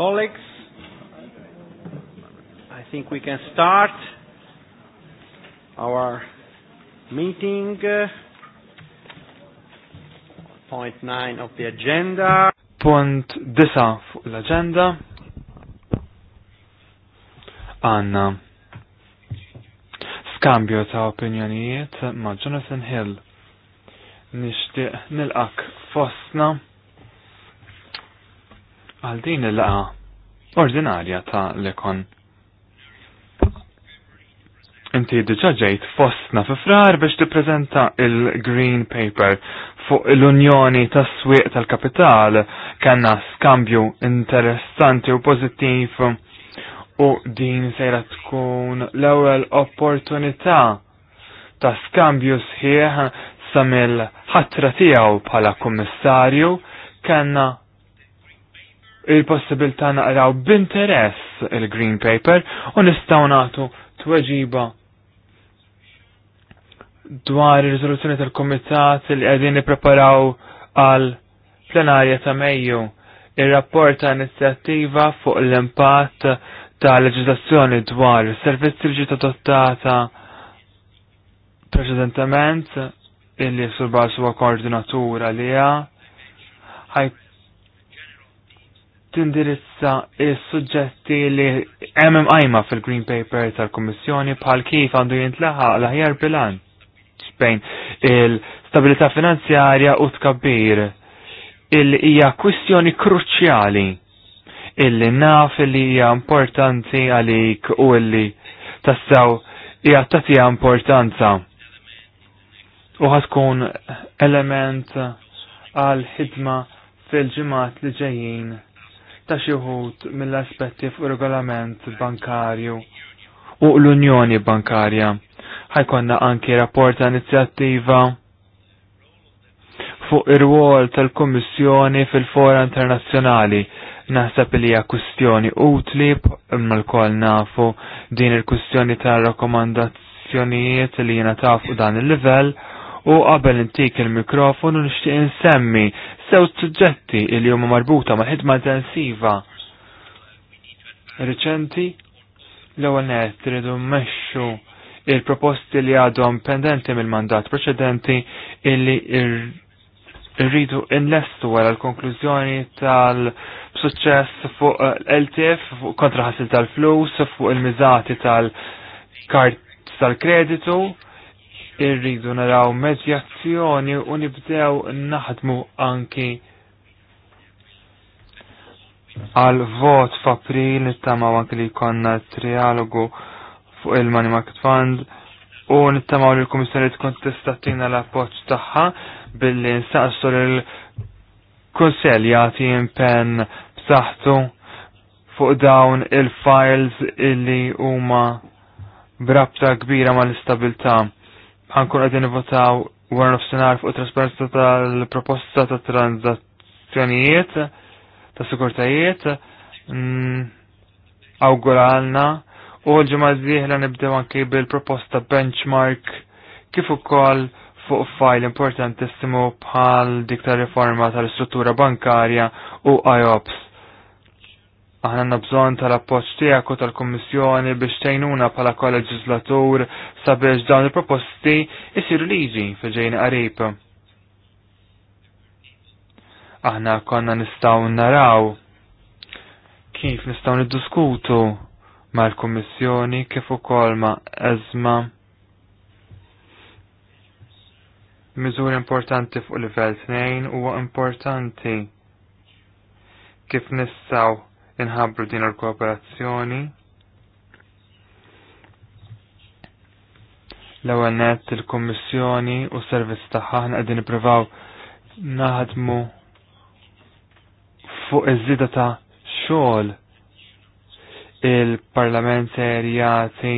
colleagues, I think we can start our meeting. Point 9 of the agenda. Point disa l-agenda. Anna. skambju ta' opinjonijiet ma' Jonathan Hill. Nishtiq nilqak fosna għal din il-laqa ordinarja ta' l-ekon. Inti diġa ġejt fostna fi frar biex tippreżenta il-Green Paper fuq l-Unjoni tas swieq tal-Kapital kanna skambju interessanti u pozittiv u din sejra tkun l-ewwel opportunità ta' skambju sħiħ samil ħatra tiegħu bħala kummissarju kanna il-possibilità naqraw b'interess il-Green Paper u nistgħu nagħtu tweġiba dwar ir-riżoluzzjoni tal-Kumitat li qegħdin nippreparaw għal plenarja ta' Mejju ir-rapport ta' inizjattiva fuq l-impatt ta' leġislazzjoni dwar servizzi li ġiet adottata preċedentement illi surbasu koordinatura li ħaj tindirizza il-sujġetti li hemm għajma fil-Green Paper tal-Kummissjoni bħal kif għandu jintlaħa l-aħjar bilanċ bejn il-stabilità finanzjarja u tkabbir il hija kwistjoni kruċjali illi naf li hija importanti għalik u illi tassaw hija tatija importanza u ħatkun element għal ħidma fil ġimat li ġejjin ta' xi wħud mill-aspetti fuq regolament bankarju u l-Unjoni Bankarja. Ħajkonna anki rapport ta' inizjattiva fuq ir-wol tal-Kummissjoni fil-Fora Internazzjonali naħseb li hija kwistjoni utli imma l-kol nafu din il-kwistjoni tal-rakkomandazzjonijiet li jiena tafu dan il-livell u qabel intik il-mikrofonu nixtieq insemmi Sew suġġetti li huma marbuta ma' ħidma intensiva reċenti l-ewwel nett iridu mmexxu il-proposti li għadhom pendenti mill-mandat preċedenti illi rridu inlestu wara l-konklużjoni tal-suċċess fuq l-LTF fuq kontra ħasil tal-flus fuq il-miżati tal-kart tal-kreditu. tal kart tal kreditu irridu naraw medjazzjoni u nibdew naħdmu anki għal vot f'April nittamaw anki li konna trialogu fuq il-Money Market Fund u nittamaw li l-Komissarju tkun testatina l-appoġġ tagħha billi nsaqsu l-Kunsell jagħti impenn b'saħħtu fuq dawn il-files illi huma brabta kbira mal-istabilta' ħankun għedin votaw warna f-senar fuq trasparenza tal-proposta ta' tranzazzjonijiet, ta' sikurtajiet, mm, awgura għalna, u ġemazzi ġemma nibdew anki bil-proposta benchmark kif ukoll fuq fajl importantissimu bħal dik ta' riforma tal-istruttura bankarja u IOPS. Aħna nabżon tal-appoċ tijak u tal-Kommissjoni biex tajnuna pala kol-leġislatur sabiex dawn il-proposti jisiru liġi fil-ġejni qarib. Aħna konna nistaw naraw kif nistaw niddiskutu mal-Kommissjoni kif ukoll ma' eżma miżur importanti fuq livell 2 huwa importanti kif nistaw inħabru din il-kooperazzjoni. L-ewwel net il-Kummissjoni u s-servizz tagħha qegħdin nippruvaw naħdmu fuq iż-żida ta' xogħol il-parlament jagħti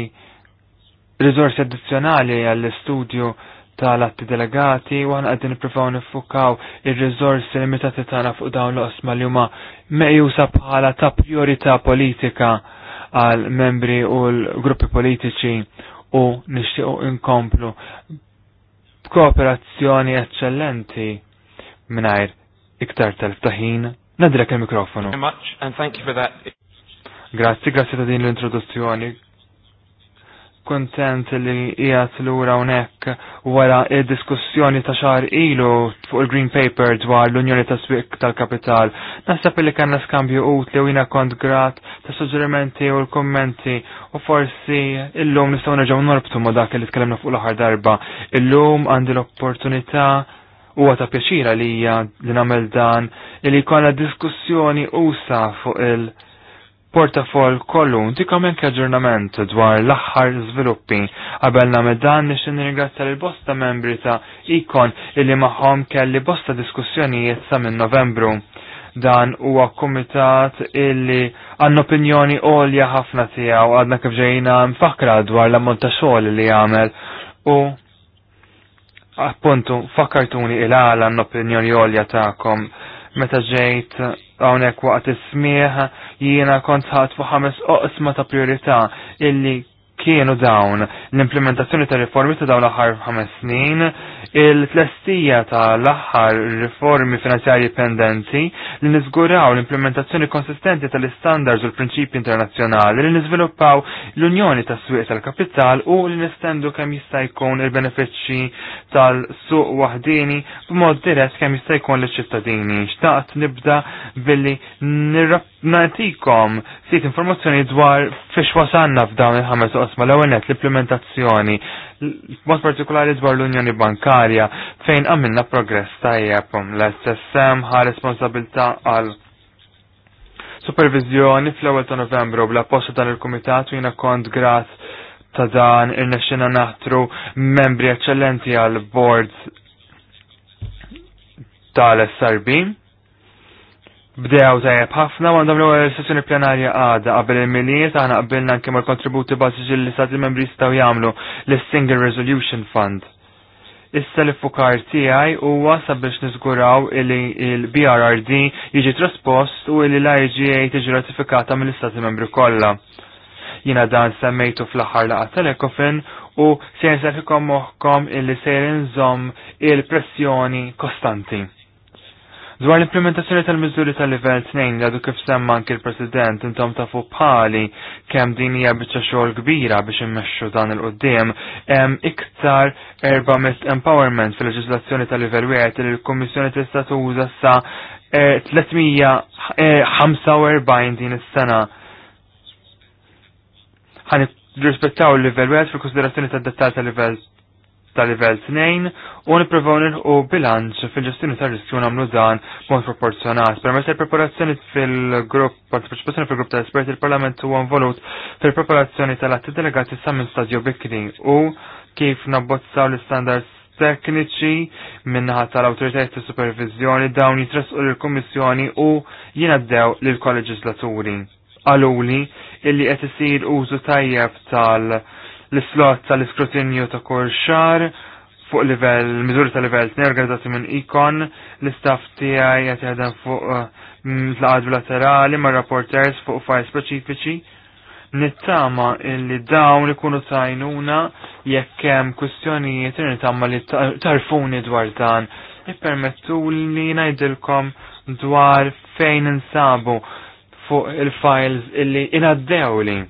riżorsi addizzjonali għall-istudju tal-atti delegati u għan għaddin niprofaw nifukaw il-rizorsi limitati tana fuq dawn l-osma li huma mejusa bħala ta' priorità politika għal membri u l-gruppi politiċi u nixtiequ inkomplu kooperazzjoni eccellenti mingħajr iktar tal-ftaħin. Nadrek il-mikrofonu. Grazzi, grazie ta' din l-introduzzjoni kontent li qiegħed lura hawnhekk wara il diskussjoni ta' xahar ilu fuq il-Green Paper dwar l-Unjoni ta' Swieq tal-Kapital. Naħseb li kellna skambju utli u jiena kont grat ta' suġerimenti u l-kummenti u forsi illum nistgħu nerġaw norbtu ma' dak li tkellimna fuq l-aħħar darba. Illum għandi l-opportunità huwa ta' pjaċira li hija li nagħmel dan li jkollna diskussjoni usa fuq il- portafol kollu ntikom anke aġġornament dwar l-aħħar żviluppi. Qabel nagħmel dan nixtieq nirringrazzja lil bosta membri ta' ikon illi magħhom kelli bosta diskussjonijiet sa minn Novembru. Dan huwa kumitat illi għan opinjoni għolja ħafna tiegħu għadna kif ġejna mfakra dwar l-ammont ta' xogħol li jagħmel u appuntu fakkartuni il-għala n-opinjoni għolja ta'kom meta ġejt hawnhekk waqt is-smieħ jiena kont fuq ħames oqsma ta' priorità illi kienu dawn l-implementazzjoni ta' riformi ta' dawn l-aħħar ħames snin, il-tlestija tal-aħħar riformi finanzjarji pendenti li niżguraw l-implementazzjoni konsistenti tal-istandards u l-prinċipji internazzjonali li niżviluppaw l-Unjoni tas swieq tal-kapital u li nistendu kemm jista' jkun il-benefiċċji tal-suq waħdini b'mod dirett kemm jista' jkun liċ-ċittadini. Xtaqt nibda billi nirrapp natikom ftit informazzjoni dwar fiex wasanna f'dawn il-ħames osma l-ewenet l-implementazzjoni, mod partikolari dwar l-Unjoni Bankarja, fejn għamilna progress tajjeb l-SSM ħa responsabilta għal supervizjoni fl-ewwel ta' Novembru bla posta dan il-Kumitat u jiena kont grat ta' dan in-nexxina naħtru membri eċċellenti għal board tal-SRB Bdew tajjeb ħafna u għandhom l-ewwel sessjoni plenarja għada qabel il-miliet aħna qbilna anke mal-kontributi bażiċi li stati membri jistgħu jagħmlu l-Single Resolution Fund. Issa li fukar tiegħi huwa sabiex niżguraw li l-BRRD jiġi traspost u li l-IGA tiġi ratifikata mill-Istati Membri kollha. Jina dan semmejtu fl-aħħar laqgħa telekofin u se jinserħikom moħħkom illi se jinżomm il-pressjoni kostanti Dwar l-implementazzjoni tal-miżuri tal-livell 2 li għadu kif semma anki l-President intom tafu bħali kemm din hija biċċa xogħol kbira biex immexxu dan il-qudiem hemm iktar erba' mist empowerment fil-leġiżlazzjoni tal-livell wieħed li l-Kummissjoni tista' tuża sa 345 eh, din is-sena. Ħan rispettaw il-livell wieħed fil-konsiderazzjoni tad-dettal tal-livell ta' livell 2 u nipprovaw u bilanċ fil-ġestjoni ta' riskju nagħmlu dan mod proporzjonat. Permezz il-preparazzjoni fil-grupp, partecipazzjoni fil-grupp ta' esperti il-Parlament huwa volut fil-preparazzjoni tal-atti delegati sa' minn stadju bikri u kif nabbozzaw l-standards tekniċi minnaħat tal-autoritajiet ta' supervizjoni dawn jitresqu l komissjoni u jinaddew l kolleġislaturi Għaluli illi qed isir użu tajjeb tal- l-slot tal-iskrutinju ta' kol xar fuq livell, miżuri ta' livell tnej organizzati minn ikon, l-istaff tiegħi qed jaħdem fuq tlaqad eh, mm, bilaterali ma' rapporters fuq fajl speċifiċi. Nittama illi dawn ikunu tajnuna jekk hemm kwistjonijiet nittama li tarfuni dwar dan. Ippermettu li ngħidilkom dwar fejn insabu fuq il-files illi inaddewli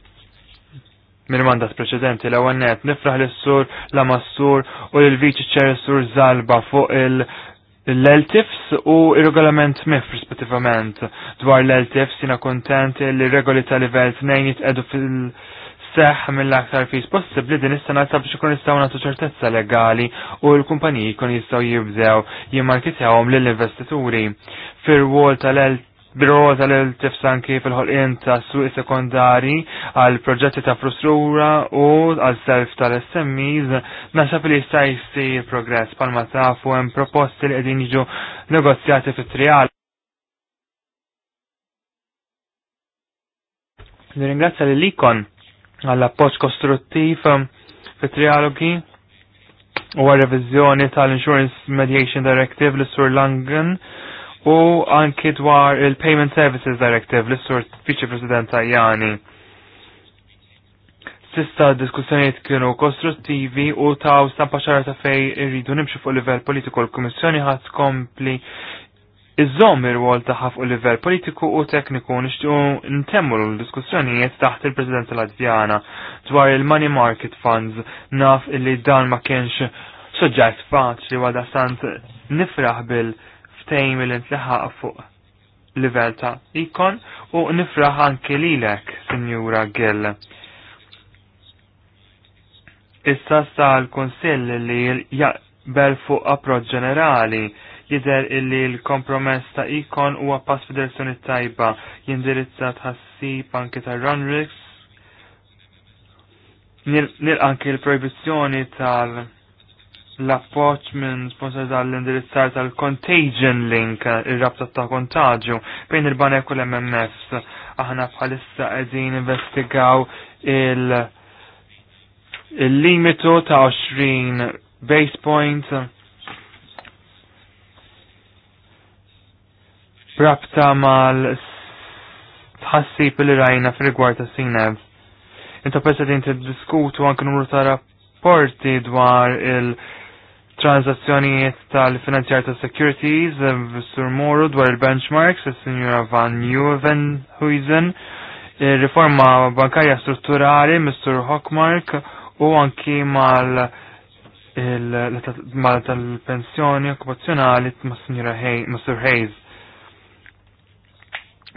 minn mandat preċedenti l għannet nifraħ l-sur, la massur u l-viċi ċer sur zalba fuq il- l-LTIFs u il-regolament MIF rispettivament. Dwar l-LTIFs jina kontent li regoli ta' level 2 jitqedu fil-seħ mill-aktar fis possibli din is-sena ta' biex ikun jistgħu nagħtu ċertezza legali u l-kumpaniji jkun jistgħu jibdew jimmarkitewhom lill-investituri. Fir-wol tal-LTIFs bil l tal-tifsanki fil-ħolqien ta' suq sekondari għal proġetti ta' frustrura u għal self tal-SMEs nasab li jista' jsir progress palma ta' hemm proposti li qegħdin jiġu negozjati fit-trial. Nirringrazzja li likon għall appoġġ kostruttiv fit-trialogi u għal revizjoni tal-Insurance Mediation Directive l-Sur Langen u anki dwar il-Payment Services Directive l sur Vice President Tajani. Sista diskussjoniet kienu kostruttivi u taw stampa ċara ta' fej irridu nimxu fuq livell politiku l-Kummissjoni ħadd kompli iżomm ir-wol ta' fuq livell politiku u tekniku nixtiequ ntemmu l-diskussjonijiet taħt il-Presidenza Latvjana dwar il-Money Market Funds naf illi dan ma kienx soġġett faċli wada sant nifraħ bil- ftejm li ntlaħaq fuq livell ta' ikon u nifraħ anke lilek, Sinjura Gill. Issa sta l-Konsill li jaqbel fuq approċ ġenerali jider illi l-kompromess ta' ikon huwa pass f'direzzjoni tajba jindirizza tħassib anke ta' Runrix nil anke l-proibizzjoni tal- l-appoċ minn sponsor tal-indirizzar tal-Contagion Link, eh, il-rabta ta' kontagju, bejn il-banek u l-MMS. Aħna bħalissa għedin investigaw il-limitu ta' 20 base point. Rabta mal tħassib li rajna fil-rigward ta' Sinev. Inta din tiddiskutu diskutu numru ta' rapporti dwar il- transazzjonijiet tal-finanzjar ta' securities eh, Sur Moru dwar il-benchmarks il-Sinjura eh, Van Nieuwenhuizen, il-riforma eh, bankarja strutturali Mr. Hockmark u anki mal tal-pensjoni okkupazzjonali ma' Sinjura Mr. Hayes.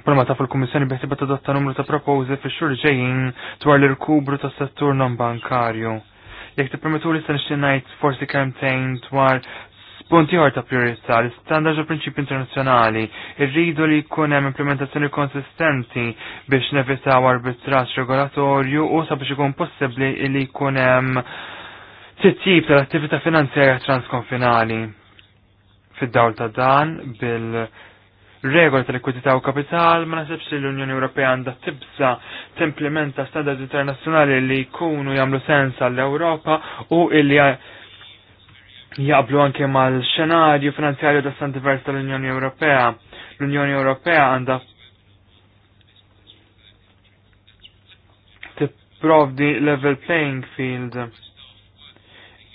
Prima ta' fil-Kommissjoni ta' adotta numru ta' proposi fi xur ġejjin dwar l-irkubru ta' settur non bankarju Jek ti permetu li sanix xinajt forsi kemtejn dwar punti ta' priorità, l-standard u prinċipi internazzjonali, irridu li jkun hemm implementazzjoni konsistenti biex nevitaw arbitraġġ regolatorju u sabiex ikun possibbli li jkun hemm tittjib tal-attività finanzjarja transkonfinali. Fid-dawl ta' dan bil- Regola tal-ekwitità u kapital, ma nasibx li l-Unjoni Ewropea għandha tibsa timplementa standards internazzjonali li jkunu jagħmlu sens għall-Ewropa u illi jaqblu anke mal-xenarju finanzjarju ta' san divers tal-Unjoni Ewropea. L-Unjoni Ewropea għandha tipprovdi level playing field.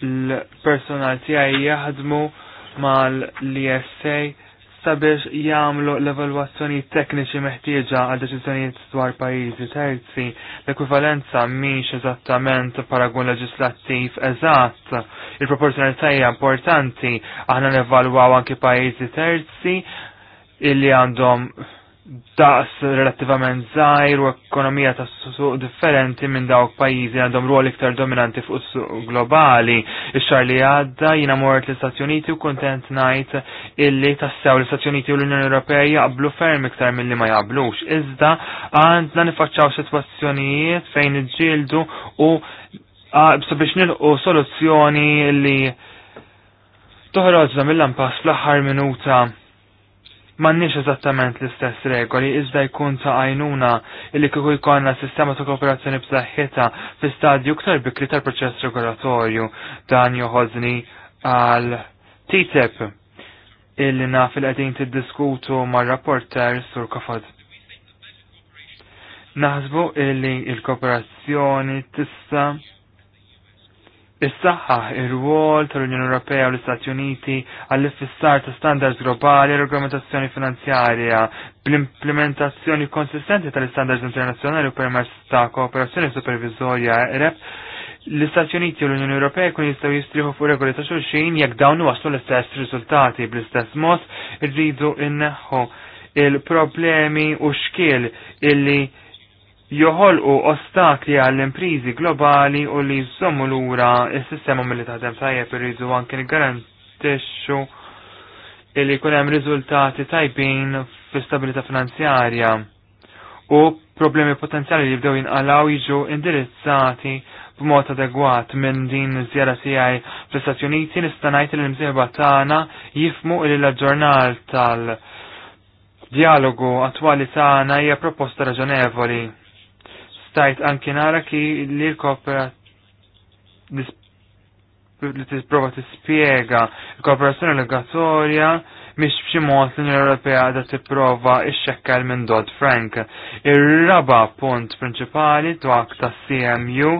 L-personal tiegħi jaħdmu mal-LSA sabiex jagħmlu l evaluazzjoni tekniċi meħtieġa għal deċiżjonijiet dwar pajjiżi terzi. L-ekwivalenza miex eżattament paragun leġislattiv eżatt. Il-proporzjonalità hija importanti aħna nevalwaw anki pajjiżi terzi illi għandhom daqs relattivament zaħir u ekonomija ta' suq differenti minn dawk pajjiżi għandhom ruol iktar dominanti fuq suq globali. Ix-xar li għadda jina mort l-Istati Uniti u kontent najt illi tassew l-Istati Uniti u l-Unjoni Ewropea jaqblu ferm iktar milli li ma jaqblux. Iżda għandna nifacċaw sitwazzjonijiet fejn iġġieldu u biex nilqu soluzzjoni li toħroġna mill lampas fl-aħħar minuta nix eżattament l-istess regoli, iżda jkun ta' għajnuna illi kiku jkollna sistema ta' kooperazzjoni b'saħħitha fi stadju iktar bikri tal-proċess regolatorju dan joħodni għal TTIP e illi naf il-qegħdin tiddiskutu mar-rapporter sur kafad. Naħsbu illi il-kooperazzjoni tista' Is-saħħa ir-wol tal-Unjoni Ewropea u l-Istati Uniti għall iffissar ta' standards globali u e regolamentazzjoni finanzjarja bl-implementazzjoni konsistenti tal-standards internazzjonali u permezz ta' kooperazzjoni supervizorja rep l-Istati Uniti u l-Unjoni Ewropea kun jistgħu jistrieħu fuq regoli ta' xulxin jekk dawn waslu l-istess riżultati bl-istess mod irridu inneħħu il-problemi u xkiel illi joħolqu ostakli għall-imprizi globali u li jżommu lura s-sistema mill-li taħdem tajjeb irridu anke garantixxu li jkun hemm riżultati tajbin fl-istabilità finanzjarja u problemi potenzjali li jibdew jinqalaw jiġu indirizzati b'mod adegwat minn din iż-żjara tiegħi fl-Istati Uniti nista' ngħid li l imsieħba tagħna jifmu li l-ġurnal tal- dialogu attwali tagħna hija proposta raġonevoli stajt anki nara ki li l kopera li t-prova t-spiega l-kooperazzjoni legatorja miex b'xi mod l-Unjoni Ewropea da tipprova ixxekkel minn Dodd Frank. Ir-raba punt prinċipali twak ta' CMU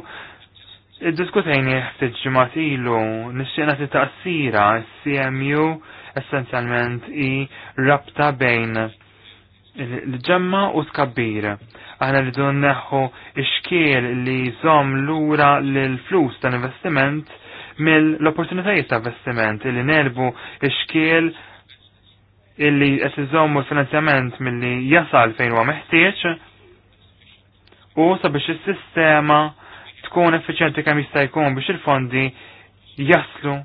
Id-diskutejni ftit ġimgħat ilu nixtieqna titaqsira CMU essenzjalment i rabta bejn l-ġemma u tkabbir. Aħna li nneħħu neħu iċkiel li zom lura l-flus ta' investiment mill-opportunitajiet ta' investiment li nerbu iċkiel illi qed iżommu l-finanzjament milli jasal fejn huwa meħtieġ u sabiex is-sistema tkun effiċjenti kemm jista' jkun biex il-fondi jaslu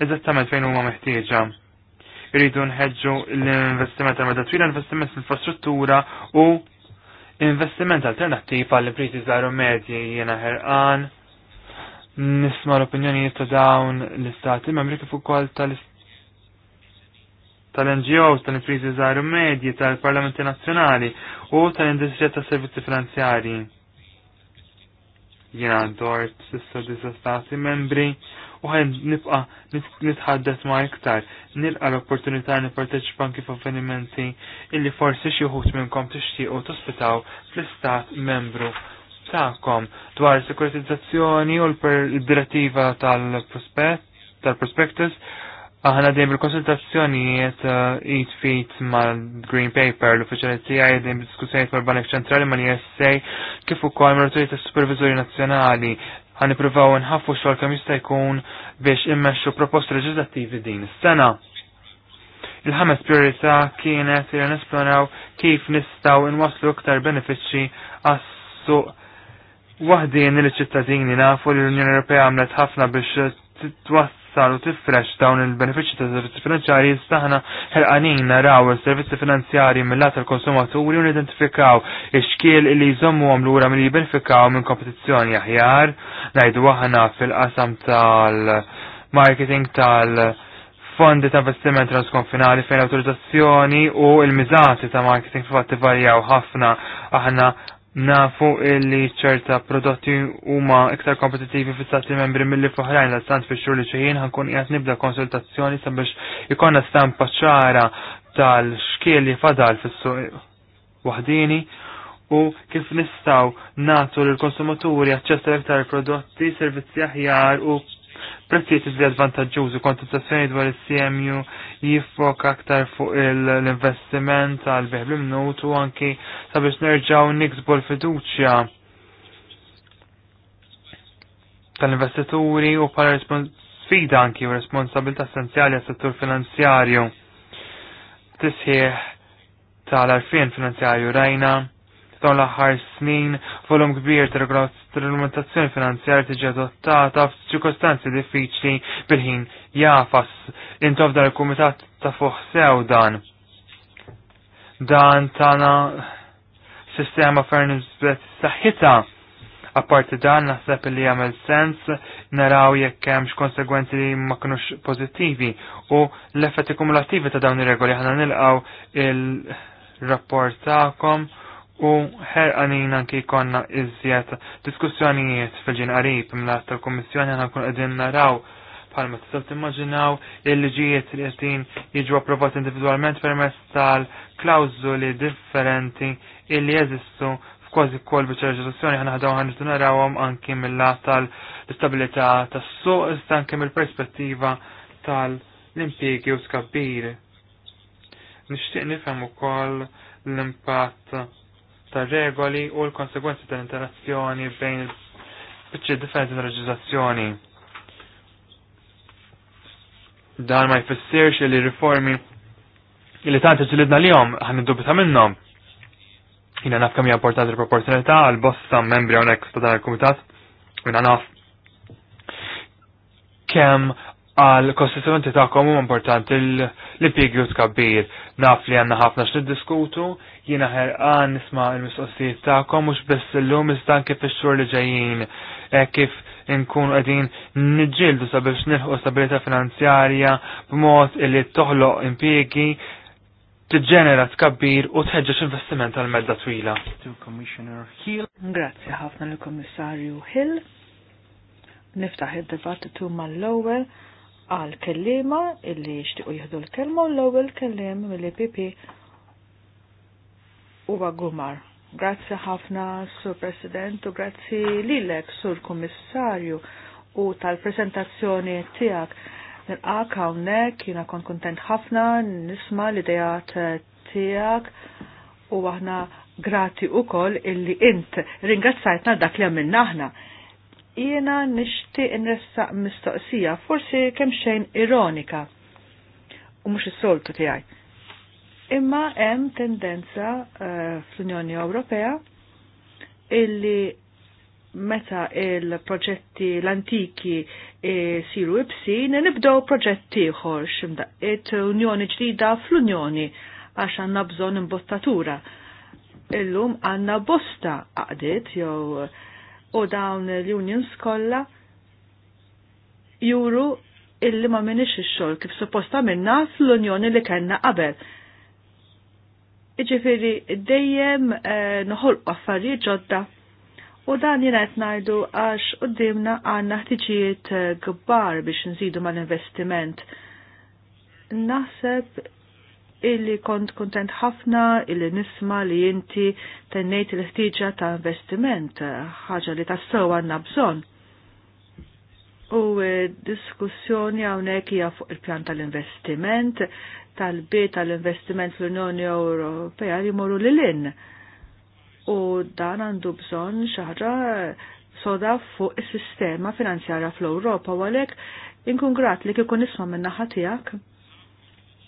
eżattament fejn huma meħtieġa jridu nħedġu l-investiment ta' meta twila, investiment infrastruttura u investiment alternattiv għall l żgħar zaħru medji jena ħerqan. Nisma' l opinjoni ta' dawn l-istati membri kif ukoll tal tal-NGOs, tal-imprizi zaħru medji, tal-parlamenti nazjonali u tal-industrija ta' servizzi finanzjari. Jena dort sissa disa stati membri u ħajn nibqa nitħaddet ma' iktar nilqa l-opportunità nipparteċipa anki f'avvenimenti illi forsi xi wħud minnkom tixtiequ tospitaw fl-istat membru tagħkom dwar sekuritizzazzjoni u l-direttiva tal-prospett tal-prospectus Aħna dejjem il-konsultazzjonijiet it uh, fit mal Green Paper l-uffiċjali tiegħi dejjem diskussjonijiet mal-Banek Ċentrali mal-ISA e kif ukoll mal-Awtorità Supervizori Nazzjonali ħan ipruvaw nħaffu xogħol kemm jista' jkun biex immexxu proposti leġislattivi din is-sena. Il-ħames priorità kienet li nesploraw kif nistgħu inwaslu iktar benefiċċji għas-suq waħdin li ċittadini nafu li l-Unjoni Ewropea għamlet ħafna biex saru u tifresh dawn il-benefiċċji ta' servizzi finanzjarji staħna ħelqanin naraw il-servizzi finanzjarji mill-lat tal-konsumaturi u nidentifikaw ix-xkiel li jżommu għam lura mill jibenefikaw minn kompetizzjoni aħjar, najdu aħna fil-qasam tal-marketing tal-, fondi ta' investiment transkonfinali fejn autorizzazzjoni u il-miżati ta' marketing fil varjaw ħafna aħna nafu illi ċerta prodotti huma iktar kompetitivi fi stati membri mill-li fuħrajn la stant fi xurli ċeħin ħankun qiegħed nibda konsultazzjoni sabiex ikonna stampa ċara tal-xkiel li fadal fis-suq waħdini u kif nistaw natu l-konsumaturi aċċess iktar prodotti, servizzi aħjar u prezzijiet iżjed vantaġġużi kontestazzjoni dwar is-CMU jifok aktar fuq l-investiment għal beħ l anki sabiex nerġaw niksbol fiduċja tal-investituri u pala sfida anki u responsabilta essenzjali għas settur finanzjarju. Tisħieħ tal-arfien finanzjarju rajna dawn l-aħħar snin volum kbir ta' regolamentazzjoni finanzjarja tiġi adottata f'ċirkostanzi diffiċli bil-ħin jafas intof dan il-kumitat ta' fuq sew dan. Dan tana sistema fernizbet saħħita Apparti dan naħseb li jagħmel sens naraw jekk hemm x'konsegwenzi li ma kinux pożittivi u l-effetti kumulattivi ta' dawn ir-regoli ħana nilqgħu il-rapport tagħkom u ħerqanin anki konna iżjed diskussjonijiet fil-ġin qarib mlat tal-Kommissjoni għana kun għedin naraw palma tistaw timmaġinaw il-liġijiet li għedin jiġu approvati individualment permezz tal klawzuli differenti illi jeżistu f'kważi kol biċa leġislazzjoni ħana ħadaw ħan narawhom anki mill-lat tal-istabilità tas-suq iżda mill-perspettiva tal-impjiegi u tkabbir. Nixtieq nifhem ukoll l-impatt ta' regoli u l-konsegwenzi tal-interazzjoni bejn il-bicċi differenti tal reġizazzjoni Dan ma jfissirx li riformi li tant ġilidna li jom ħan id-dubita minnom. Jina naf kam japportat il-proporzjonalità għal-bosta membri għonek ta' dan il-komitat. Jina naf kem għal kostituenti ta' komu importanti l-pigju tkabbir. Naf li għanna ħafna x diskutu Jiena ħerqan nisma' l-mistoqsijiet tagħkom mhux biss illum iżda kif ix xhur li ġejjin e, kif nkun qegħdin niġġieldu sabiex nilħu stabilità finanzjarja b'mod illi toħloq impjiegi tiġġenera tkabbir u tħeġġeġ investiment għal medda twila. Grazie ħafna l-Kommissarju Hill. Niftaħ id-dibattitu mal-ewwel għal kellima illi jixtiequ jieħdu l-kelma u l-ewwel kelliem mill-PP huwa Gumar. Grazzi ħafna, Sur President, u grazzi lilek, Sur Kommissarju, u tal-presentazzjoni tijak. Nil-għak għawnek, jina kon kontent ħafna, nisma l-idejat tijak, u għahna grati u koll illi int ringrazzajtna dak li għamilna ħna. Jena nishti nressa mistoqsija, forsi kemxejn ironika, u mux is-soltu tijaj Imma hemm tendenza eh, fl-Unjoni Ewropea illi meta il-proġetti l-antiki eh, siru ibsin, nibdow proġetti ximda, ximdaqqiet Unjoni ġdida fl-Unjoni għax għandna bżonn imbottatura. Illum għandna bosta għaqdiet jew u dawn l-unions kollha juru illi ma minix ix-xogħol kif supposta minna fl-Unjoni li kellna qabel Iġifiri dejjem eh, noħolqu affarijiet ġodda U dan jena najdu għax u dimna għanna ħtiġijiet gbar eh, biex nżidu mal-investiment. Naħseb illi kont kontent ħafna illi nisma li inti tennejt il-ħtiġa ta' investiment, eh, ħaġa li tassew għanna bżon. U e, diskussjoni hawnhekk hija fuq il-pjan tal-investiment, tal-bit tal-investiment fl-Unjoni Ewropea li jmorru lil-in. U dan għandu bżonn xaħġa soda fuq is-sistema finanzjarja fl-Ewropa u għalhekk inkun grat li kikun nisma' minna naħa tiegħek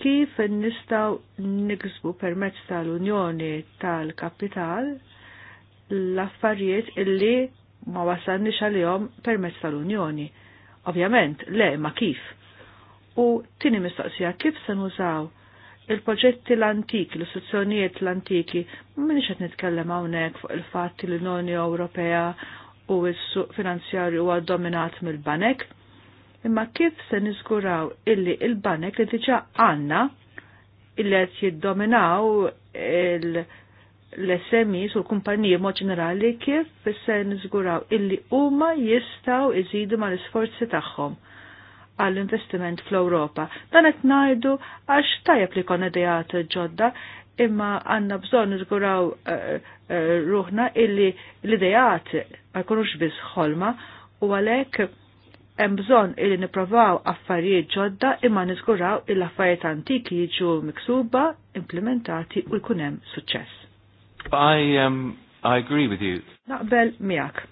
kif nistaw niksbu permezz tal-Unjoni tal-Kapital l-affarijiet illi ma wasalniex għalihom permezz tal-Unjoni. Ovvjament, le, ma kif? U tini mistoqsija, kif se nużaw il-proġetti l-antiki, l-istituzzjonijiet l-antiki, minix qed nitkellem hawnhekk fuq il fatti li l-Unjoni Ewropea u s-suq finanzjarju huwa dominat mill-banek, imma kif se niżguraw illi il-banek li diġà għandna illi qed jiddominaw il-, -banek, l-SMI sul kumpaniji mod ġenerali kif se niżguraw illi huma jistgħu iżidu mal-isforzi tagħhom għall-investiment fl-Ewropa. Dan qed ngħidu għax tajjeb li jkun dejat ġodda imma għandna bżonn nżguraw eh, eh, ruħna illi l-idejat ma jkunux biss ħolma u għalhekk hemm bżonn illi nipprovaw affarijiet ġodda imma niżguraw il affarijiet antiki jiġu miksuba, implementati u jkun hemm suċċess. I, um, I agree with you. Naqbel miak.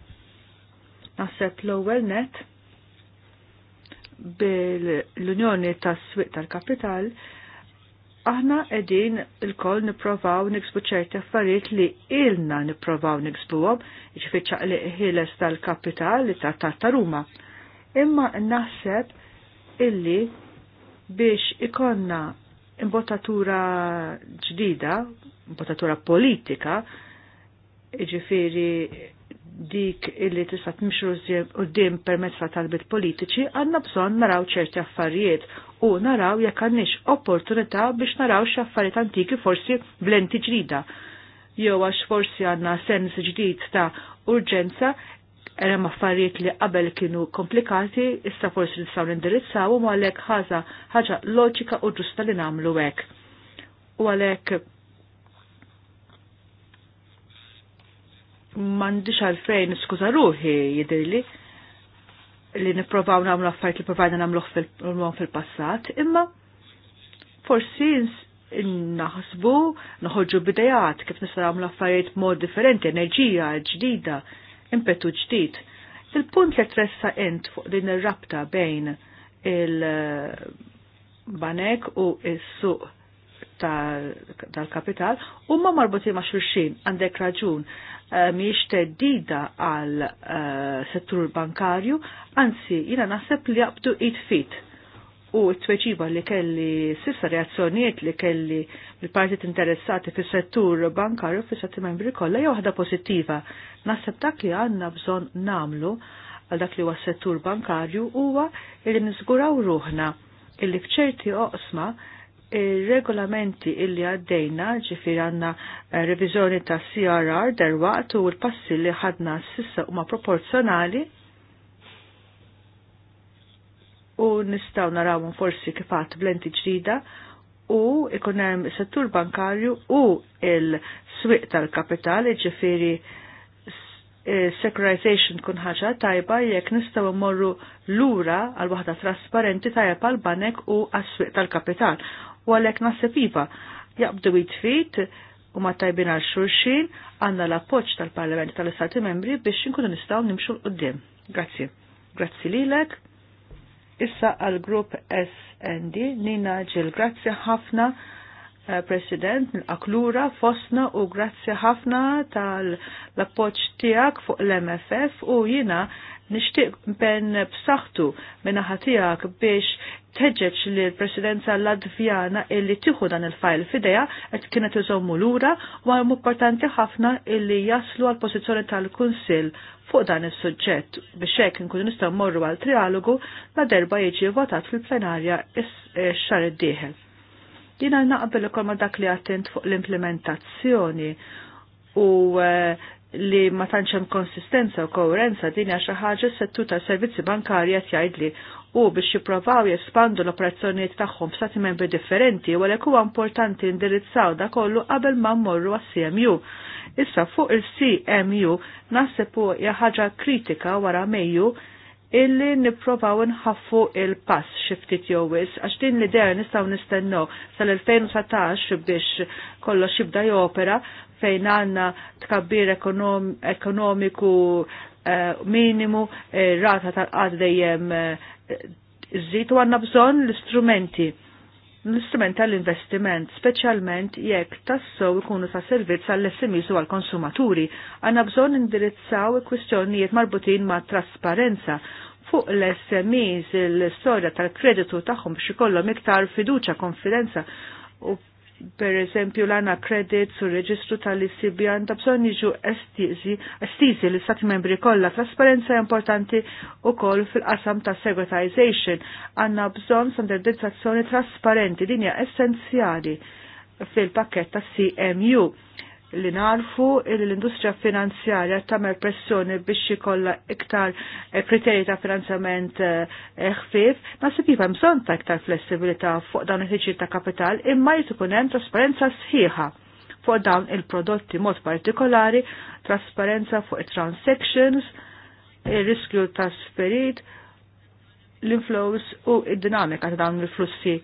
Naħseb l-ewwel net bil-Unjoni tas-Swieq tal-Kapital aħna edin il-koll niprofaw niksbu ċerti affarijiet li ilna niprofaw niksbuhom, ċaqa li ħiles tal-kapital li ta' tartaruma. Imma naħseb illi biex ikonna imbotatura ġdida botatura politika, ġifiri dik illi tista' tmixru dim permezz ta' talbit politiċi, għandna bżonn naraw ċerti affarijiet u naraw jekk għandniex opportunità biex naraw x'affarijiet antiki forsi blenti ġdida. Jew għax forsi għandna sens ġdid ta' urġenza erem affarijiet li qabel kienu komplikati, issa forsi nistgħu nindirizzaw u għalhekk ħaża ħaġa loġika u ġusta li nagħmlu hekk. U għalhekk mandiċ għalfejn skuza ruħi jidirli li niprofaw namlu affarijiet li provajna namluħ fil-passat, imma forsi naħsbu noħorġu bidejat kif nista' nagħmlu affarijiet mod differenti, enerġija ġdida, impetu ġdid. Il-punt li tressa int fuq din ir-rabta bejn il-banek u is-suq tal-kapital huma marbuti ma' xulxin għandek raġun Eh, miex teddida għal eh, settur bankarju, anzi jina naħseb li jaqbdu it-fit u t-tweċiba li kelli sissa reazzjoniet li kelli l-partit interessati fis settur bankarju fis settur membri kolla waħda pozittiva. Naħseb dak li għanna bżon namlu għal dak li huwa settur bankarju huwa li nizguraw ruħna illi fċerti oqsma il-regolamenti illi għaddejna ġifir għanna eh, revizjoni ta' CRR derwaqt u l-passi li ħadna s-sissa huma proporzjonali u nistaw narawhom forsi kifat blenti ġdida u ikun hemm settur bankarju u il-swiq tal-kapital ġifiri eh, securization kun ħaġa tajba jekk nistgħu mmorru lura għal waħda trasparenti tajba għal banek u għas-swieq tal-kapital u għalhekk nasib iva jaqbdu jitfit u ma tajbin għal xurxin għandna l-appoġġ tal-Parlament tal-Istati Membri biex inkunu nistgħu nimxu l-qudiem. Grazzi. Grazzi lilek. Issa għal grupp SND Nina Ġil, grazzi ħafna eh, President l-aklura fosna u grazzi ħafna tal-appoċ tijak fuq l-MFF u jina Nixtieq ben b'saħħtu minn ħatijak biex teġġeġ li l-presidenza latvjana illi tieħu dan il-fajl fideja qed kienet iżommu lura u hemm importanti ħafna illi jaslu għal pożizzjoni tal-Kunsill fuq dan is-suġġett biex hekk inkunu nistgħu morru għal trialogu la derba jiġi votat fil-plenarja eh, x-xahar id-dieħel. Dina naqbel ukoll dak li attent fuq l-implementazzjoni u eh, li ma tantx hemm konsistenza u koerenza din hija xi ħaġa s-settu tas-servizzi bankarja tgħidli u biex jipprovaw jespandu l-operazzjonijiet tagħhom f'stati membri differenti għalhekk huwa importanti indirizzaw da kollu qabel ma mmorru għas-CMU. Issa fuq il-CMU naħseb hija ħaġa kritika wara Mejju illi nipprovaw nħaffu il-pass xiftit jowis, għax din l-idea nistaw nistennu sal-2019 biex kollox jibda jopera, fejn għanna tkabbir ekonomiku eh, minimu, eh, rata tal-qad dejjem eh, żid u għanna bżonn l-istrumenti l istrumenti tal-investiment, specialment jekk tassow ikunu ta' servizz għall smis u għall konsumaturi għanna bżon indirizzaw kwistjonijiet marbutin ma' trasparenza fuq l smis l-storja tal-kreditu tagħhom biex ikollhom iktar fiduċa, konfidenza u per eżempju l-għana kredit su reġistru tal-ICB għanda bżon jiġu estizi li stati membri kolla trasparenza importanti u kol fil-qasam ta' segretization għanna bżon standardizzazzjoni trasparenti dinja essenzjali fil-pakket ta' CMU li narfu li l-industrija finanzjarja tagħmel pressjoni biex jikolla iktar eh, kriterji ta' finanzjament eh, ħfief, ma jiva bżonn ta' iktar flessibilità fuq dawn il tiġir ta' kapital imma jrid hemm trasparenza sħiħa fuq dawn il-prodotti mod partikolari, trasparenza fuq transactions, il-riskju ta' sperit, l-inflows u id-dinamika ta' dawn il-flussi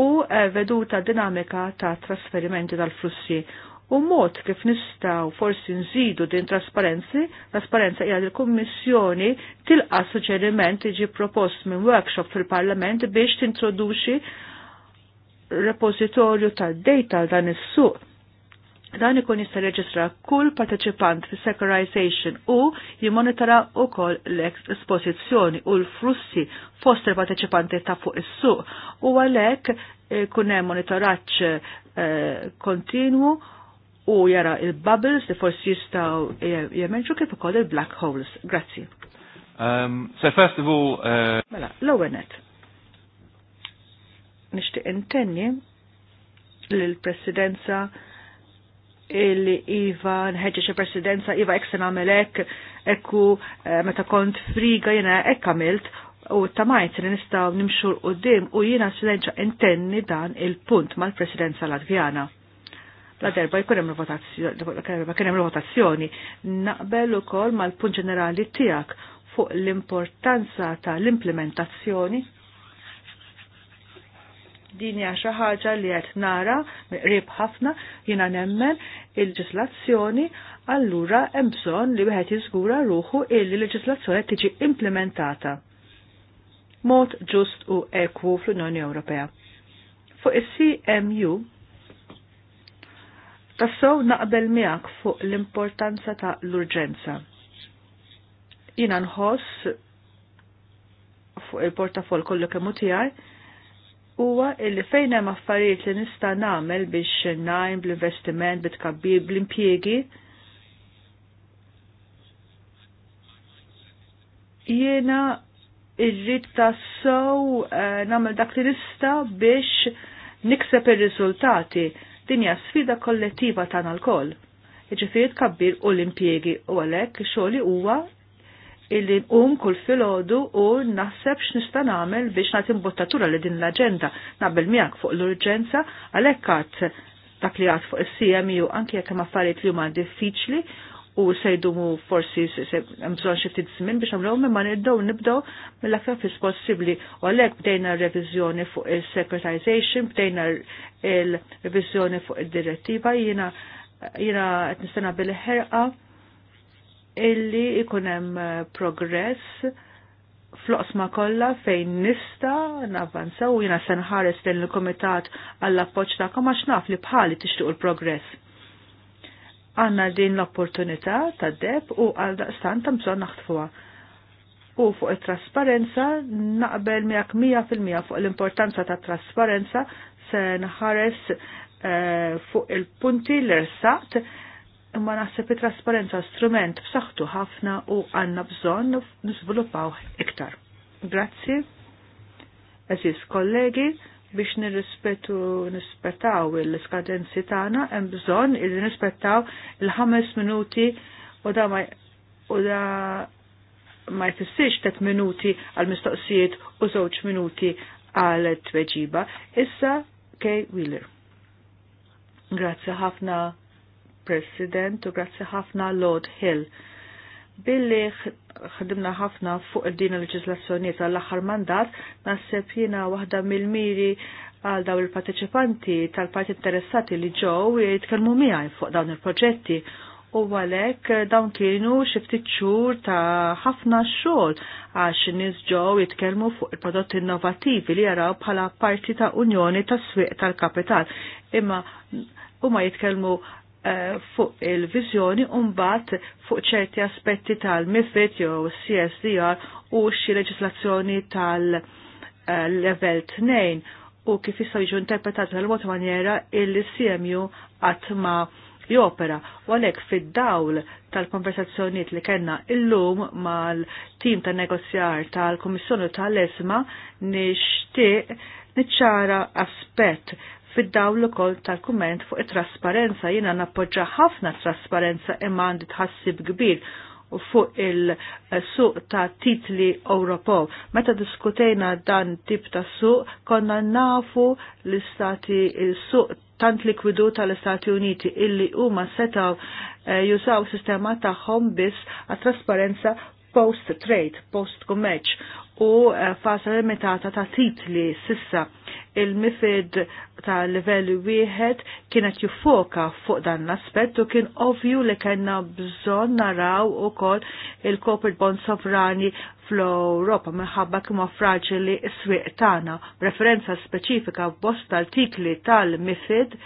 u eh, veduta dinamika ta' trasferimenti tal-flussi u mod kif nistaw forsi nżidu din trasparenzi, trasparenza hija li l-Kummissjoni tilqa suġġeriment iġi propost minn workshop fil-Parlament biex tintroduxi repozitorju tad-data dan is-suq. Dan ikun jista' reġistra kull parteċipant fis secularization u jimmonitora wkoll l-esposizzjoni u l-flussi fost il-parteċipanti ta' fuq is-suq u għalhekk kun hemm monitoraġġ eh, kontinwu eh, u jara il-bubbles li forsi jistaw jemenġu kif ukoll il-black holes. Grazzi. Um, so first of all... Uh... Mela, l-għenet. Nishti intenni l-presidenza illi Iva, nħedġeċe presidenza, Iva eksen għamelek, ekku eh, meta kont friga jena ek għamilt, u tamajt li nistaw nimxur u dim u jena silenċa intenni dan il-punt mal-presidenza Latvjana la derba jkun hemm votazzjoni. Naqbel ukoll mal-punt ġenerali tiegħek fuq l-importanza tal-implementazzjoni din hija xi ħaġa li qed nara qrib ħafna jiena nemmen il-leġislazzjoni allura hemm bżonn li wieħed jiżgura ruħu illi l-leġislazzjoni tiġi implementata mod ġust u ekwu fl-Unjoni Ewropea. Fuq is-CMU Tassow naqbel miegħek fuq l-importanza ta' l-urġenza. Jina nħoss fuq il-portafol kollu kemmu tijaj, huwa illi fejn hemm affarijiet li nista' nagħmel biex ngħin bl-investiment, bit-tkabbir, bl-impjiegi. Jiena irrid tassow eh, nagħmel dak li nista' biex nikseb ir-riżultati Din hija sfida kollettiva tagħna l-koll. Iġifieri tkabbir u l-impjiegi u għalhekk xogħli huwa illi nqum kull filgħodu u naħseb x'nista' nagħmel biex nagħti mbottatura li din l-aġenda naqbel miegħek fuq l-urġenza għalhekk għad dak li għad fuq is-CMU anke jekk hemm affarijiet li huma diffiċli u se jdumu forsi mżon xi ftit żmien biex għamlhom imma nibdew nibdaw mill-aktar fis possibbli u għalhekk bdejna reviżjoni fuq il-secretization, bdejna il-reviżjoni fuq id-direttiva jiena jiena qed nistenna bil-ħerqa illi ikun hemm eh, progress floqsma kollha fejn nista navvanzaw u jiena se nħares lejn il-kumitat għall-appoġġ naf li bħali tixtiequ l-progress Għanna din l-opportunità ta' deb u għal daqstan ta' bżon naħtfuwa. U fuq it-trasparenza naqbel fil-mija fuq l-importanza ta' trasparenza se nħares fuq il-punti l-irsaqt imma naħseb it-trasparenza strument b'saħħtu ħafna u għanna bżonn nisviluppaw iktar. Grazzi, eżis kollegi, biex nirrispetu nispettaw il-skadenzi tagħna hemm bżonn li nispettaw il-ħames minuti u da ma u da ma jfissirx tet minuti għal mistoqsijiet u żewġ minuti għal tweġiba. Issa Kay Wheeler. Grazzi ħafna President u grazzi ħafna Lord Hill. Billi ħdimna ħafna fuq din il-leġislazzjoni tal-aħħar mandat, naħseb jiena waħda mill-miri għal daw il-parteċipanti tal-parti interessati li ġew jitkellmu miegħi fuq dawn il-proġetti. U għalhekk dawn kienu xi ftit xhur ta' ħafna xogħol għax nies ġew jitkellmu fuq il-prodotti innovattivi li jaraw bħala parti ta' Unjoni tas-swieq tal-Kapital. Imma huma jitkellmu Eh, fuq il-vizjoni umbat fuq ċerti aspetti tal-MIFID jew CSDR u xi leġislazzjoni tal-level 2 u kif jistgħu jiġu interpretati tal-mod maniera il-CMU qatt ma jopera. U għalhekk fid-dawl tal-konversazzjonijiet li kellna illum mal-tim tan negozjar tal-Kummissjoni tal-Esma nixtieq niċċara aspett fid-dawl ukoll tal kument fuq it-trasparenza jiena nappoġġa ħafna trasparenza imma għandi tħassib kbir u fuq il-suq ta' titli Ewropew. Meta diskutejna dan tip ta' suq, konna nafu l-istati il-suq tant likwidu tal-Istati Uniti illi huma setaw eh, jużaw sistema tagħhom biss għat trasparenza post-trade, post-kummerċ u eh, fasa limitata ta' titli sissa il-mifid ta' livelli wieħed kienet juffoka fuq dan l-aspett u kien ovvju li kellna bżonn naraw ukoll il-corporate bond sovrani fl-Europa minħabba kima fraġili s-swieq tagħna, referenza speċifika b'bosta tal mifid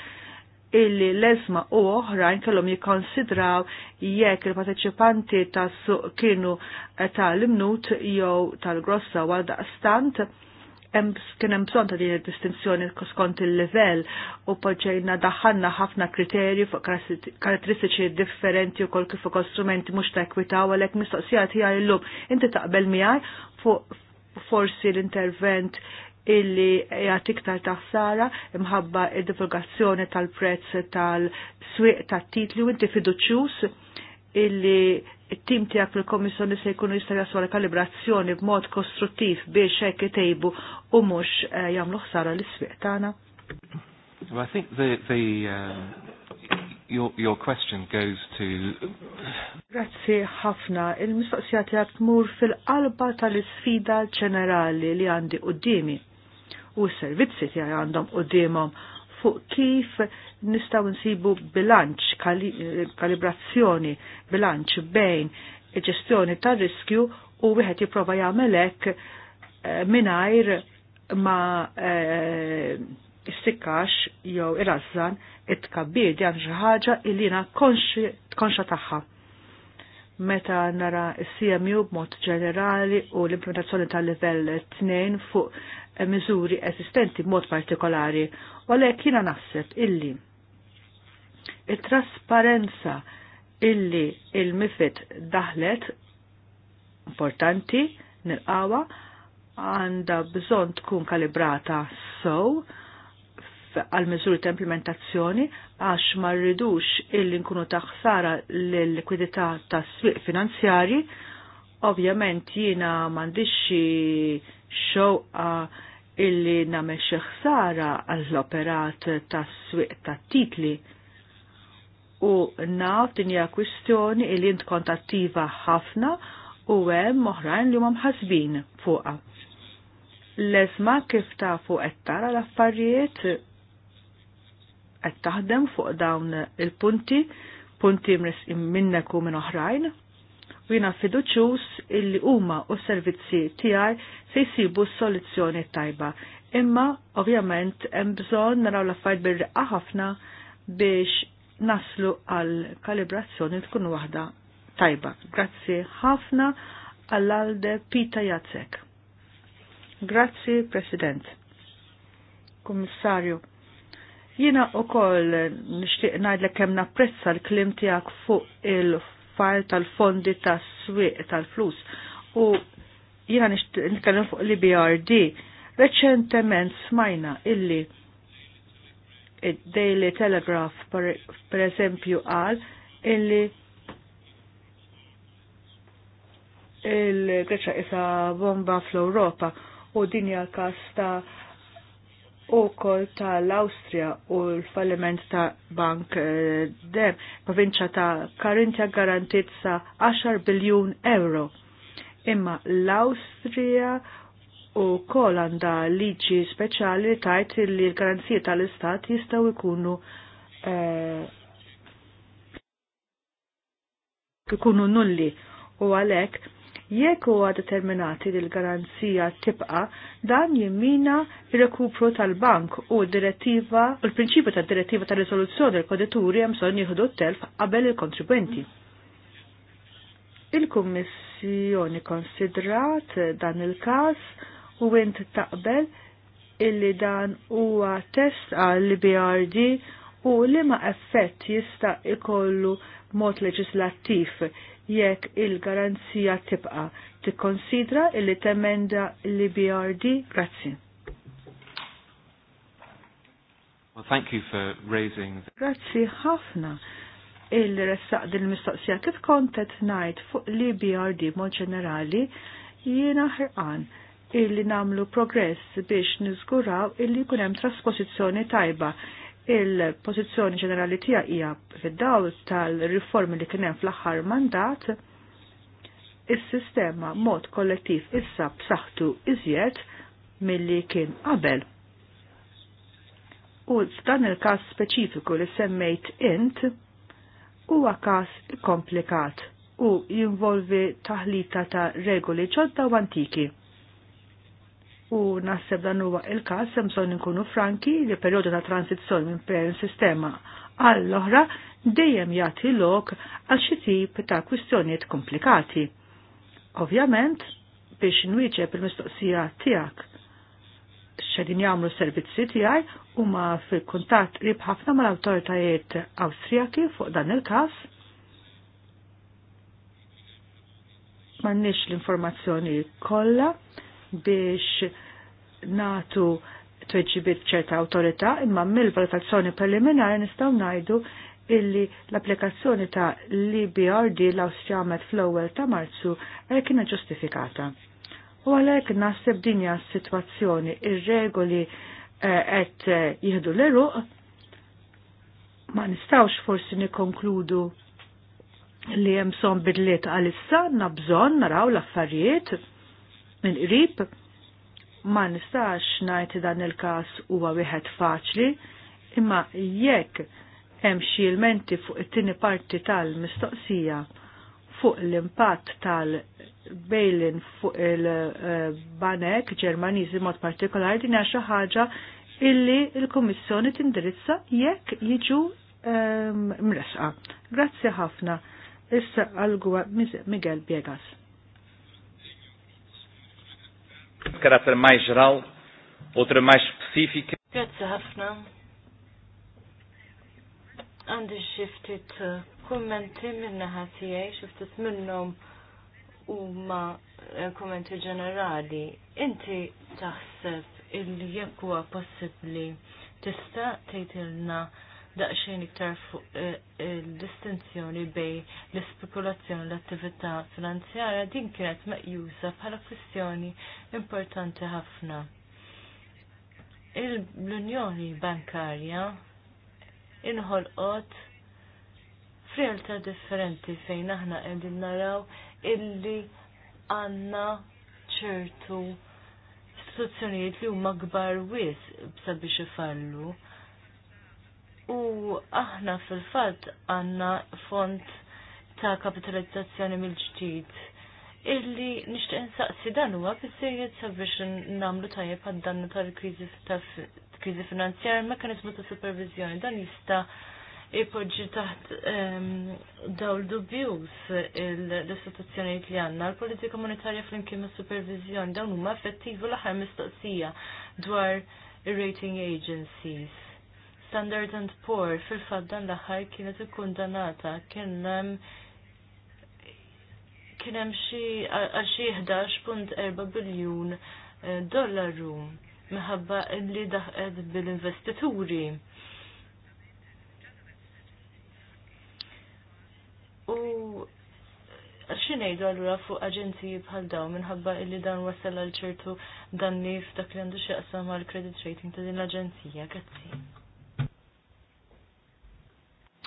illi l-ezma u oħrajn kellhom jikkonsidraw jekk il-parteċipanti tas-suq kienu eh, tal-imnut jew tal-grossa għal daqstant kien hemm bżonn ta' din id-distinzjoni skont il-livell u poġġejna daħħanna ħafna kriterji fuq karatteristiċi differenti wkoll kif ukoll strumenti mhux ta' ekwità u għalhekk mistoqsija tiegħi llum inti taqbel miegħi fuq forsi l-intervent illi jgħat iktar taħsara imħabba id-divulgazzjoni tal-prezz tal-swiq tat-titli u inti fiduċjus illi it-tim tijak fil-komissjoni se jkunu jaswa jaswar kalibrazzjoni b'mod kostruttiv biex hekk itejbu u mhux eh, jagħmlu ħsara l-iswieq tagħna. Well, I think the, the, uh, your, your question goes to... Grazzi ħafna. Il-mistoqsija tijak tmur fil-qalba tal-isfida ġenerali li għandi dimi u s-servizzi ti għandhom u demom fuq kif nistaw nsibu bilanċ, kal kalibrazzjoni, bilanċ bejn ġestjoni ta' riskju u wieħed jipprova jagħmelek e, eh, mingħajr ma e, jew irazzan it-tkabbir di xi ħaġa li jiena konxa tagħha. Meta nara s-CMU b'mod ġenerali u l-implementazzjoni tal-livell 2 fuq Eh, miżuri eżistenti b'mod partikolari, u għalek jiena naħseb illi it-trasparenza illi il mifit daħlet importanti nil-qawa għanda bżon tkun kalibrata sow għal miżuri ta' implementazzjoni għax ma rridux illi nkunu taħsara l-likwidità ta' swieq finanzjari Ovvjament jiena m'għandix xewqa illi namel xi għall-operat tas-swieq tat-titli u naf din hija kwistjoni illi int kontattiva ħafna u hemm oħrajn li huma mħasbin fuqha. L-ezma kif fuq qed tara l-affarijiet qed taħdem fuq dawn il-punti, punti minnek u minn oħrajn, u jina fiduċus illi huma u servizzi tiegħi se jsibu soluzzjoni tajba. Imma ovvjament hemm bżonn naraw l-affarijiet bir-reqqa ħafna biex naslu għal kalibrazzjoni tkun waħda tajba. Grazzi ħafna għall-alde Pita Jacek. Grazzi, President. Kommissarju. Jina u koll nishtiq l kem napprezza l-klim tijak fuq il kbar tal-fondi tas-swieq tal-flus. U jiena nitkellem fuq li BRD. Reċentement smajna illi id-Daily Telegraph per eżempju għal illi il-Greċa isa bomba fl-Europa u dinja kasta ta' u kol tal-Austria u l-falliment ta' Bank eh, Dem, provinċa ta' Karintja garantit sa' 10 biljun euro. Imma l-Austria u kol għanda liġi speċjali tajt li l-garanzija tal-Istat jistaw ikunu eh, ikunu nulli u għalek Jekk huwa determinati li l-garanzija tibqa' dan jimmina r-rekupru tal-bank u d-direttiva u l-prinċipju tad-direttiva tal riżoluzzjoni l kodituri hemm son jieħdu t-telf qabel il-kontribwenti. Il-Kummissjoni konsidrat dan il-każ u int taqbel illi dan huwa test għall BRD u li ma effett jista' ikollu mod leġislattiv jekk il-garanzija tibqa tikkonsidra illi temenda li BRD. Grazzi. Well, thank you for raising. the. Grazzi ħafna il-ressaq din mistoqsija kif kontet najt fuq li BRD mod ġenerali jiena ħirqan illi namlu progress biex nizguraw illi kunem trasposizjoni tajba il-pozizjoni ġenerali tija hija fid-dawl tal-riformi li kien hemm fl-aħħar mandat is-sistema mod kollettiv issa b'saħħtu iżjed milli kien qabel. U f'dan il-każ speċifiku li semmejt int huwa każ komplikat u jinvolvi taħlita ta' regoli ġodda u antiki u naħseb dan huwa il-każ hemm bżonn inkunu franki li perjodu ta' transizzjoni minn prejn sistema għall oħra dejjem jagħti lok għal xi tip ta' kwistjonijiet komplikati. Ovvjament, biex nwieġeb il-mistoqsija tiegħek xedin jagħmlu servizzi tiegħi huma fil-kuntatt qrib ħafna mal-awtoritajiet Awstrijaki fuq dan il-każ. M'għandniex l-informazzjoni kollha biex natu tweġibit ċerta autorita, imma mill-valutazzjoni preliminari nistgħu ngħidu illi l-applikazzjoni ta' LBRD l e austriamet fl-ewwel ta' Marzu għal e kienet ġustifikata. U għalhekk naħseb dinja s-sitwazzjoni ir-regoli eh, qed eh, jieħdu l-eruq ma nistawx forsi nikkonkludu li hemm bidliet għalissa nabżon naraw l-affarijiet mill-qrib ma nistax ngħid dan il-każ huwa wieħed faċli, imma jekk hemm xi elementi fuq it-tieni parti tal-mistoqsija fuq l-impatt tal-bejlin fuq il-banek Ġermaniżi mod partikolari din hija xi ħaġa illi l-Kummissjoni tindirizza jekk jiġu ehm, mresqa. Grazzi ħafna. Issa għal Miguel Biegas. Karatter mais geral, outra mais específica. Grazie ħafna. Għandi xiftit eh, kummenti minna ħatijaj, xiftit minnom u ma eh, kommenti ġenerali. Inti taħseb il-jekwa possibli tista' tgħidilna daqsxejn iktar fuq il-distinzjoni eh, eh, bej l-ispekulazzjoni l-attività finanzjarja din kienet meqjusa bħala kwistjoni importanti ħafna. L-Unjoni Bankarja inħolqot f'realtà differenti fejn aħna qegħdin naraw illi għandna ċertu istituzzjonijiet li huma kbar wis sabiex ifallu U aħna fil-fatt għanna font ta' kapitalizzazzjoni mill-ġdid illi nixtieq insaqsi dan huwa biżejjed sabiex nagħmlu tajjeb għad-dannu tal-kriżi kriżi finanzjarja mekanizmu ta' supervizjoni dan jista' ipoġġi taħt ehm, dawl dubjus l-istituzzjonijiet li għandna l-politika monetarja flimkien ma' supervizjoni dawn huma effettivu l-aħħar mistoqsija dwar ir-rating agencies Standard and Poor fil-faddan l-aħħar kienet ikkundanata kien hemm kien hemm xi għal xi 11.4 biljun eh, dollaru minħabba li daħqet bil-investituri. U xinejdu għallura fuq aġenziji bħal daw minħabba illi dan wasal għal ċertu danni f'dak li għandu xieqsam għal credit rating ta' din l-aġenzija, grazzi.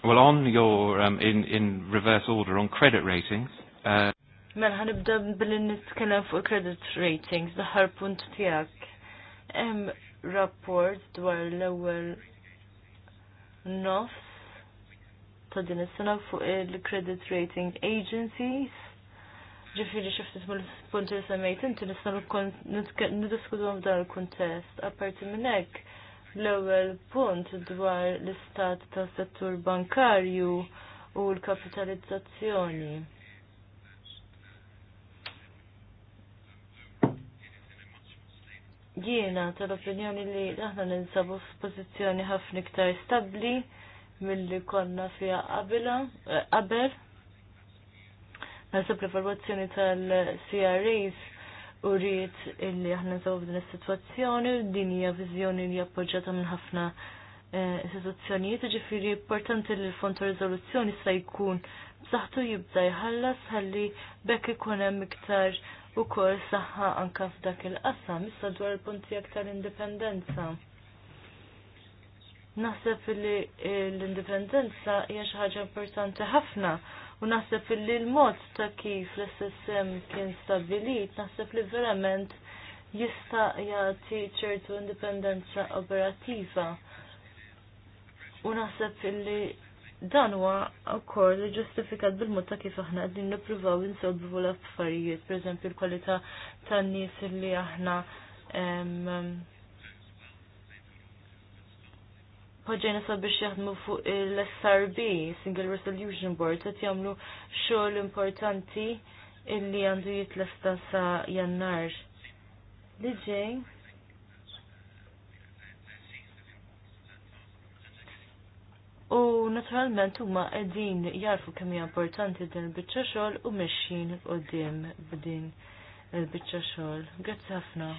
Well, on your, um, in, in reverse order, on credit ratings. Uh... Mela ħanibda billi nitkellem fuq credit ratings, l-ħar punt tijak. Hemm rapport dwar l-ewwel nofs ta' din is-sena fuq il-credit rating agencies. Ġifieri xi ftit mill-punti li semmejt inti nista' niddiskutu f'dan il-kuntest. Apparti minn hekk, l-ewwel punt dwar l-istat tas settur bankarju u l-kapitalizzazzjoni. Jiena tal-opinjoni li aħna ninsabu f'pożizzjoni ħafna iktar stabbli milli konna fiha eh, qabel. Naħseb l-evalwazzjoni tal-CRAs uriet rrit illi aħna nsawu f'din is-sitwazzjoni din hija viżjoni li appoġġjata minn ħafna eh, istituzzjonijiet, ġifieri importanti li l-fond ta' riżoluzzjoni sa jkun b'saħħtu jibda jħallas ħalli bekk ikun hemm iktar ukoll saħħa anke f'dak il-qasam issa dwar il-punti aktar indipendenza. Naħseb li l-indipendenza hija xi ħaġa importanti ħafna U naħseb li l-mod ta' kif l-SSM kien stabilit, naħseb li verament jista' jagħti ċertu indipendenza operattiva. U naħseb li dan huwa wkoll li ġustifikat bil-mod ta' kif aħna qegħdin nippruvaw insolvu l-affarijiet, pereżempju l-kwalità tan-nies li aħna sa sabiex jaħdmu fuq l-SRB, Single Resolution Board, qed jagħmlu xogħol importanti illi għandu jitlesta sa jannar. Liġej? U naturalment huma qegħdin jarfu kemm hija importanti din il-biċċa xogħol u mexxin qudiem b'din il-biċċa xogħol. Grazzi ħafna.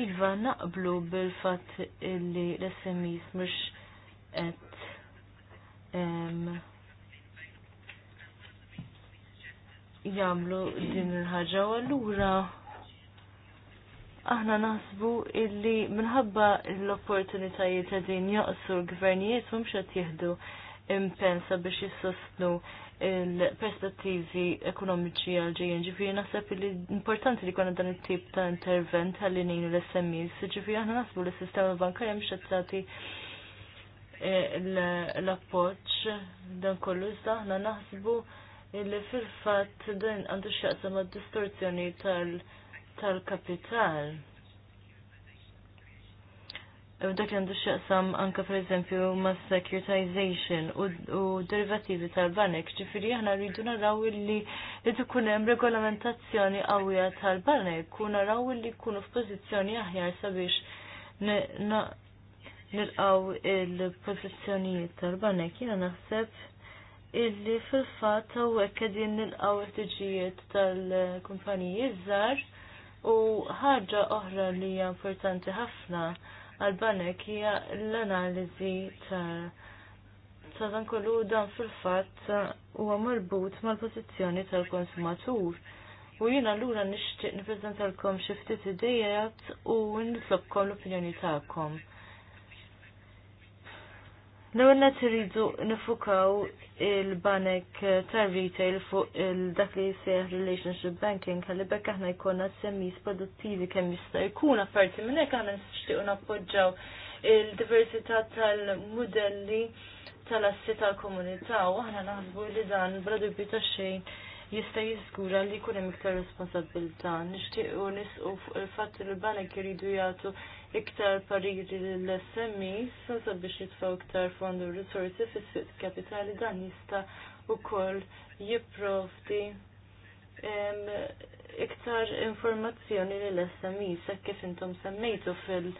Iva naqblu bil-fat illi l-SMIs mux et jamlu din il-ħagġa u allura aħna naħsbu illi minħabba l-opportunitajiet ta' din jaqsu l-gvernijiet mhumx qed jieħdu impensa biex jissostnu il-perspettivi ekonomiċi għal-ġejjen. Ġifiri naħseb li importanti li konna dan it-tip ta' intervent għalli nejnu l-SMEs. Ġifiri aħna naħsbu li s-sistema bankarja mx tati eh, l-appoċ dan kollu iżda aħna naħsbu li fil-fatt dan għandu x'jaqsam mad-distorzjoni tal-kapital. tal kapital dak għandu xaqsam anka per eżempju ma' securitization u derivativi tal-banek, ġifiri aħna rridu naraw illi li tkun hemm regolamentazzjoni qawwija tal-banek, u naraw illi jkunu f'pożizzjoni aħjar sabiex nilqaw il-pożizzjonijiet tal-banek. Jiena naħseb illi fil-fatt hawnhekk qegħdin nilqaw il tiġijiet tal-kumpaniji żgħar u ħaġa oħra li hija importanti ħafna għal-banek hija l-analiżi ta' dan kollu dan fil-fatt huwa marbut mal-pożizzjoni tal-konsumatur. U jina l-ura nishtiq niprezentalkom xiftit idejat u nitlobkom l-opinjoni ta'kom. L-għanna t-ridu nifukaw il-banek tar retail fuq il-dak li jisir relationship banking għalli bekk aħna jkonna semmis produttivi kemm jista' jkun apparti minn hekk aħna nixtiequ nappoġġaw il-diversità tal-modelli tal-assi tal-komunità u aħna naħsbu li dan bla dubju ta' xejn jista' jiżgura li jkun hemm iktar responsabilità. Nixtiequ nisqu fuq il-fatt li l-banek iridu jagħtu iktar pariri lill-SMEs sabiex jitfgħu iktar fondu risorsi fis-suq kapitali dan jista' ukoll jipprovdi iktar informazzjoni lill-SMEs sa' kif intom semmejtu fil-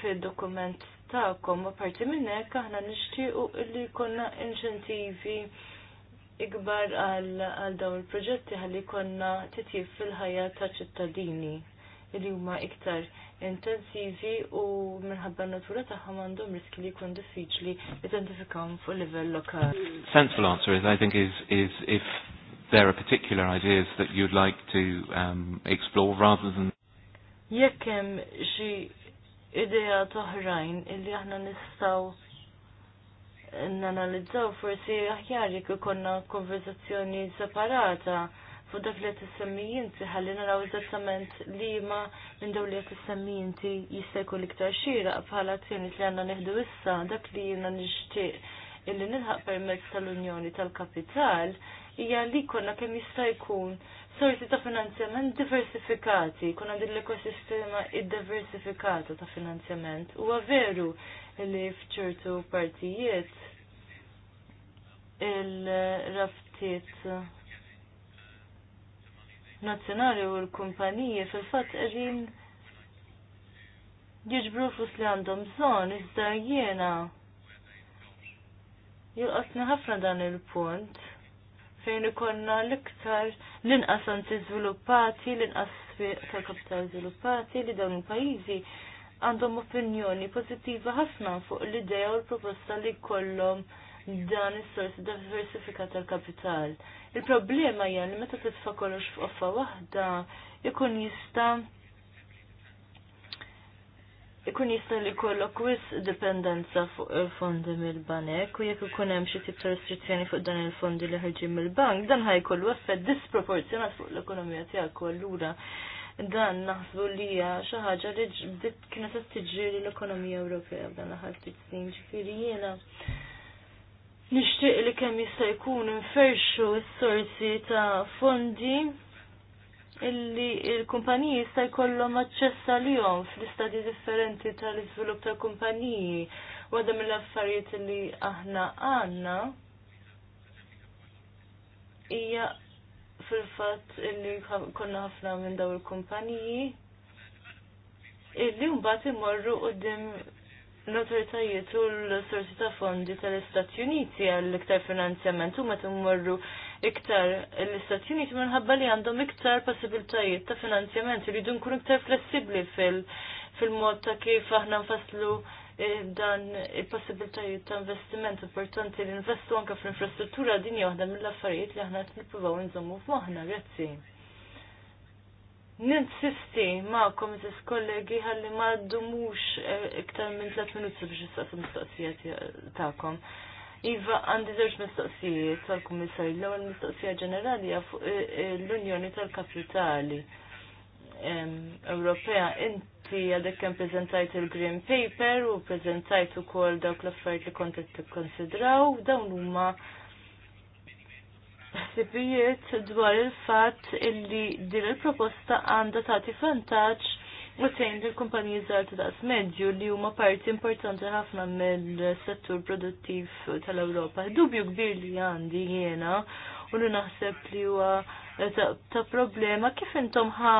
fil-dokument ta'kom, u parti minnek aħna nixtiequ li konna inċentivi ikbar għal dawn il-proġetti ħalli konna titjib fil-ħajja ta' ċittadini li huma iktar intensivi u minħabba natura tagħhom għandhom riski li jkun diffiċli identifikawhom fuq livell lokali. Sensible answer is I think is is if there are particular ideas that you'd like to um, explore rather than Jekk hemm xi idea toħrajn illi aħna nistgħu nanalizzaw forsi aħjar jekk ikonna konverzazzjoni separata fuq dak li qed issemmi ħalli naraw eżattament liema minn dawn li qed issemmi jista' jkun iktar xieraq bħala azzjoni li għandna neħdu issa dak li jiena nixtieq illi nilħaq permezz tal-Unjoni tal-Kapital hija li konna kemm jista' jkun sorsi ta' finanzjament diversifikati, kuna din l-ekosistema id-diversifikata ta' finanzjament. U veru li fċertu partijiet il-raftiet nazzjonali u l-kumpanije fil-fat għedin jiġbru fus li għandhom bżon, iżda jena. Jilqatni ħafna dan il-punt fejn ikonna l-iktar l-inqas anzi żviluppati, l-inqas ta' kapital żviluppati li dawn il-pajjiżi għandhom opinjoni pożittiva ħafna fuq l-idea u l-proposta li kollhom dan is-sors diversifikat tal-kapital. Il-problema hija li meta titfa' kollox f'offa waħda ikun jista' ikun jista' li jkollok wis dipendenza fuq il-fondi mill-banek u jekk ikun hemm xi tip ta' restrizzjoni fuq dan il-fondi li ħarġin mill-bank, dan ħajkollu effett disproporzjonat fuq l-ekonomija tiegħek u allura dan naħsbu li hija xi ħaġa li bdiet kienet qed tiġri l-ekonomija Ewropea f'dan l-aħħar ftit snin ġifieri jiena. Nixtieq li kemm jista' jkun inferxu s-sorsi ta' fondi illi il-kumpaniji jista' jkollhom aċċess għalihom fl-istadji differenti tal-iżvilupp tal-kumpaniji waħda mill-affarijiet li aħna għandna hija fil-fatt illi konna ħafna minn daw il-kumpaniji illi mbagħad imorru qudiem l-autoritajiet u l-sorsi ta' fondi tal-Istati Uniti għall-iktar finanzjament u meta mmorru iktar l-Istati Uniti minħabba li għandhom iktar possibiltajiet ta' finanzjament li jridu nkunu iktar flessibbli fil-mod ta' kif aħna nfasslu eh, dan il-possibiltajiet ta' investiment importanti li investu anke fl-infrastruttura din waħda mill-affarijiet li aħna qed nippruvaw nżommu f'moħħna, grazzi. Ninsisti ma' iżis kollegi ħalli ma dumux eh, iktar minn 3 minuti biex nistaqsu mistoqsija tagħkom. Iva, għandi zewġ mistoqsijiet tal-Kummissarju. L-ewwel mistoqsija ġenerali hija fuq eh, eh, l-Unjoni tal-Kapitali ehm, Ewropea. Inti għadek kemm preżentajt il-Green Paper u preżentajt ukoll dawk l-affarijiet li kont qed tikkonsidraw dawn huma ħsibijiet dwar il-fatt illi din il-proposta għandha tagħti vantaġġ U tejn il-kumpaniji żgħar ta' daqs medju li huma parti importanti ħafna mill-settur produttiv tal-Ewropa. Dubju kbir li għandi jiena u li naħseb li huwa ta' problema kif intom ħa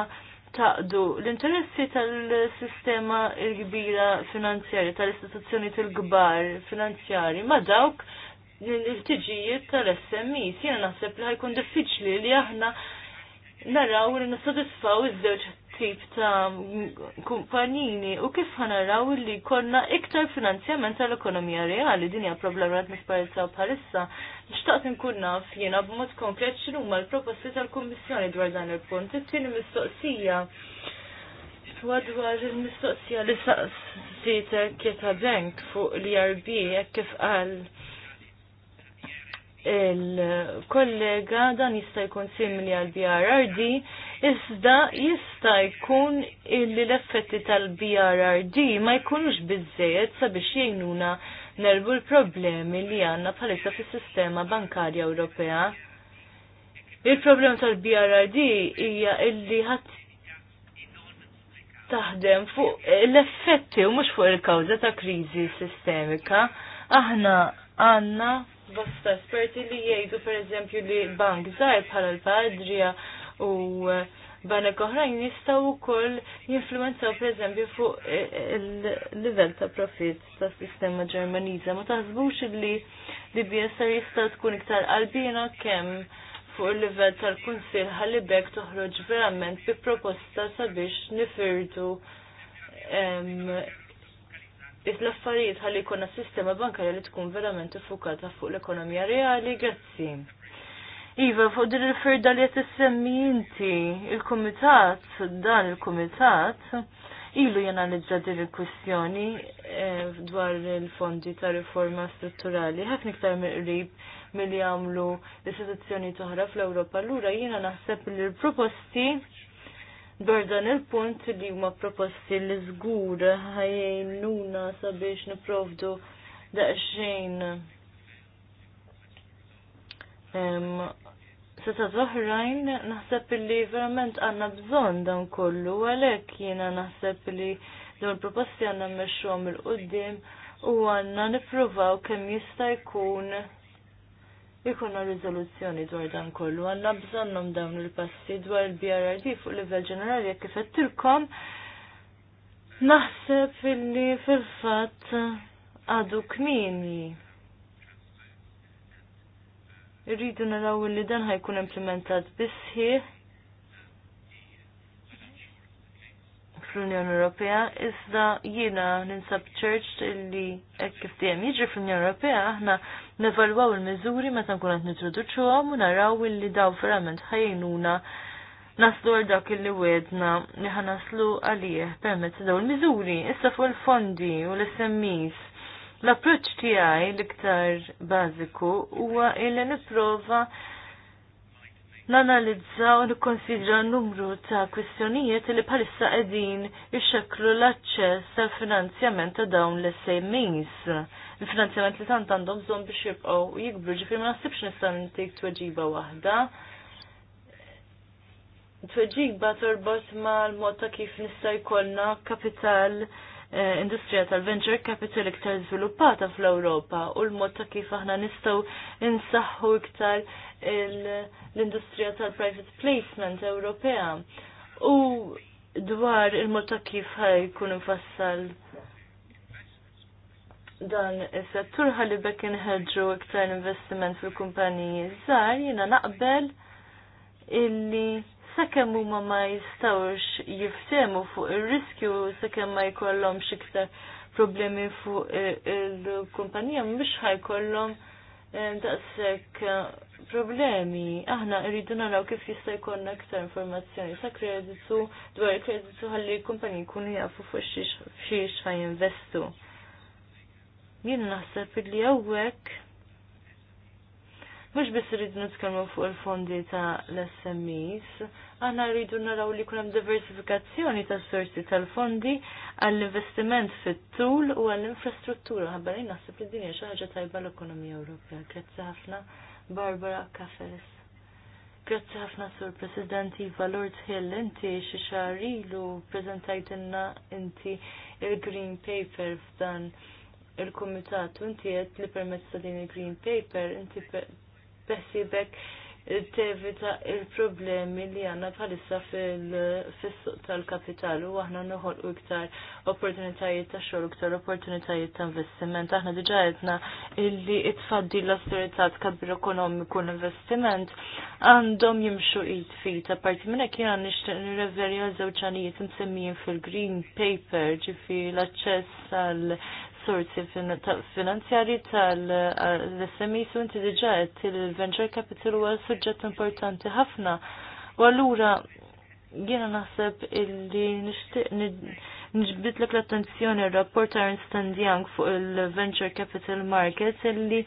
taqdu l-interessi tal-sistema l-kbira finanzjari, tal-istituzzjoni tal-gbar finanzjari ma dawk l-ħtiġijiet tal smi Jiena naħseb li ħajkun diffiċli li aħna naraw li nissodisfaw iż-żewġ tip ta' kumpanini u kif ħanaraw li konna iktar finanzjament tal-ekonomija reali din hija problema qed nisparizzaw bħalissa. Nixtaqt inkun naf jiena b'mod konkret x'inhuma l-proposti tal-Kummissjoni dwar dan il-punt. It-tieni mistoqsija dwar il-mistoqsija li saqsitek kieta bank fuq l-IRB jekk kif qal il-kollega dan jista' jkun simili għal BRRD iżda jista' jkun illi l-effetti tal-BRRD ma jkunux biżejjed sabiex jgħinuna nerbu l-problemi li għanna bħalissa fis-sistema bankarja Ewropea. Il-problema tal-BRRD hija illi ħadd taħdem fuq l-effetti u mhux fuq il-kawża ta' kriżi sistemika. Aħna għandna bosta esperti li jgħidu pereżempju li bank żgħar bħala l-Padrija u eh, banek oħrajn jistgħu wkoll jinfluwenzaw pereżempju fuq eh, il-livell ta' profit tas sistema Ġermaniża. Ma taħsbux li li BSR jista' tkun iktar qalbina kemm fuq il-livell tal-Kunsil ħalli bekk toħroġ verament bi proposta sabiex nifirdu l-affarijiet ħalli jkollna sistema bankarja li tkun verament ifukata fuq l-ekonomija reali. Grazzi. Iva, fuq din il-firda li jtissemmi inti, il-komitat, dan il-komitat, ilu jenalizza din il-kwistjoni eh, dwar il-fondi ta' riforma strutturali, ħafna niktar mill-qrib mill-li għamlu l-istituzzjoni toħra fl-Europa, l-ura jena naħseb li l-proposti dwar dan il-punt li huma proposti li żgur ħajjnuna sabiex niprovdu daqsxejn seta zoħrajn naħseb li verament għanna bżon dan kollu, għalek jena naħseb li dawn proposti għanna meċxom il-qoddim u għanna nipruvaw kem jista jkun jikonna rizoluzzjoni dwar dan kollu, għanna bżonnom dawn il-passi dwar il-BRRD fuq level ġenerali jekk ifettilkom naħseb li fil-fat għadu kmini Irridu naraw li dan ħajkun implementat bisħieħ fl-Unjoni Ewropea, iżda jiena ninsab ċerċ li hekk kif dejjem jiġri fl-Unjoni Ewropea aħna nevalwaw il-miżuri meta nkun qed nitroduċuhom u naraw li daw verament ħajnuna naslu għal dak li wedna li ħanaslu għalih permezz daw il-miżuri, issa fuq il-fondi u l-SMEs L-approċ tiegħi l-iktar bażiku huwa illi nipprova nanalizza u nikkonsidra numru ta' kwistjonijiet li bħalissa qegħdin ixxeklu l-aċċess tal-finanzjament ta' dawn l-SMEs. Il-finanzjament li tant għandhom bżonn biex jibqgħu jikbru ġifieri ma nasibx nista' nintik tweġiba waħda tweġiba torbot ma l-mod ta' kif nista' jkollna kapital Eh, industrija tal-venture capital iktar sviluppata fl-Ewropa u l-mod ta' kif aħna nistgħu insaħħu iktar l-industrija tal-private placement Ewropea. U dwar il-mod ta' kif ħajkun infassal dan is-settur ħalli bekk inħeġġu iktar investiment fil-kumpaniji żgħar jiena naqbel illi sakemm huma ma jistawx jiftemu fuq ir-riskju sakemm ma jkollhomx iktar problemi fuq il-kumpanija mhux ħajkollhom eh, daqshekk eh, problemi. Aħna rridu naraw kif jista' jkollna aktar informazzjoni sa kreditu dwar il-kreditu ħalli l-kumpaniji jkunu jafu fuq xiex jinvestu. Jien naħseb li hawnhekk mhux biss rridu nitkellmu fuq il-fondi ta' l-SMEs, aħna rridu naraw li kunem diversifikazzjoni ta' sorsi tal-fondi għall-investiment fit-tul u għall-infrastruttura. li nasib li din xi ħaġa tajba l-ekonomija Ewropea. Grazzi ħafna Barbara Kafeles. Grazzi ħafna sur President Iva Lord Hill, inti xi lu ilu inti il-Green Paper f'dan il-Kumitat inti qed li permezz ta' din il-Green Paper inti beħsibek tevita il-problemi li għanna bħalissa fil-suq tal-kapitalu u għahna nħol u iktar opportunitajiet ta' xogħol, iktar opportunitajiet ta' investiment. Aħna diġa għedna illi itfaddi l-austerità tkabbir ekonomiku l-investiment għandhom jimxu id ta' Parti minna kien għan nishtiq nirreverja żewġanijiet msemmijin fil-Green Paper ġifi l-aċċess għal sorti finanzjari tal-SMI e, su inti diġa il-venture capital huwa suġġett importanti ħafna. U allura jiena naħseb illi nixtieq nġbitlek l-attenzjoni r-rapport Ernst Young fuq il-Venture Capital Markets illi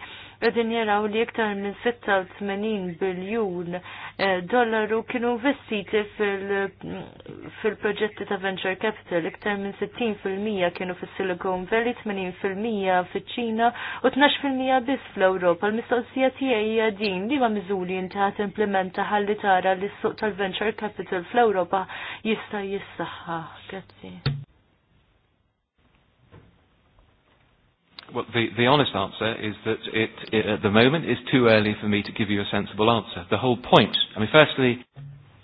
għedin jaraw li iktar minn 86 biljun eh, dollaru kienu investiti fil-proġetti ta' Venture Capital, iktar minn 60% kienu fil Silicon Valley, 80% fil-ċina u 12% bis fl-Europa. L-mistoqsija tiegħi din li ma miżuri intaħat implementa ħalli tara li s-suq tal-Venture Capital fl-Europa jista' jissaħħa. Grazie. Well, the, the honest answer is that it, it, at the moment, is too early for me to give you a sensible answer. The whole point, I mean, firstly...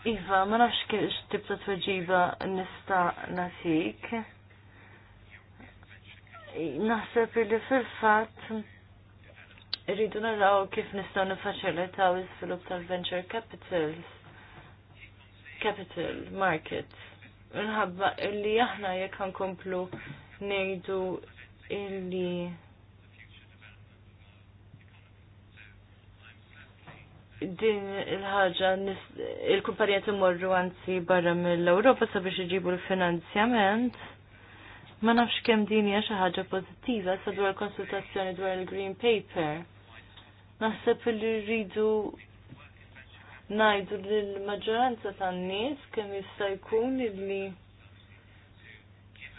Iva, ma nafx x tibta tweġiba nista nasik. Naħseb li fil-fat rridu naraw kif nistgħu u is-svilupp tal-venture capitals capital market. Nħabba li aħna jekk nkomplu nejdu illi din il-ħagġa il-kumpanija timorru anzi barra mill-Ewropa sabiex iġibu l-finanzjament. Ma nafx kemm din hija xi ħaġa pożittiva sa dwar konsultazzjoni dwar il-Green Paper. Naħseb li rridu ngħidu lill-maġġoranza tan-nies kemm jista' jkun li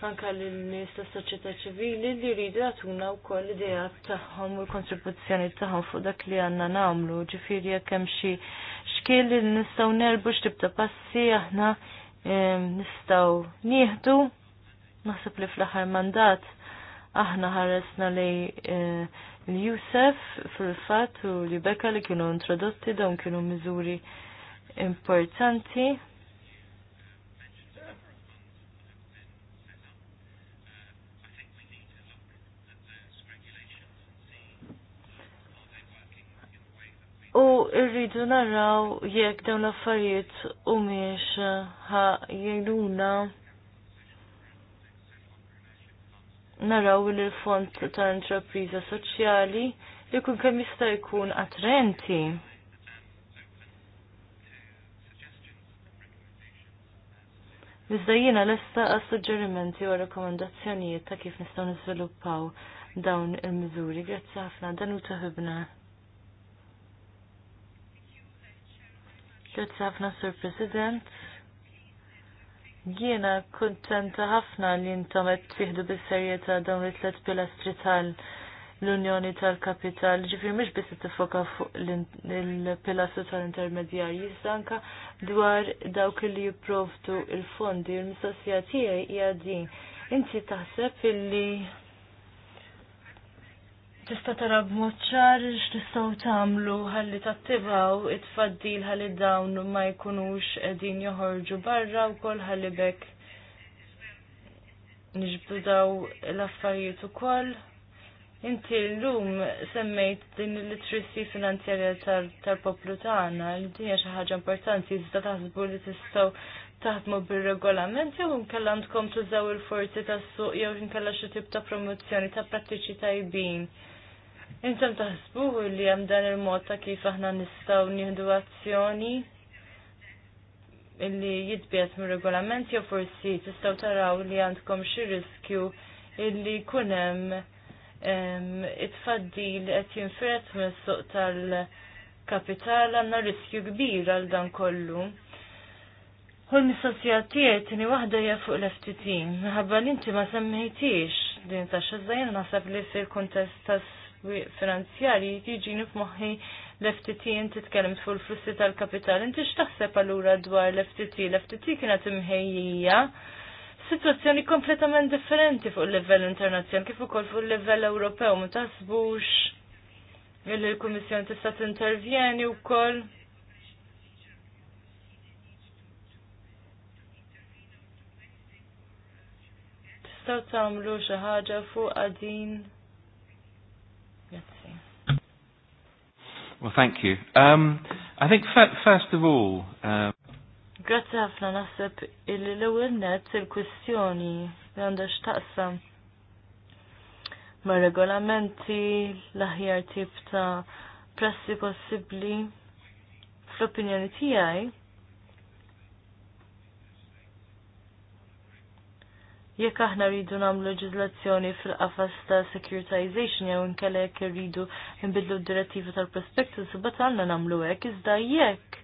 anka l-nies ta' soċjetà ċivili li jridu jagħtuna wkoll idea tagħhom u l-kontribuzzjoni tagħhom fuq dak li għandna nagħmlu, ġifieri jekk hemm xi xkiel li nistgħu nerbu x'tib ta' passi aħna nistgħu nieħdu naħseb li fl-aħħar mandat aħna ħaresna li eh, l-Jusef fil-fatt u li Beka li kienu introdotti dawn kienu miżuri importanti U rridu naraw jekk dawn l-affarijiet u miex eh, ħa jgħiduna naraw il fond ta' intrapriża soċjali li kun kemm jista' jkun attrenti. Iżda jiena lesta għas suġġerimenti u rakkomandazzjonijiet ta' kif nistgħu niżviluppaw dawn il-miżuri. Grazzi ħafna, dan u taħibna. Grazzi ħafna, Sur President. Jiena kuntenta ħafna li intom qed tieħdu bis-serjetà dawn it-tliet pilastri tal l-Unjoni tal-Kapital, ġifir mhux biss tifoka fuq il-pilastru tal-intermedjarji, iżda anke dwar dawk li jipprovdu il-fondi, il-mistoqsija tiegħi hija din. Inti taħseb illi tista' tara b'mod ċar x'tistgħu tagħmlu ħalli tattivaw it-tfaddil ħalli dawn ma jkunux qegħdin joħorġu barra wkoll ħalli bekk niġbdu daw l-affarijiet ukoll. Inti llum semmejt din il-literacy finanzjarja tal-poplu tagħna li din hija xi ħaġa importanti iżda taħsbu li tistgħu taħdmu bil-regolament jew inkella għandkom tużaw il-forzi tas-suq jew nkella xi tip ta' promozzjoni ta' prattiċi tajbin Intom taħsbuħu li hemm dan il-mod ta' kif aħna nistgħu nieħdu azzjoni illi jitbiet mir regolament jew forsi tistgħu taraw li għandkom xi riskju illi jkun hemm it-tfaddil qed jinfred mis-suq tal-kapital għandna riskju kbir għal dan kollu. U l-mistoqsijatijiet ni wahda hija fuq l-FTT. Ħabba l inti ma semmejtix din ta' xażajn naħseb li fil kuntest tas finanzjari jiġini f'moħħi l-FTT inti tkellem fuq l-flussi tal-kapital. Inti x'taħseb allura dwar l-FTT? L-FTT kienet imħejjija situazzjoni kompletament differenti fuq il-livell internazzjonali kif ukoll fuq il-livell Ewropew ma taħsbux li l-Kummissjoni tista' tintervjeni wkoll. Tistgħu tagħmlu xi ħaġa fuq din. Well, thank you. Um, I think first of all... Grazie um, Grazzi ħafna naħseb illi ewwel net il-kwistjoni li għandha x'taqsam ma' regolamenti l-aħjar tip ta' prassi possibbli fl-opinjoni tiegħi jekk aħna rridu nagħmlu leġiżlazzjoni fil-qafas ta' securitization jew inkella jekk irridu nbidlu d-direttiva tal-prospectus imbagħad għandna nagħmlu hekk iżda jekk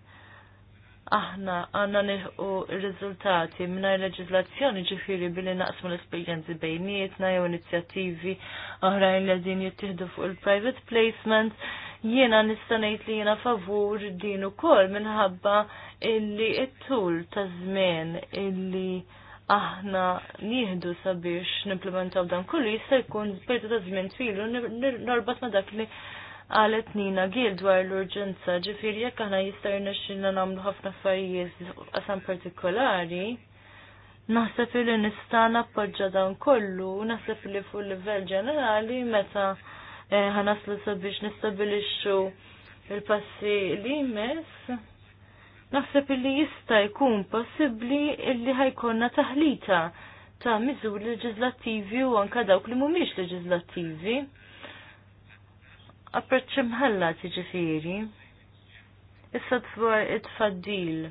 aħna għandna nieħu r-riżultati mingħajr leġiżlazzjoni ġifieri billi naqsmu l-esperjenzi bejnietna jew inizjattivi oħrajn li din jittieħdu fuq il-private placement jiena nista' ngħid li jiena favur din ukoll minħabba illi t-tul ta' żmien illi aħna nieħdu sabiex nimplementaw dan kollu jista' jkun perdu ta' żmien twilu, u norbat ma' dak li għalet nina għil dwar l-urġenza ġifieri jekk aħna jista' jirnexxilna nagħmlu ħafna affarijiet qasam partikolari. Naħseb li nista' nappoġġa dan kollu, naħseb li fuq livell ġenerali meta eh, ħanaslu sabiex nistabilixxu il-passi li jmiss. Naħseb illi jista' jkun possibbli illi ħajkonna taħlita ta' miżur leġislattivi u anka dawk li mhumiex leġislattivi. Approċċ mħalla tiġifieri. Issa dwar it-tfaddil.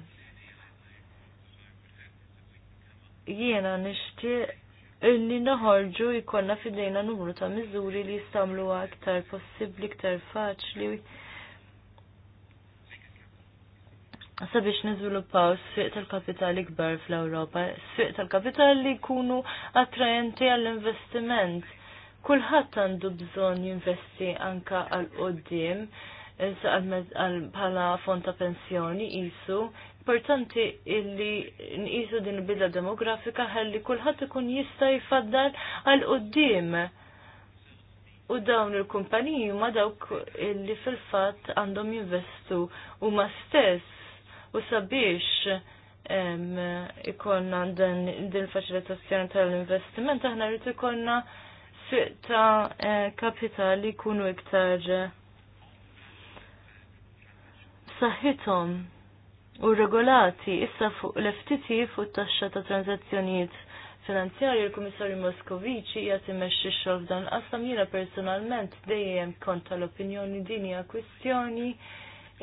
Jiena nixtieq illi naħorġu jkollna fidejna numru ta' miżuri li jistamlu aktar possibbli, aktar faċli sabiex nizviluppaw s-sfiq tal-kapitali kbar fl-Europa, s-sfiq tal-kapitali kunu attrajenti għall-investiment. Kulħadd għandu bżon jinvesti anka għal-qoddim, bħala fond ta' pensjoni isu, importanti illi nqisu din il-bidla demografika ħalli kulħadd ikun jista' jfaddal għal-qoddim. U dawn il-kumpaniji ma dawk illi fil-fat għandhom jinvestu u ma stess u sabiex ikonna din, din faċilitazzjoni tal-investiment aħna rrid ikonna fiq ta' eh, kapitali jkunu iktar saħitom u regolati issa fuq l-FTT fuq taxxa ta' tranzazzjonijiet finanzjarji il-Kummissarju Moskovici hija timmexxi xogħol f'dan qasam jiena personalment dejjem kont tal-opinjoni din hija kwistjoni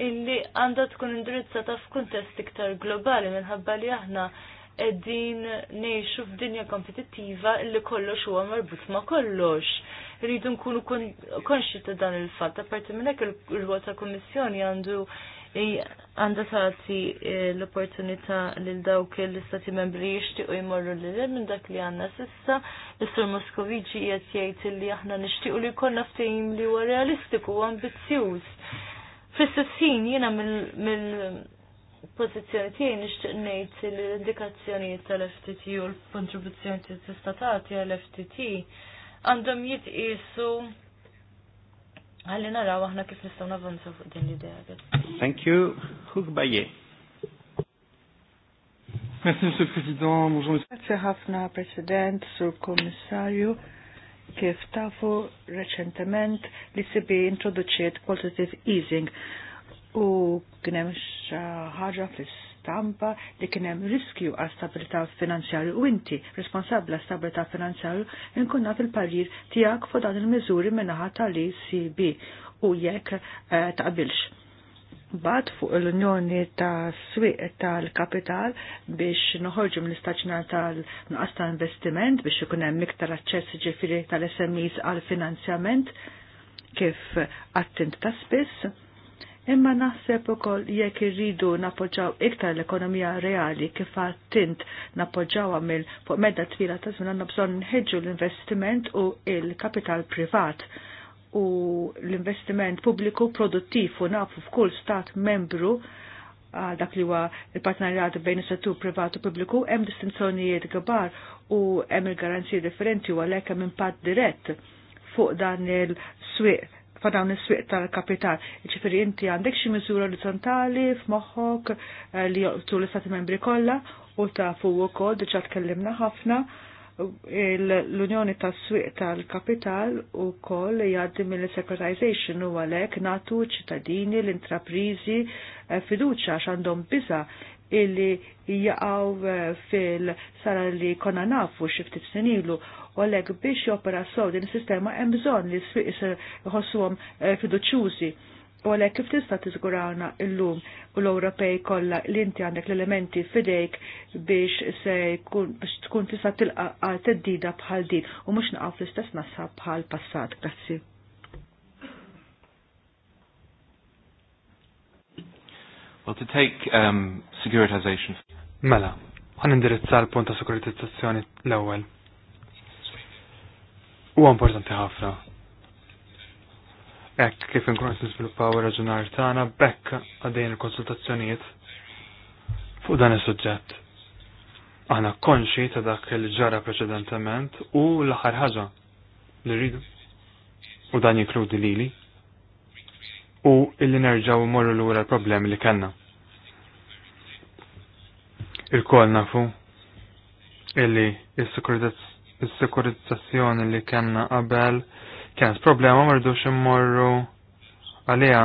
illi għandha tkun indirizzata f'kuntest iktar globali minħabba li aħna qegħdin ngħixu f'dinja kompetittiva illi kollox huwa marbut ma' kollox. Rridu nkunu konxi ta' dan il-fatt, apparti minn hekk il-rwol ta' kummissjoni għandu għandha tagħti eh, l-opportunità lil dawk l-istati membri jixtiequ jmorru lil minn dak li għandna s'issa, is-Sur Moskoviċi qiegħed jgħid li aħna nixtiequ li jkollna ftehim li huwa realistiku u ambizzjuż Fis-sessin jiena mill-pożizzjoni tiegħi nixtieq ngħid li l-indikazzjonijiet tal-FTT u l-kontribuzzjoni li tista' tagħti għall-FTT għandhom jitqisu ħalli naraw aħna kif nistgħu navanzu fuq din l-idea. Thank you. Hug Baye. Merci, Monsieur le Président. Bonjour, Monsieur. Grazie Président. President, Sur Kommissarju. Kif tafu reċentement li sibi introduċiet qualitative easing u kienem ħaġa fl-istampa li kienem riskju għal stabilità finanzjarju u inti responsabla stabilità finanzjarju inkunna fil-parir tijak fuq dan il-mizuri minnaħa tal-ECB u jekk eh, taqbilx Bad fuq l-Unjoni ta' Swieq tal-Kapital biex noħorġu mill istaċna tal-nqas ta' investiment biex ikun hemm iktar aċċess ġifieri tal-SMEs għal finanzjament kif attint ta' spiss. Imma naħseb ukoll jekk irridu napoġġaw iktar l-ekonomija reali kif attint napoġġawha mill fuq medda twila ta' żmien għandna bżonn nħeġġu l-investiment u l-kapital privat u l-investiment pubbliku produttiv u nafu f'kull stat membru għal dak li huwa il-partnerjat bejn is-settur privatu pubbliku hemm distinzjonijiet kbar u hemm il-garanziji differenti u għalhekk hemm impatt dirett fuq dan il-swieq fa' dawn is-swieq tal-kapital. Ġifieri inti għandek xi miżura orizzontali f'moħħok eh, li joqtu l-istati membri kollha u tafu wkoll diġà tkellimna ħafna l-Unjoni tas swieq tal-Kapital u koll jaddim mill-Securitization u għalek natu ċittadini l-intraprizi eh, fiduċa għandhom biza illi jgħaw eh, fil-sara li konna nafu xiftit sinilu u għalek biex jopera sow din sistema hemm bżonn li s-swieq jħossuhom eh, fiduċjużi U għalhekk kif tista' tiżgurawna llum u l-Ewropej kollha li inti għandek l-elementi f'idejk biex se jkun biex tkun tista' tilqa' għal teddida bħal din u mhux naqgħu fl-istess nasab bħal passat. Grazzi. Well, to take um, securitization. Mela, għan indirizza l-punt ta' sekuritizzazzjoni l-ewwel. Huwa importanti ħafna Ek kif nkunu qed niżviluppaw ir-raġunar tagħna bekk għaddejn il-konsultazzjonijiet fuq dan is-suġġett. Aħna konxi ta' dak li ġara preċedentement u l-aħħar ħaġa li rridu. U dan jinkludi lili. U illi nerġaw morru lura l-problemi li kellna. Il-kol nafu illi is-sekurizzazzjoni li kellna qabel kienet problema ma rridux immorru għaliha.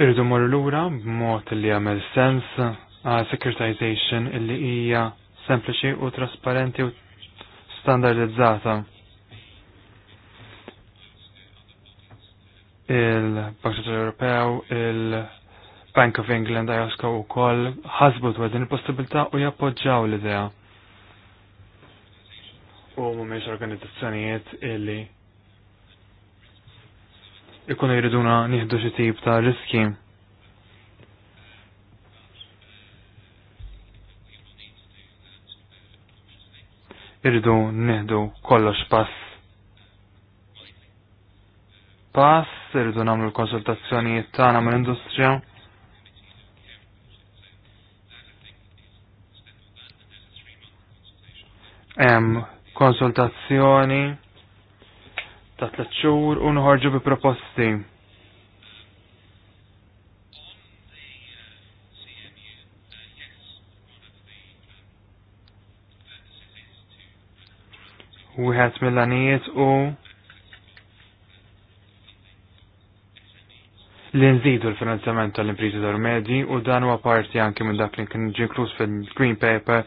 Irridu morru lura b'mod li jagħmel sens għal securitization illi hija sempliċi u trasparenti u standardizzata. il-Bank Central Ewropew, il-Bank of England, IOSCO u kol, ħasbu dwar din il-possibilità u jappoġġaw l-idea. U mumiex organizzazzjonijiet illi ikunu jriduna nieħdu xi tip ta' riski. Irridu nieħdu kollox pass pass, rridu namlu l konsultazzjoni tagħna mill-industrija. Hemm konsultazzjoni ta' tliet xhur u nħorġu bi proposti. Wieħed mill-għanijiet u li nżidu l-finanzjament tal-imprizi dar medji u dan huwa parti anke minn dak li kien inkluż fil-Green Paper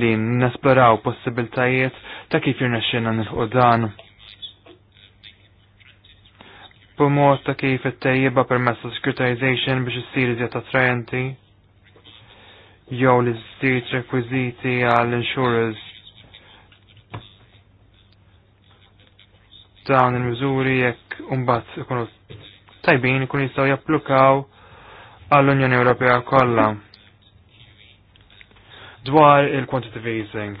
li nesploraw possibiltajiet ta' kif jirnexxina nilħu dan b'mod ta' kif it-tejjiba permezz ta' securitization biex issir iżjed attrajenti jew li ssir rekwiżiti għall insurers dawn il-miżuri jekk imbagħad ikunu tajbin ikun jistgħu japplukaw għall-Unjoni Ewropea kollha. Dwar il-quantitative easing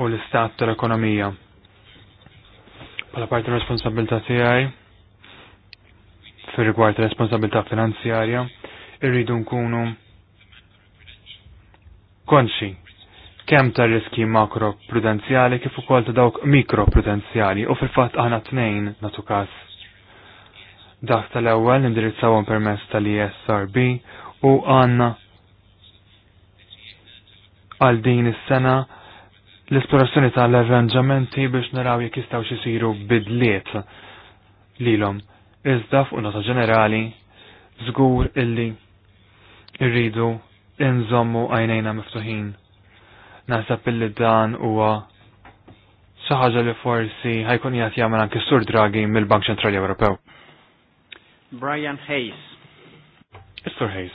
u l-istat tal-ekonomija. Pala parti responsabilità tiegħi fir rigward responsabilità finanzjarja, irridu nkunu konxi kemm ta' riski makro prudenzjali kif ukoll ta' dawk mikro prudenzjali u fil-fatt aħna tnejn natu każ Dak tal-ewwel indirizzawhom permezz tal-ISRB u għanna għal din is-sena l-esplorazzjoni tal-arranġamenti biex naraw jekk jistgħu xisiru bidliet lilhom. Iżda fuq nota ġenerali żgur illi rridu inżommu għajnejna miftuħin. Naħseb illi dan huwa xi li forsi ħajkun jagħti jagħmel anki sur dragi mill-Bank Ċentrali Ewropew. Brian Hayes. Mr. Hayes.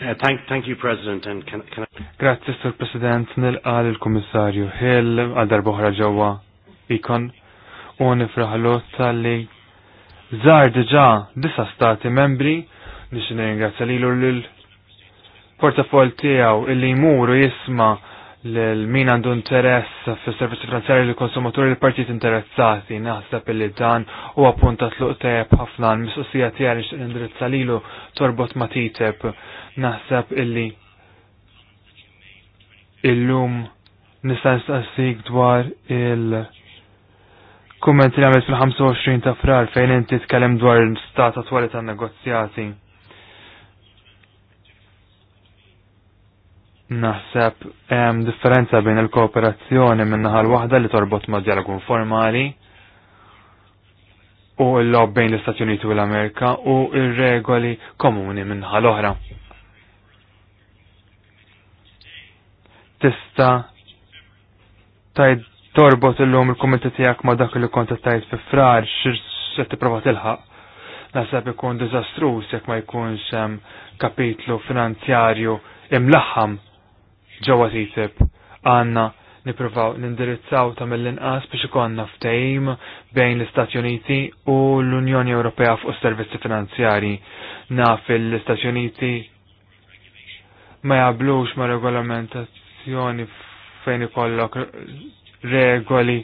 Uh, thank, thank you, President. And can, can I... Grazie, Sir President. Nil-qal il-Kommissarju Hill għal-darbohra ġewwa ikon u nifraħlu li zar diġa disa stati membri nix ringrazzja lilu l-portafol tiegħu illi jmuru jisma' l-min għandu interess fis servizzi finanzjari li konsumaturi li partijiet interessati naħseb li dan u appunta tluq teb ħafna l-mistoqsija tiegħi li indirizza lilu torbot ma titeb naħseb illi illum nista' nistaqsik dwar il- Kumment li għamilt fil-25 ta' frar fejn inti tkellem dwar l-stat attwali tan negozjati. Naħseb hemm differenza bejn il-kooperazzjoni minn naħal waħda li torbot ma' dialogu informali u l-lob bejn l-Istati Uniti u l-Amerika u il regoli komuni minn naħal oħra. Tista tajd torbot illum il-komitet tiegħek ma' dak li kont tajt fi frar xir t-provat tipprova tilħaq. Naħseb ikun diżastruż jekk ma jkunx hemm kapitlu finanzjarju imlaħħam ġewwa TTIP għandna nippruvaw nindirizzaw ta' mill-inqas biex ikonna ftehim bejn l-Istati Uniti u l-Unjoni Ewropea fuq servizzi finanzjari. Naf l-Istati Uniti ma jablux ma' regolamentazzjoni fejn ikollok regoli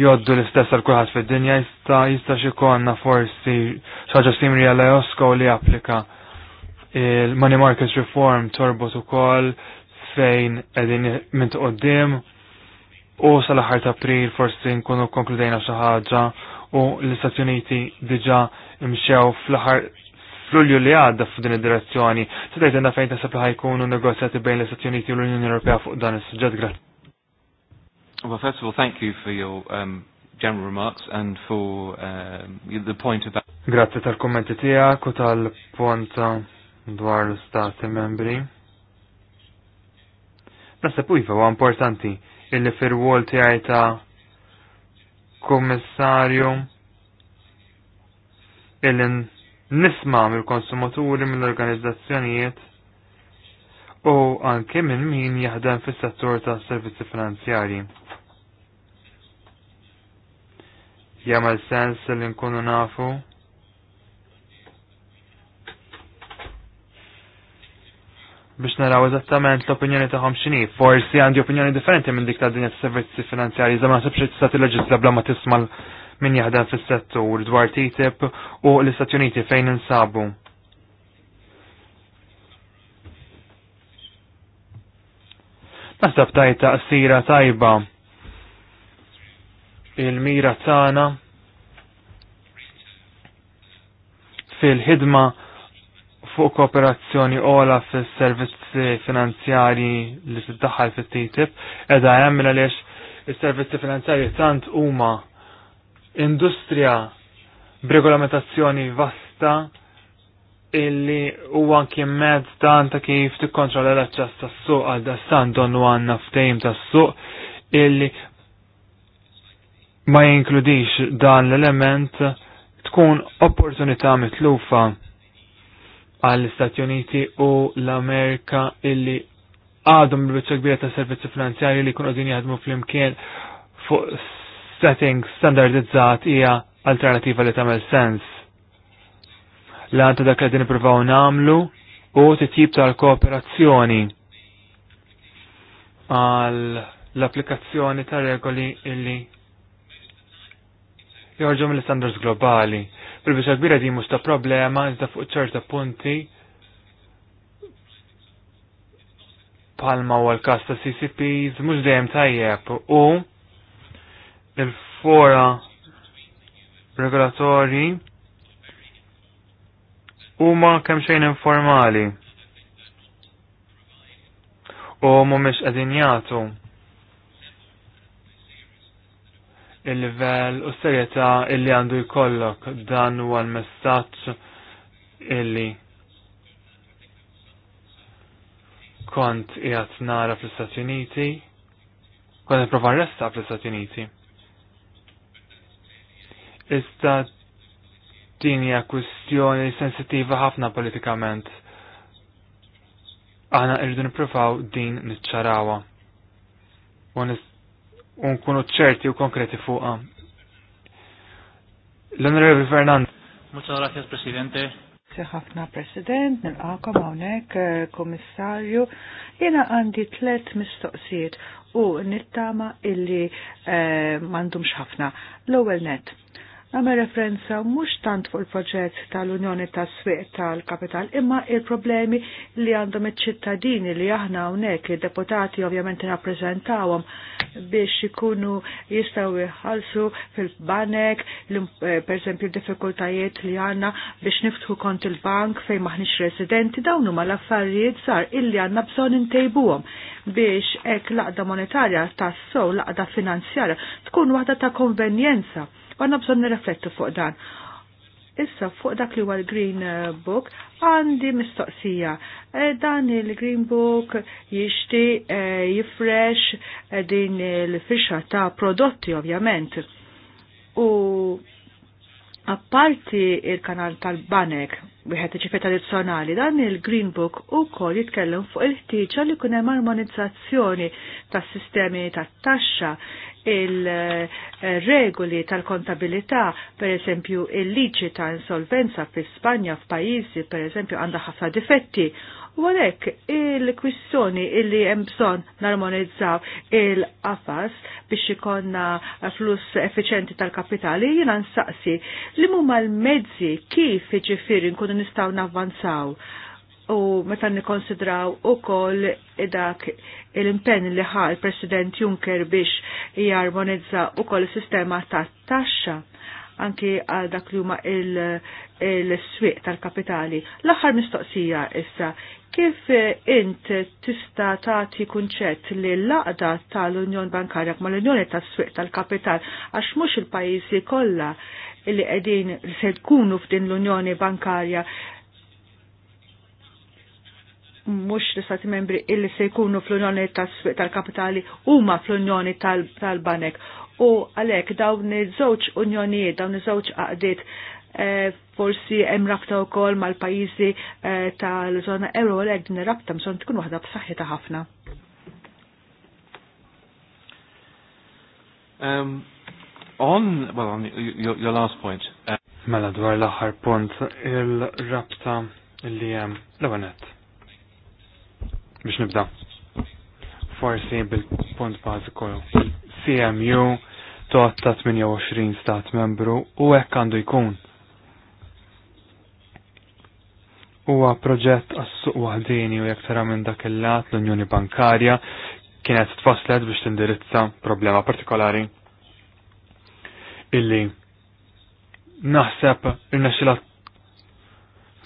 joddu l-istess għal kulħadd fid-dinja jista' jista' xi forsi xaġa simri għal Eosko li applika il-money market reform torbot ukoll fejn qegħdin minn qoddim u sal-aħħar ta' April forsi nkunu konkludejna xi ħaġa u l-Istati Uniti diġà imxew fl-aħħar fl-Ulju li għadda f'din id-direzzjoni. Sadajt għanna fejn tasab li ħajkunu negozjati bejn l-Istati Uniti u l-Unjoni Ewropea fuq dan is-suġġett grat. Well, first of all, thank you for your um, general remarks and for um, the point about. Grazie tal-kommenti tijak u tal-punt dwar l-stati membri. Nasa pujfa, huwa importanti illi fir-wol tiegħi ta' kummissarju illi nisma' mill-konsumaturi mill-organizzazzjonijiet u anke minn min jaħdem fis-settur tas servizzi finanzjari. Jamal sens li nkunu nafu biex naraw eżattament l-opinjoni ta' x'inhi. Forsi għandi opinjoni differenti minn dik ta' dinja s servizzi finanzjarji, iżda ma nasibx tista' leġisla bla ma tisma' min jaħdem fis-settur dwar TTIP u l-Istati Uniti fejn insabu. Nasab tajta sira tajba il-mira tagħna fil-ħidma fuq kooperazzjoni ola fis servizzi finanzjari li tiddaħħal fit-TTIP, edha jemmil għaliex il-servizzi finanzjari tant huma industrija b'regolamentazzjoni vasta illi huwa anki mezz dan ta' kif tikkontrolla l-aċċess tas-suq għal dastan donnu għandna ftehim tas-suq illi ma jinkludix dan l-element tkun opportunità mitlufa għall istati Uniti u l-Amerika illi għadhom l bicċa kbira ta' servizzi finanzjari li kunu din jaħdmu fl-imkien fuq setting standardizzat hija alternativa li tagħmel sens. L għanta dak li din ippruvaw nagħmlu u titjib tal-kooperazzjoni għal l-applikazzjoni ta' regoli illi jorġu mill-standards globali il biċa kbira di musta problema, iżda fuq ċerta punti palma u għal kasta ta' CCPs, mux dejjem tajjeb u il-fora regolatori huma kemm xejn informali u mhumiex qegħdin jagħtu il-livell u serjetà illi għandu jkollok dan huwa l-messaġġ illi kont jgħat nara fl-Istati Uniti, kont nipprova resta fl-Istati Uniti. Iżda din hija kwistjoni sensittiva ħafna politikament. Aħna irridu nippruvaw din niċċarawha. U Unkunu ċerti u konkreti fuqa. L-Onorevoli Fernand. Muchas gracias, Presidente. Seħafna President, nil għaka mawnek, eh, Komissarju. Jena għandi tlet mistoqsijiet u nittama illi eh, mandum ħafna. L-ewel net, għamel referenza mhux tant fuq il-proġett tal-Unjoni tas-Swieq tal-Kapital imma il-problemi li għandhom iċ-ċittadini li aħna hawnhekk id-deputati ovvjament rappreżentawhom biex ikunu jistgħu jħallsu fil-banek, eh, pereżempju d-diffikultajiet li għandna biex niftħu kont il-bank fejn maħniex residenti dawn huma l-affarijiet sar illi għandna bżonn intejbuhom biex hekk laqda monetarja tas-sow laqda finanzjarja tkun waħda ta' konvenjenza għanna bżon nirreflettu fuq dan. Issa fuq dak li huwa l-Green eh, Book għandi mistoqsija. Eh, dan il-Green Book jixti eh, jifresh din il fisha ta' prodotti ovvjament. U apparti il-kanal tal-Banek, wieħed iċifet tradizzjonali, dan il-Green Book ukoll jitkellem fuq il ħtiċa li kunem hemm armonizzazzjoni tas-sistemi tat-taxxa il-regoli tal-kontabilità, per eżempju il-liċi ta' insolvenza fi Spanja f'pajjiżi per eżempju għandha ħafna difetti. U għalhekk il-kwissjoni illi hemm bżonn narmonizzaw il-qafas biex ikonna fluss efficienti tal-kapitali, jiena nsaqsi li huma l-mezzi kif jiġifieri nkunu nistgħu navvanzaw u meta nikonsidraw u koll dak l-impenn li ħa il-President Juncker biex jarmonizza u koll sistema ta' taxxa anki għal dak li huma il-swieq tal-kapitali. L-aħħar mistoqsija issa, kif int tista' tagħti kunċett li l-laqda tal-Unjon Bankarja mal-Unjoni tas-swieq tal-kapital għax mhux il-pajjiżi kollha li qegħdin se tkunu f'din l-Unjoni Bankarja mux li stati membri illi se jkunu fl-unjoni tal-kapitali huma fl-unjoni tal-banek. U għalek dawn iż-żewġ unjonijiet, dawn iż-żewġ għaqdiet eh, forsi hemm rabta wkoll mal-pajjiżi eh, tal-żona euro għalhekk din ir-rabta bżonn tkun waħda b'saħħitha ħafna. Um, on, well, on your, your last point. Uh, mela dwar l-aħħar punt il-rabta li hemm l-għanet biex nibda. Forsi bil-punt bażiku CMU tot ta' 28 stat membru u hekk għandu jkun. Huwa proġett għas-suq waħdini u jekk tara minn dak il-lat l-Unjoni Bankarja kienet tfasslet biex tindirizza problema partikolari illi naħseb il-nexxila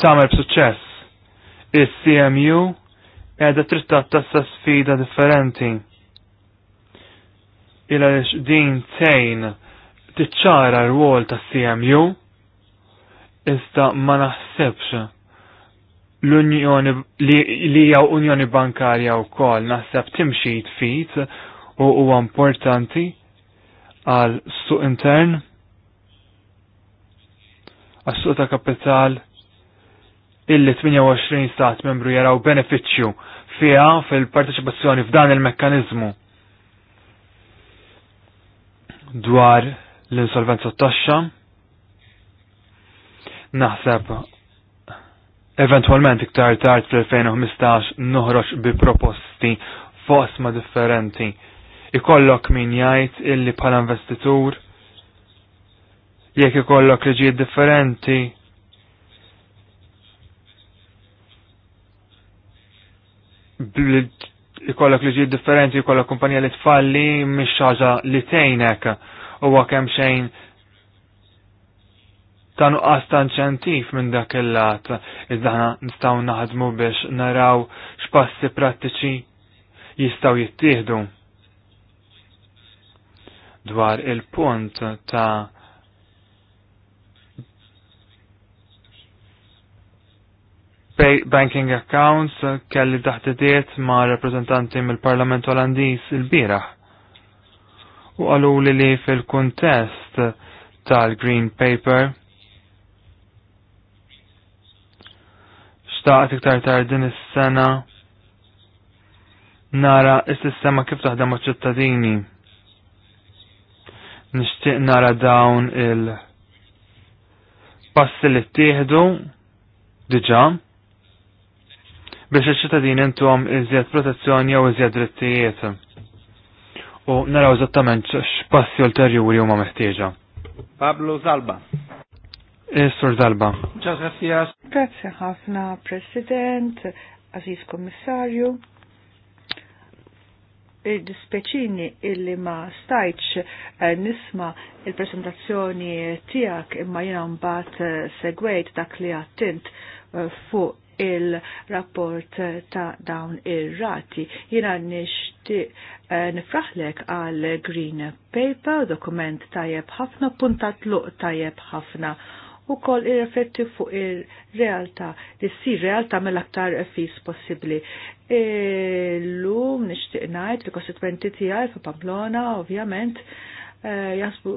tagħmel b'suċċess. Is-CMU għedha trittat tassa sfida differenti. Ila lix din tejn tiċċara r-wol ta' CMU, iżda ma naħsebx l-unjoni li hija unjoni bankarja wkoll naħseb timxi tfit u huwa importanti għal suq intern għas suq ta' kapital Illi 28 stat membru jaraw beneficju fiha fil-parteċipazzjoni f'dan il-mekkanizmu dwar l-insolvenza taxxa naħseb eventualment iktar tard fil 2015 noħroġ bi proposti fosma differenti. Ikollok min jgħid illi bħala investitur jekk ikollok liġijiet differenti ikollok liġi differenti, ikollok kumpanija li tfalli, mish ħaġa li tejnek u għakem xejn ta' nuqqas ta' inċentif minn dak il-lat, iżdaħna nistaw naħdmu biex naraw x'passi prattiċi jistaw jittieħdu. Dwar il-punt ta' banking accounts eh, kelli daħtidiet ma' rappresentanti mill-Parlament Olandiż il-bieraħ. U għalu li li fil-kontest tal-Green Paper xtaqt iktar tar din is-sena nara is-sistema kif taħdem maċ-ċittadini. Nixtieq nara dawn il- passi li t diġa biex iċ-ċittadini intom iżjed protezzjoni jew iżjed drittijiet. U naraw eżattament x'passi ulterjuri huma meħtieġa. Pablo Zalba. Eh, Sur Zalba. Grazie ħafna, President, Aziz Kommissarju. Id-dispeċini illi ma stajċ eh, nisma il-presentazzjoni tijak imma jina mbagħad eh, segwejt dak li għattint fuq il-rapport ta' dawn ir-rati. Jina nishti eh, nifraħlek għal Green Paper, dokument tajjeb ħafna, puntat luq tajjeb ħafna u kol irrefletti fuq il-realtà, li si realtà mill-aktar fis possibli. L-lum nishtiq najt li 20 tijaj fa' Pamplona, ovvjament, eh, jasbu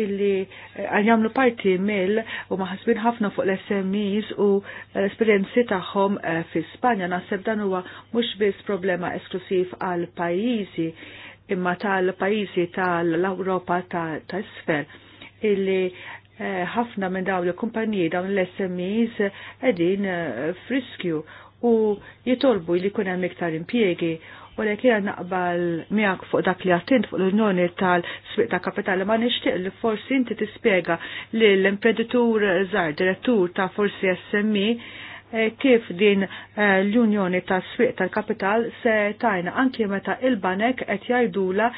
illi eh, għal parti mill u maħasbin ħafna fuq l-SMEs u eh, l-esperienzi tagħhom eh, fi Spanja. Naħseb dan huwa mhux biss problema esklusiv għal pajjiżi imma tal-pajjiżi tal-Ewropa ta' sfer illi ħafna minn dawn il-kumpaniji dawn l-SMEs qegħdin friskju u jitolbu li kunem hemm iktar impjiegi u li kien naqbal miak fuq dak li għattint fuq l-Unjoni tal-Swiq ta' Kapitali ma nixtieq li forsi inti tispjega li l-imprenditur Zar direttur ta' forsi SMI e, eh, kif din eh, l-Unjoni tal Swiq tal-Kapital se tajna anki meta il-banek qed jgħidula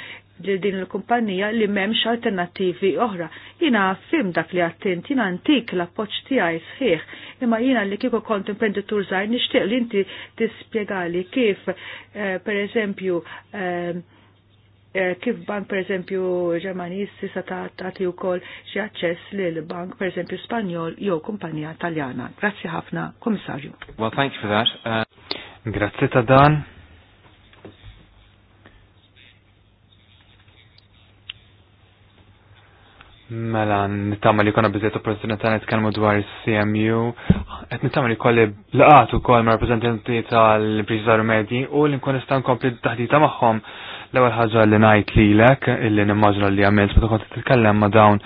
lil din il-kumpanija li memx alternativi oħra. Jina fim dak li għattint, jina antik l-appoċ tijaj sħiħ, imma jina li kiko kont imprenditur zaħir nishtiq li inti tispiegali kif, eh, per eżempju, eh, eh, kif bank per eżempju Ġermanis sisa tagħti wkoll xi aċċess l bank per eżempju Spanjol jew kumpanija Taljana. Grazzi ħafna, Komissarju. Well, thank you for that. Uh, Grazzi ta' dan. Mela, nittama li konna bizzietu prezidenza nitkellmu dwar CMU, qed nittama li kolli laqat ukoll ma' rappreżentanti tal-impriża medji u li nkun nista' nkompli taħdita magħhom l-ewwel ħaġa li ngħid lilek illi nimmaġna li għamilt meta kont titkellem ma' dawn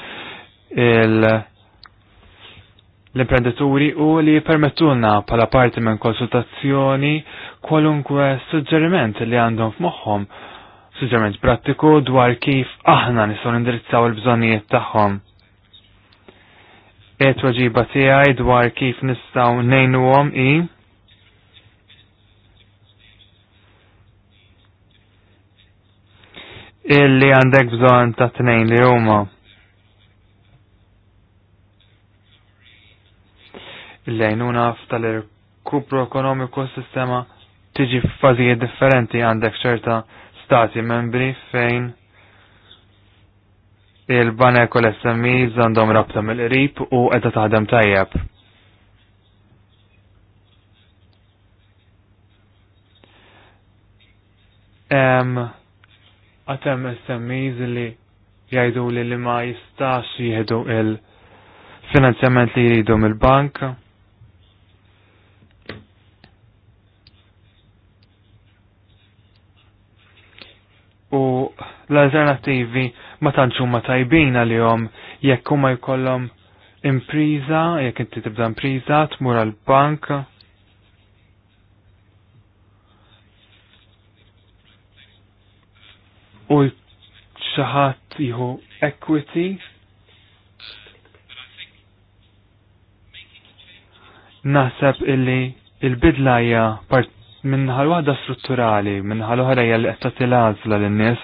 il- l-imprenditori u li permettulna pala parti minn konsultazzjoni kwalunkwe suġġeriment li għandhom f'moħħom suġġament prattiku dwar kif aħna nistgħu nindirizzaw il-bżonnijiet tagħhom. Et waġiba tiegħi dwar kif nistgħu ngħinuhom i illi għandek bżonn ta' tnejn li huma. il lejnuna tal-irkupru ekonomiku s-sistema tiġi f'fażijiet differenti għandek ċerta stati membri fejn il-banek u l zandom rabta mill-qrib u qed taħdem tajjeb. Għatem SMI li jajdu li li ma jistax jihdu il-finanzjament li jridu mill-bank. u l-alternativi ma tantx huma tajbin għalihom jekk huma jkollhom impriża, jekk inti tibda impriża, tmur għall bank u xaħat jihu equity naħseb illi il-bidla hija part minnħal waħda strutturali, minnħal oħra hija li qed tagħti l-għażla lin-nies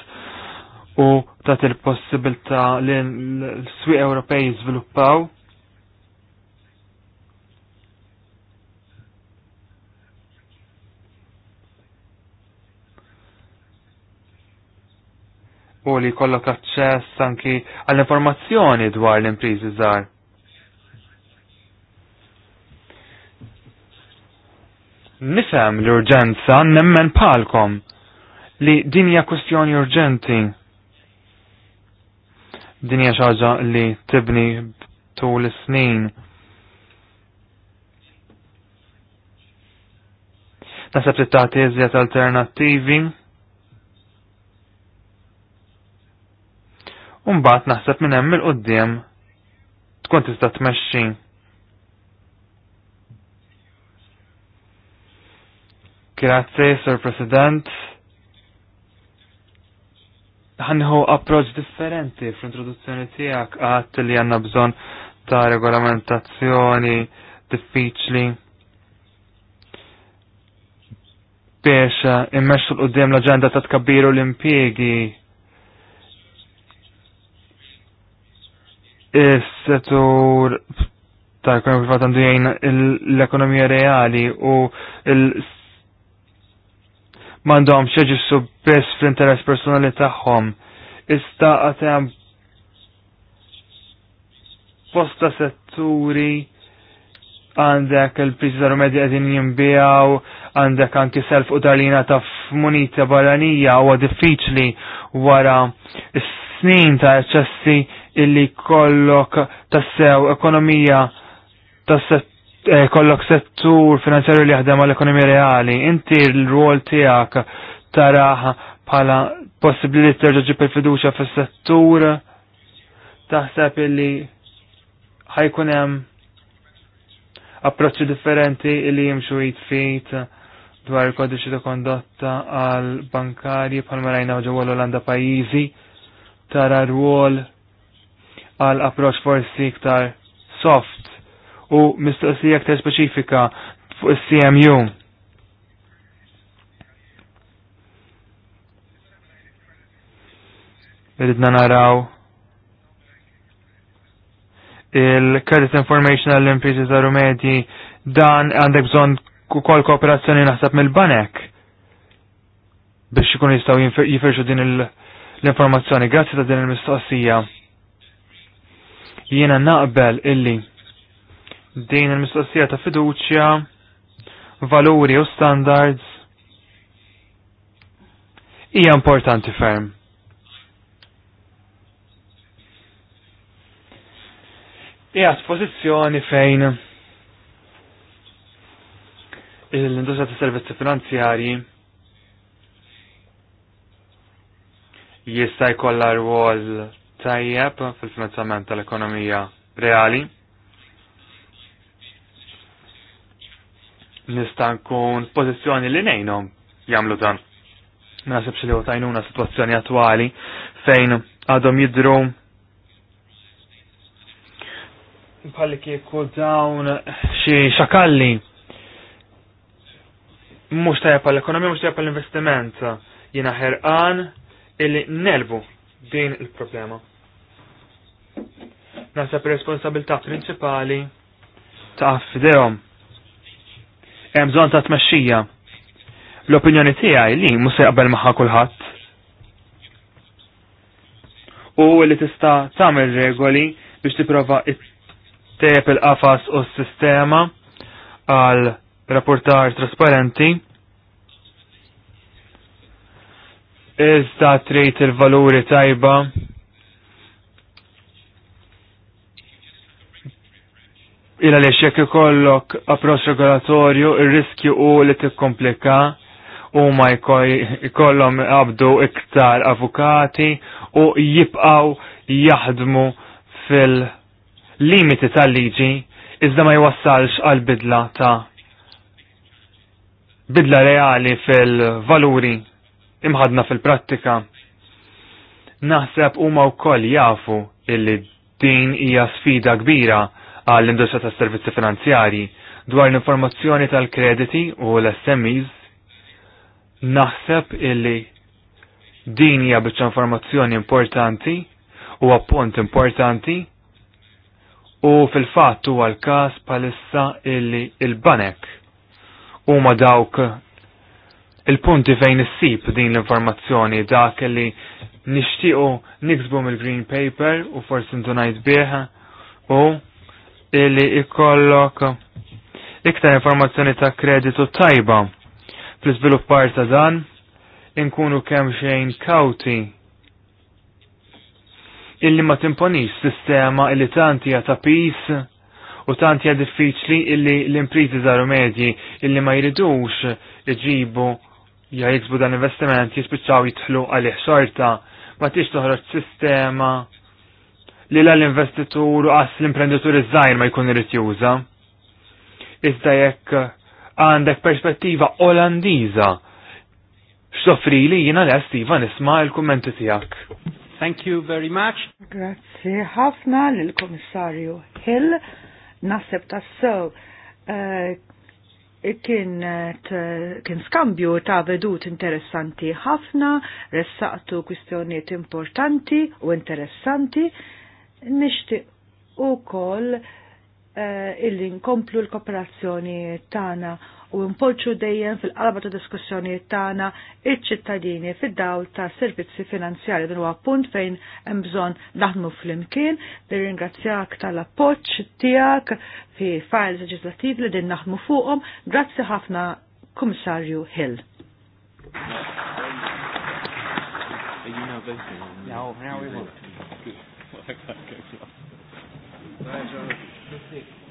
u tagħti il possibilità li l-swieq Ewropej jizviluppaw. u li kollok aċċess anki għall-informazzjoni dwar l-imprizi żgħar. nifhem l-urġenza nemmen palkom li din hija kwestjoni urġenti. Din hija xaġa li tibni tul is-snin. Nasab li tagħti iżjed alternattivi. Umbagħad naħseb minn hemm il-qudiem tkun tista' tmexxi. Grazie, Sir President. Għanħu approċ differenti fl-introduzzjoni tijak għat li għanna bżon ta' regolamentazzjoni diffiċli biex immexxu l-qoddim l-aġenda ta' tkabbiru l impiegi is-settur tal-ekonomija privata għandu jgħin l-ekonomija reali u l mandom xeġissu bis fl-interess personali taħħom. Ista għatem posta setturi għandek il prizzar medja għedin jimbijaw, għandek anki self u darlina ta' f-munita barranija u diffiċli wara s-snin ta' eċessi illi kollok tassew ekonomija ta' settur Eh, kollok settur finanzjarju li jaħdem għall ekonomija reali, inti l-rol tiegħek taraħ bħala possibbli li terġa' ġib il-fiduċja fis-settur taħseb illi ħajkun hemm approċċi differenti illi jimxu jitfit dwar il-kodiċi ta' kondotta għal bankarji bħalma rajna ġewwa l-Olanda pajjiżi tara rwol għal approċċ forsi iktar soft u mistoqsija aktar speċifika fuq is-CMU. Ridna naraw il-Credit Information Olympics ta' Rumedi dan għandek bżon kol kooperazzjoni naħseb mill-banek biex ikun jistaw jifirxu din l-informazzjoni. Grazzi ta' din il-mistoqsija. Jiena naqbel illi din il-mistoqsija ta' fiduċja, valuri u standards, hija importanti ferm. Hija pożizzjoni fejn l-industrija ta' servizzi finanzjarji jista' jkollha rwol tajjeb fil-finanzjament tal-ekonomija reali. nista' nkun li nejnom jagħmlu dan. Ma nasibx li għotajnuna situazzjoni attwali fejn għadhom jidru bħalli kieku dawn xi xakalli mhux tajja l ekonomija mhux tajja l investiment jiena ħerqan illi nelbu din il-problema. Nasab responsabilta prinċipali ta' fidejom hemm bżonn ta' tmexxija. L-opinjoni tiegħi li mhux se jaqbel magħha kulħadd. U li tista' tagħmel regoli biex tipprova tejjeb il-qafas u s-sistema għal rapportar trasparenti. Iżda trejt il-valuri tajba Ila li xek ikollok approċ regolatorju, il-riskju u li t-komplika u ma jkollhom qabdu iktar avukati u jibqaw jaħdmu fil-limiti tal-liġi iżda ma jwassalx għal bidla ta' bidla reali fil-valuri imħadna fil-prattika. Naħseb huma wkoll jafu illi din hija sfida kbira għall-industrija tas servizzi finanzjari dwar l-informazzjoni tal-krediti u l-SMEs naħseb illi din hija biċċa informazzjoni importanti u appunt importanti u fil-fatt huwa l-każ palissa illi il-banek huma dawk il-punti fejn issib din l-informazzjoni dak li nixtiequ niksbu mill-green paper u forsi ntunajt bih u illi ikollok iktar informazzjoni ta' kreditu tajba fl-iżviluppar ta' dan inkunu kemm xejn kawti illi ma timponix sistema illi tanti ta' tapis u għad diffiċli illi l-imprizi zaru medji illi ma jridux iġibu ja jiksbu dan investiment jispiċċaw jitħlu għalih xorta ma tix toħroġ sistema li l-investitur għas l-imprenditur iż-żajr ma jkun irrit juża. Iżda jekk għandek perspettiva Olandiża x'toffri li jiena lest iva nisma' l-kummenti tiegħek. Thank you very much. Grazzi ħafna lil komissarju Hill. Naħseb tassew eh, kien eh, kien skambju ta' vedut interessanti ħafna, ressaqtu kwistjonijiet importanti u interessanti Nixtieq ukoll eh, illi nkomplu l-kooperazzjoni tagħna u npoġġu dejjem fil-qalba ta' diskussjoni tagħna iċ-ċittadini fid-dawl ta' servizzi finanzjari dan huwa appunt fejn hemm bżonn imkien flimkien ringrazzjak tal-appoġġ tiegħek fi files leġislattivi li din naħdmu fuqhom. Grazzi ħafna Komissarju Hill. Now, now we want. Thank you.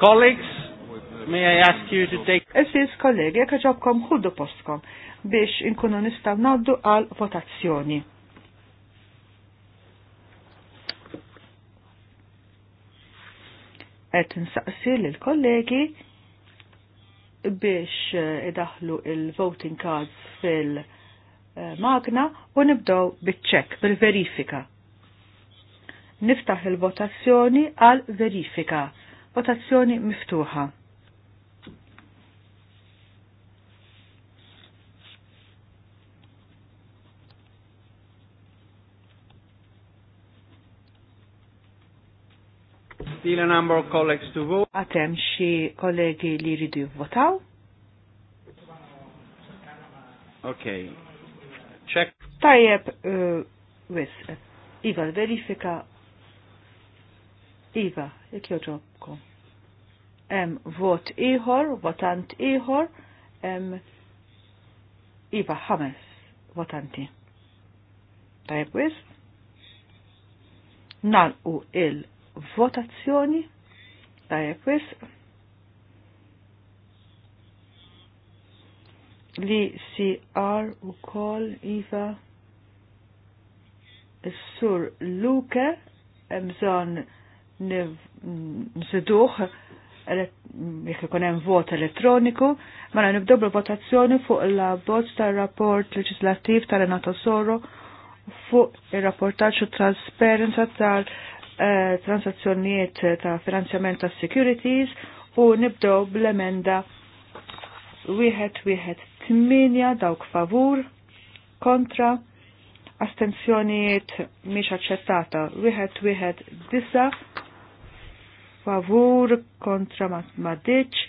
Colleagues, may I ask you to take... Esis kollegi, jekk ġobkom ħuddu postkom biex inkunu nistaw naddu għal votazzjoni. Et nsaqsi l-kollegi biex eh, idaħlu il-voting cards fil-magna u nibdow bit-ċek, bil-verifika. Niftaħ il-votazzjoni għal verifika. Votazzjoni miftuħa. Still a number of colleagues to vote. Atem xi kollegi li jridu jivvotaw. Okay. Check. Tajjeb, uh, wis, Iva, verifika. Iva, jek joġob em vot iħor, votant iħor, em iba ħames votanti. Tajb wis? u il-votazzjoni. Tajb wis? Li si ar u kol iva sur Luke, mżon nsiduħ jekk ikun hemm vot elettroniku, mela nibdew votazzjoni fuq il abbozz tar-rapport leġislattiv tal Renato Soro fuq ir-rapportaġġ u trasparenza tal-transazzjonijiet eh, ta' finanzjament ta' securities u nibdew bl-emenda wieħed wieħed tminja dawk favur kontra astenzjonijiet mhix aċċettata wieħed wieħed disa' favur kontra maddiċ,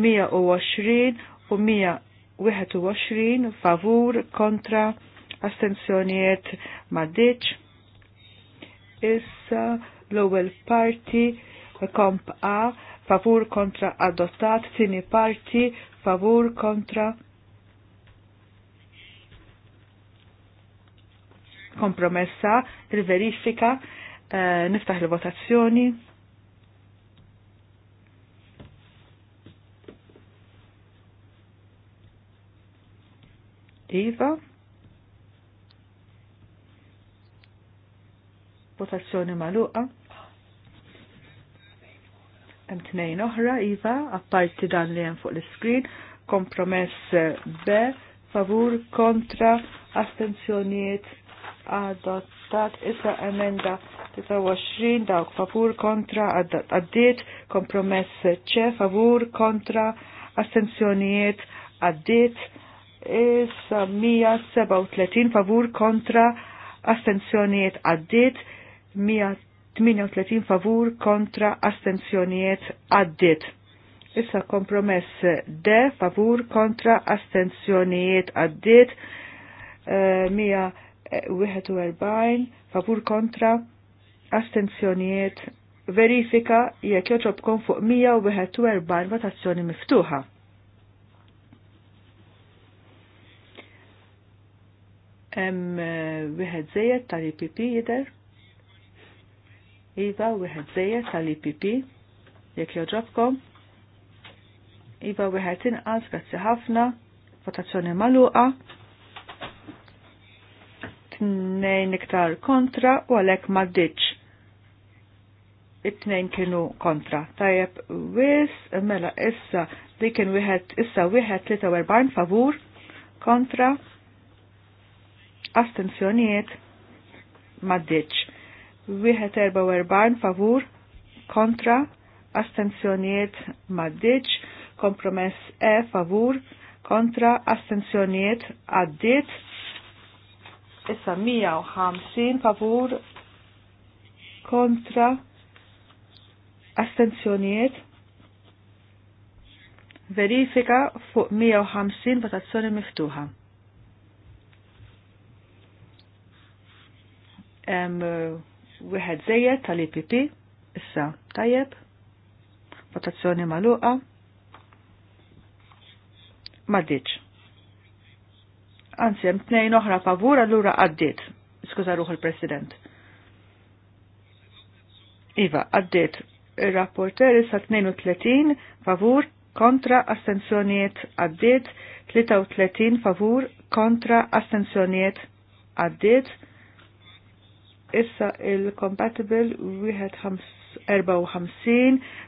120 u 121 favur kontra astenzjonijiet maddiċ. Issa l-ewwel parti komp A favur kontra adottat, tini parti favur kontra kompromessa, il-verifika, uh, niftaħ il-votazzjoni. Iva. Votazzjoni maluqa. Hemm tnejn oħra iva, apparti dan li hemm fuq l-iskrin, kompromess B, favur kontra astenzjonijiet adottat issa emenda 29 dawk favur kontra addit, kompromess C, favur kontra astenzjonijiet addit, issa 137 favur kontra astenzjonijiet għaddit, 138 favur kontra astenzjonijiet għaddit. Issa kompromess D favur kontra astenzjonijiet għaddit, 141 eh, e, favur kontra astenzjonijiet verifika jekk joġobkom fuq 141 votazzjoni miftuħa. em eh, wieħed żejjed tal-IPP jidher. Iva wieħed żejjed tal-IPP jekk joġobkom. Iva wieħed inqas grazzi ħafna, votazzjoni magħluqa. Tnejn iktar kontra u għalhekk m'għaddiċ. It-tnejn kienu kontra. Tajjeb wis mela issa li kien wieħed issa wieħed 43 favur kontra astenzjoniet maddiċ. 144 favur kontra astenzjoniet maddiċ. Kompromess E favur kontra astenzjoniet għaddit. Issa 150 favur kontra astenzjoniet verifika fuq 150 votazzjoni miftuħa. Eh, wieħed żejjed tal-IPP, issa tajjeb, votazzjoni maluqa, maddiċ. Anzi, hemm tnejn oħra favur allura għaddiet. Skuża ruħ il-President. Iva, għaddiet. Ir-rapporter issa 32 favur kontra astensjonijiet għaddiet, 33 favur kontra astensjonijiet għaddiet, issa il-compatible 154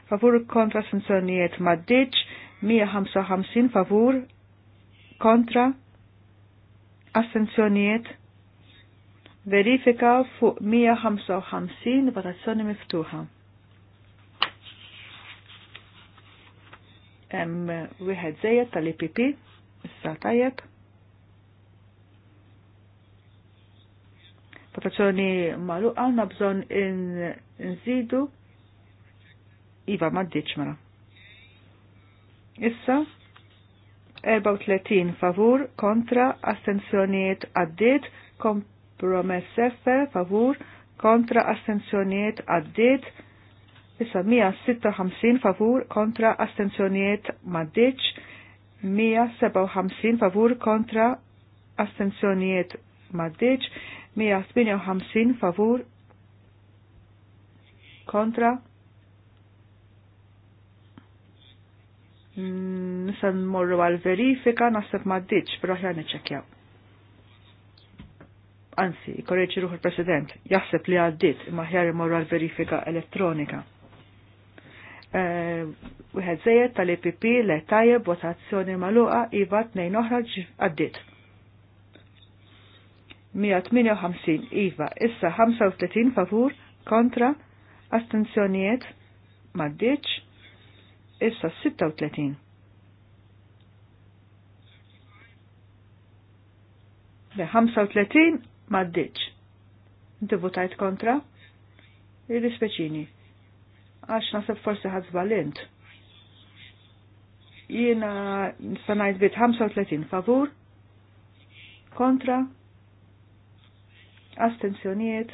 favur kontra sanzjonijiet maddiċ 155 favur kontra assenzjonijiet verifika fuq 155 votazzjoni miftuħa. Hemm wieħed żejjed tal-IPP, issa tajjeb. votazzjoni malu għandna bżon nżidu iva ma ddiċ mela. Issa 34 favur kontra astensjoniet għaddit kompromess F favur kontra astensjoniet għaddit Issa 156 favur kontra astenzjoniet maddiċ, 157 favur kontra astenzjoniet maddiċ, 158 favur kontra nisa morru għal verifika nasib ma ditx, pero ħja niċċekjaw. Anzi, korreċi ruħ il-President, jaħseb li għaddit imma ħjar morru għal verifika elettronika. Eh, wieħed zejjed tal-EPP le tajjeb votazzjoni maluqa iva tnejn oħra għaddit. 158 iva, issa 35 favur kontra astenzjonijiet maddiċ, issa 36. Le 35 maddiċ. Inti votajt kontra? Iri speċini. Għax nasib forsi ħadżbalint. Jiena nistanajt bit 35 favur kontra astenzjonijiet,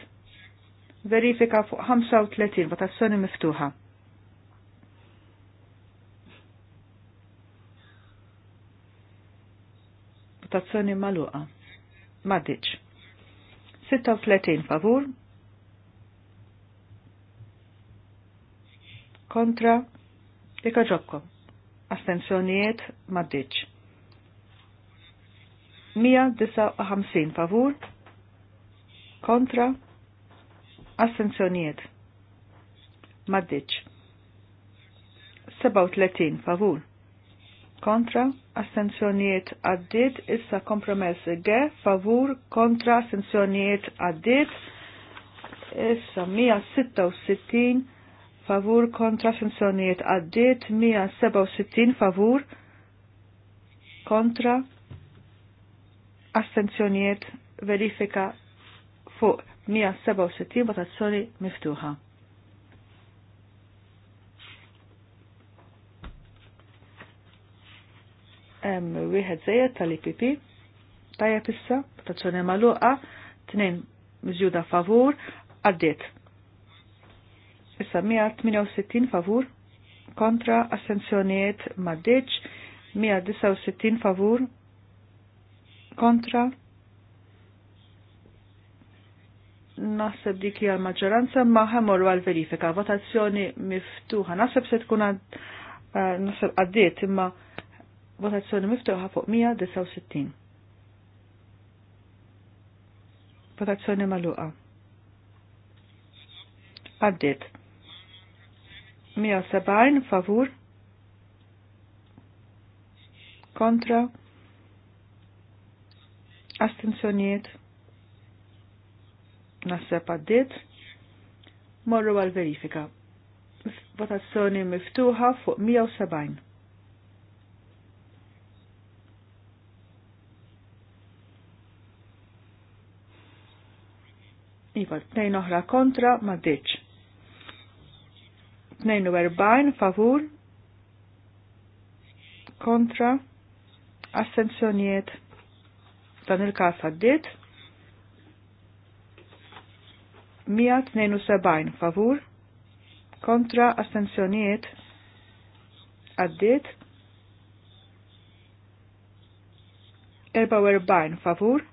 verifika fuq 35 votazzjoni miftuħa. Votazzjoni maluqa. Maddiċ. 36 favur. Kontra. Dika ġobkom. Astenzjonijiet maddiċ. 159 favur kontra assenzjoniet maddiċ 37 favur kontra assenzjoniet għaddit issa kompromess ge favur kontra assenzjoniet għaddit issa 166 favur kontra assenzjoniet għaddit 167 favur kontra assenzjoniet verifika fuq 167 votazzjoni miftuħa. Hemm wieħed żejjed tal-IPP tajjeb issa votazzjoni magħluqa tnejn miżjuda favur għaddiet. Issa 168 favur kontra assenzjonijiet maddiċ 169 favur kontra naħseb dik hija l-maġġoranza ma ħamorru għal verifika votazzjoni miftuħa. Naħseb se tkun eh, naħseb għaddiet imma votazzjoni miftuħa fuq 169. Votazzjoni magħluqa. Għaddiet. 170 favur kontra astenzjonijiet Nasseb għaddit. Morru għal verifika. Votazzjoni miftuħa fuq 170. Iva, tnejn oħra kontra ma ditx. 42 favur kontra assenzjoniet dan il-kas għaddit. 172 favur kontra astensjonijiet għaddit 44 favur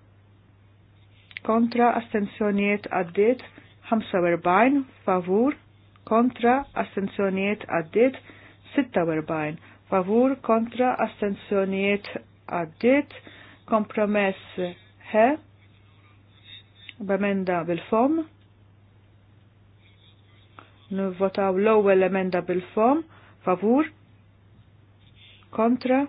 kontra astensjonijiet għaddit 45 favur kontra astensjonijiet għaddit 46 favur kontra astensjonijiet għaddit kompromess he b'emenda bil-fom nivvotaw l-ewwel emenda bil-fom, favur, kontra,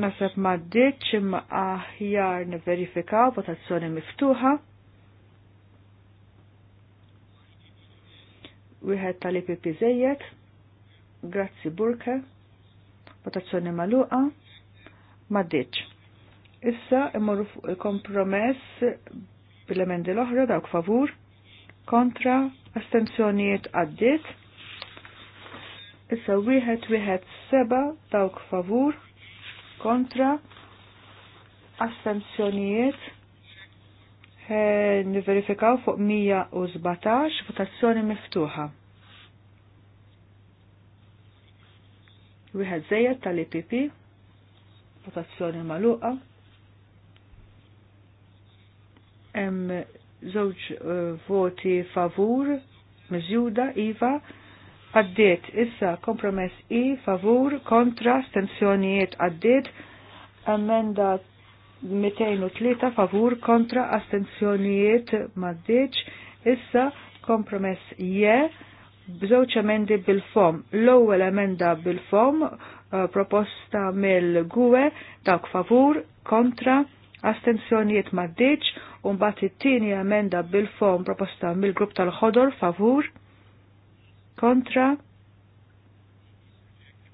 nasab maddit imma aħjar niverifikaw votazzjoni miftuħa. Wieħed tal-IPP zejjed, grazzi Burke, votazzjoni maluqa, maddit. Issa imorru fuq il-kompromess bil-emendi l-oħra dawk favur, kontra astenzjonijiet għaddit. Issa wieħed wieħed seba dawk favur kontra astenzjonijiet niverifikaw fuq 117 votazzjoni miftuħa. Wieħed żejjed tal-IPP, votazzjoni magħluqa. Hemm Żewġ eh, voti favur, miżjuda, iva, għaddiet issa kompromess i favur kontra astenzjonijiet għaddiet emenda 203 favur kontra astenzjonijiet maddiċ issa kompromess je bżoċ emendi bil-fom l-ewwel emenda bil-fom uh, proposta mill-gwe dak favur kontra astenzjonijiet maddiċ u mbagħad it-tieni emenda bil-fom proposta mill-grupp tal-ħodor favur kontra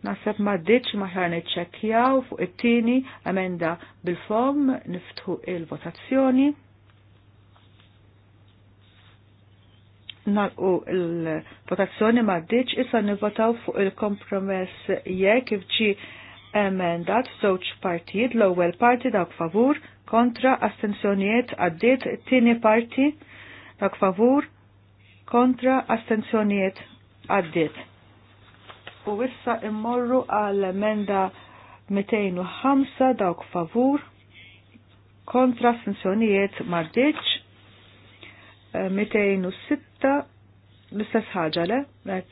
Nasab ma ditx ma ħar niċċekkjaw fuq it-tieni emenda bil-fom niftħu il-votazzjoni. Nalqu il-votazzjoni ma ditx issa nivvotaw fuq il-kompromess jek kif ġi emendat żewġ partijiet l-ewwel parti dawk favur kontra astenzjonijiet għaddiet tini parti dak favur kontra astenzjonijiet għaddit. U issa immorru għal emenda 205 dawk favur kontra astenzjonijiet mardiċ 206 eh, l-istess ħaġa le,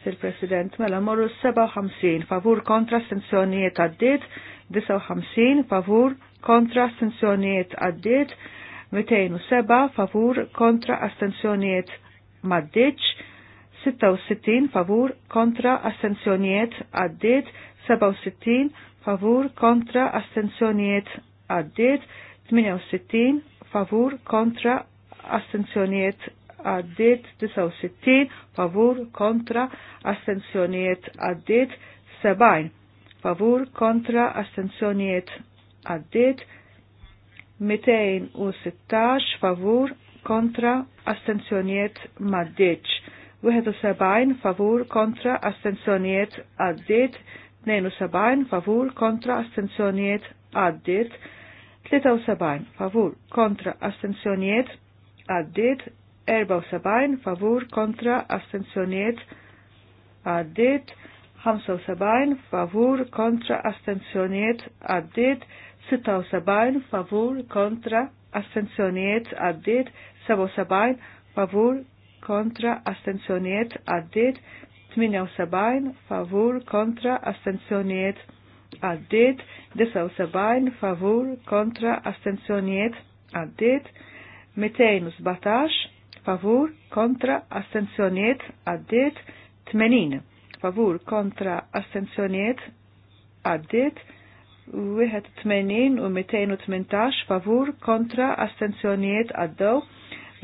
il-President, mela morru 57 favur kontra astenzjonijiet għaddit 59 favur kontra astensjonijiet għaddit, 207 favur kontra astensjonijiet maddiċ, 66 favur kontra astensjonijiet għaddit, 67 favur kontra astensjonijiet għaddit, 68 favur kontra astensjonijiet għaddit, 69 favur kontra astensjonijiet għaddit, 70 favur kontra astenzjonijiet għaddit 216 favur kontra astenzjonijiet maddiċ 71 favur kontra astenzjonijiet għaddit 72 favur kontra astenzjonijiet għaddit 73 favur kontra astenzjonijiet għaddit 74 favur kontra astenzjonijiet għaddit 75 favur kontra astenzjoniet għaddit, 76 favur kontra astenzjoniet għaddit, 77 favur kontra astenzjoniet għaddit, 78 favur kontra astenzjoniet għaddit, 79 favur kontra astenzjoniet għaddit, 217 favur kontra astenzjoniet għaddit, 80 favur kontra astenzjoniet għaddit, 81 u 218 favur kontra astenzjoniet għaddew,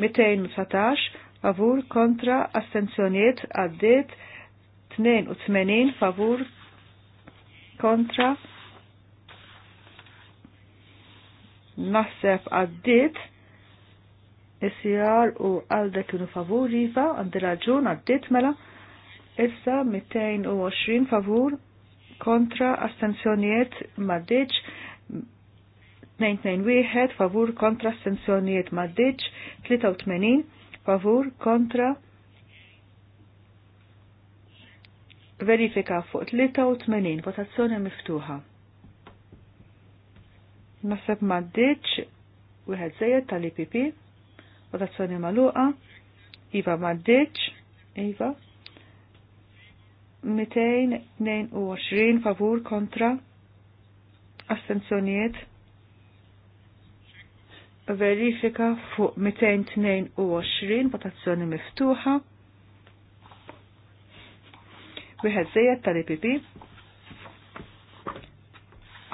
219 favur kontra astenzjoniet għaddit, 82 favur kontra naħseb għaddit Isjar u għalda kienu favur riva għandi raġun għaddit mela Issa 220 favur kontra astensjonijiet maddiċ 221 favur kontra astensjonijiet maddiċ 83 favur kontra verifika fuq 83 votazzjoni miftuħa. Nasab maddiċ wieħed zejjed tal-IPP votazzjoni maluqa Iva maddiċ Iva 222 favur kontra astenzjoniet verifika fuq 222 votazzjoni miftuħa wieħed żejjed tal-IPP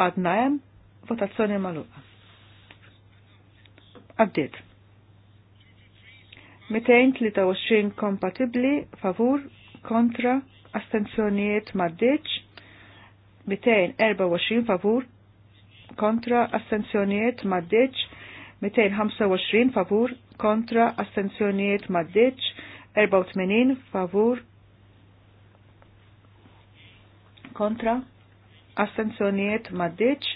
għadna hemm votazzjoni magħluqa. Għaddiet. 223 kompatibbli favur kontra astenzjonijiet maddiċ, 224 favur kontra astenzjonijiet maddiċ, 225 favur kontra astenzjonijiet maddiċ, 84 favur kontra astenzjonijiet maddiċ,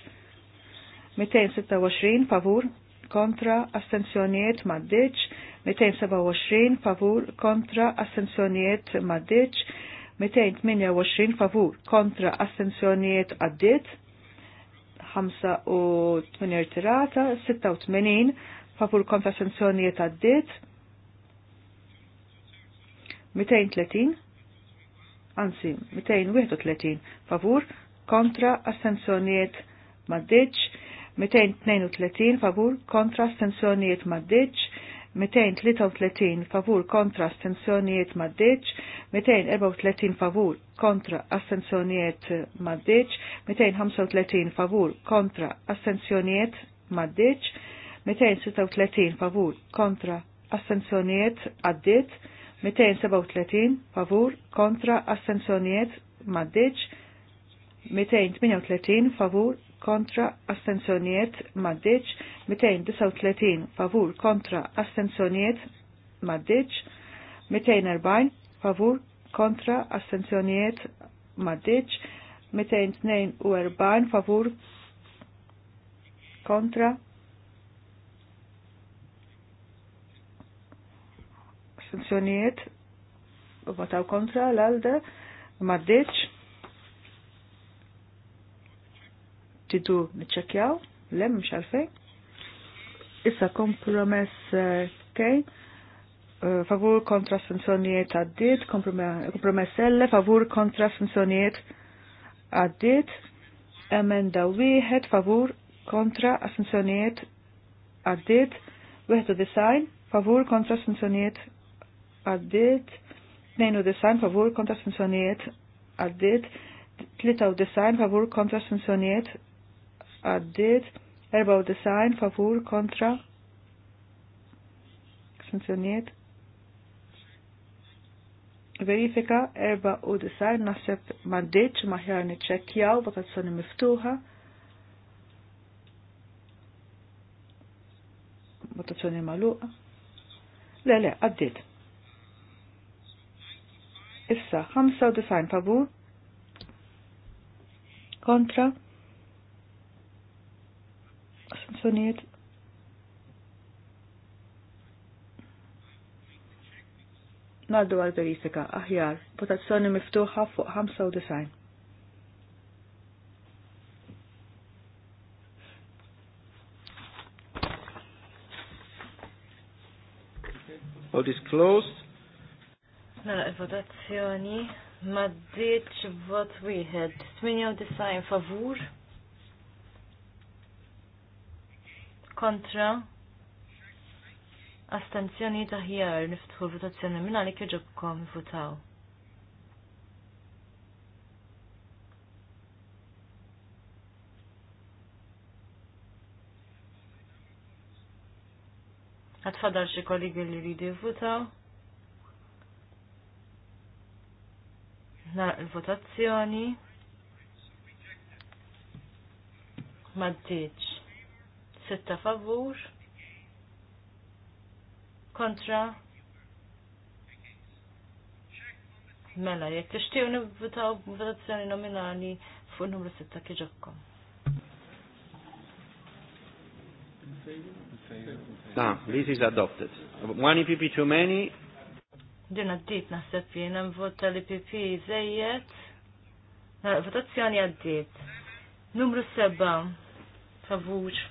226 favur kontra astenzjonijiet maddiċ, 227 favur kontra astenzjonijiet maddiċ, 228 favur kontra assenzjonijiet għaddit 8, tirata 86 favur kontra assenzjonijiet għaddit 230 anzi 231 favur kontra assenzjonijiet maddiċ 232 favur kontra assenzjonijiet maddiċ 233 favur kontra astensjonijiet maddeċ, 234 favur kontra astensjonijiet maddeċ, 235 favur kontra astensjonijiet maddeċ, 236 favur kontra astensjonijiet addit, 237 favur kontra astensjonijiet maddeċ, 238 favur kontra astenzjoniet maddeċ 239 favur kontra astenzjoniet maddeċ 240 favur kontra astenzjoniet maddeċ 242 favur kontra astenzjoniet votaw kontra l għalda maddeċ tidu niċċekjaw, lem mhux Issa kompromess eh, kej, eh, favur kontra sanzjonijiet għaddit, kompromess elle, favur kontra sanzjonijiet għaddit, emenda wieħed favur kontra sanzjonijiet għaddit, wieħed u design, favur kontra sanzjonijiet għaddit, 92 favur kontra sanzjonijiet għaddit, tlita u 93 favur kontra għaddit, għaddit 94 favur kontra sanzjoniet verifika 94 naħseb maddiċ maħjar niċċekkjaw votazzjoni miftuħa votazzjoni maluqa le le għaddit issa 95 favur kontra astenzjoniet Naddu għal verifika aħjar, votazzjoni miftuħa fuq 95. Vote is closed. Nara votazzjoni maddiċ vot wieħed 98 favur kontra astenzjoni taħjar niftħu votazzjoni minna li kieġobkom votaw. Għatfadal xie kollegi li ridi votaw. Nara il-votazzjoni. Maddiċ. Sitta favur. Kontra. Mela, jek tixtiju nivvitaw votazzjoni nominali fuq numru sitta kiġokkom? Ah, this is adopted. One EPP too many. Din għaddit naħseb jien hemm l epp żejjed. Votazzjoni għaddit. Numru seba' favur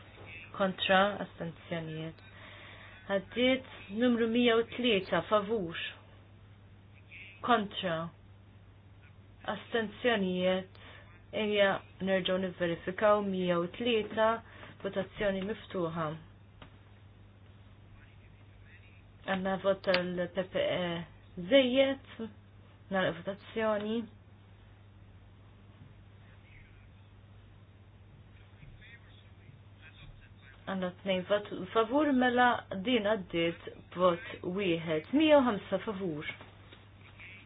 kontra astenzjonijiet. Għaddit numru 103 favur kontra astenzjonijiet ejja nerġaw nivverifikaw 103 votazzjoni miftuħa. Għanna vot l ppe zejiet nal votazzjoni. għanna t-nejn favur mela din għaddit vot wieħed. 105 favur.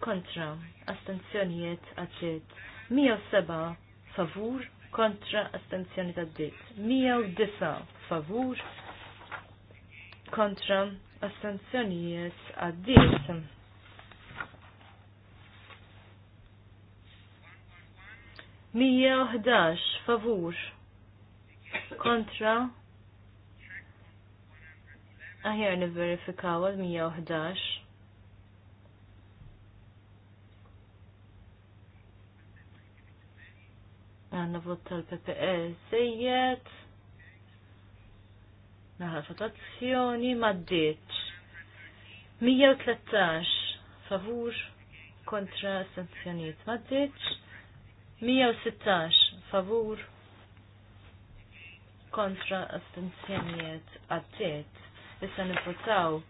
Kontra. Astenzjonijiet għaddit. 107 favur. Kontra. Astenzjonijiet għaddit. 109 favur. Kontra. Astenzjonijiet għaddit. 111 favur kontra Aħjar niverifikaw għal 111. Għanna vot tal ppl e sejjet. Naħra fotazzjoni maddiċ. 113 favur kontra sanzjoniet maddiċ. 116 favur kontra sanzjoniet għaddiet issa nivvotaw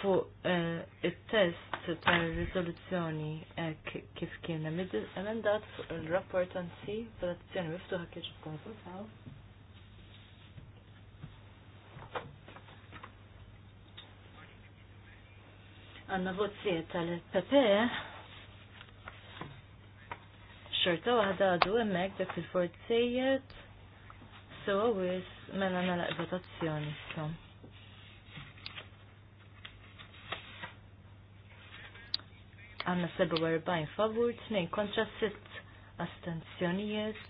fuq eh, il-test ta' rizoluzzjoni eh, kif kien emendat fuq il-rapport fil-azzjoni miftuħa kif tkun votaw. Għanna votzijiet tal-PP e. xorta waħda għadu emmek dak il-forzijiet so wis mela nalaq votazzjoni. għanna 47 favur, 2 kontra 6 astenzjonijiet.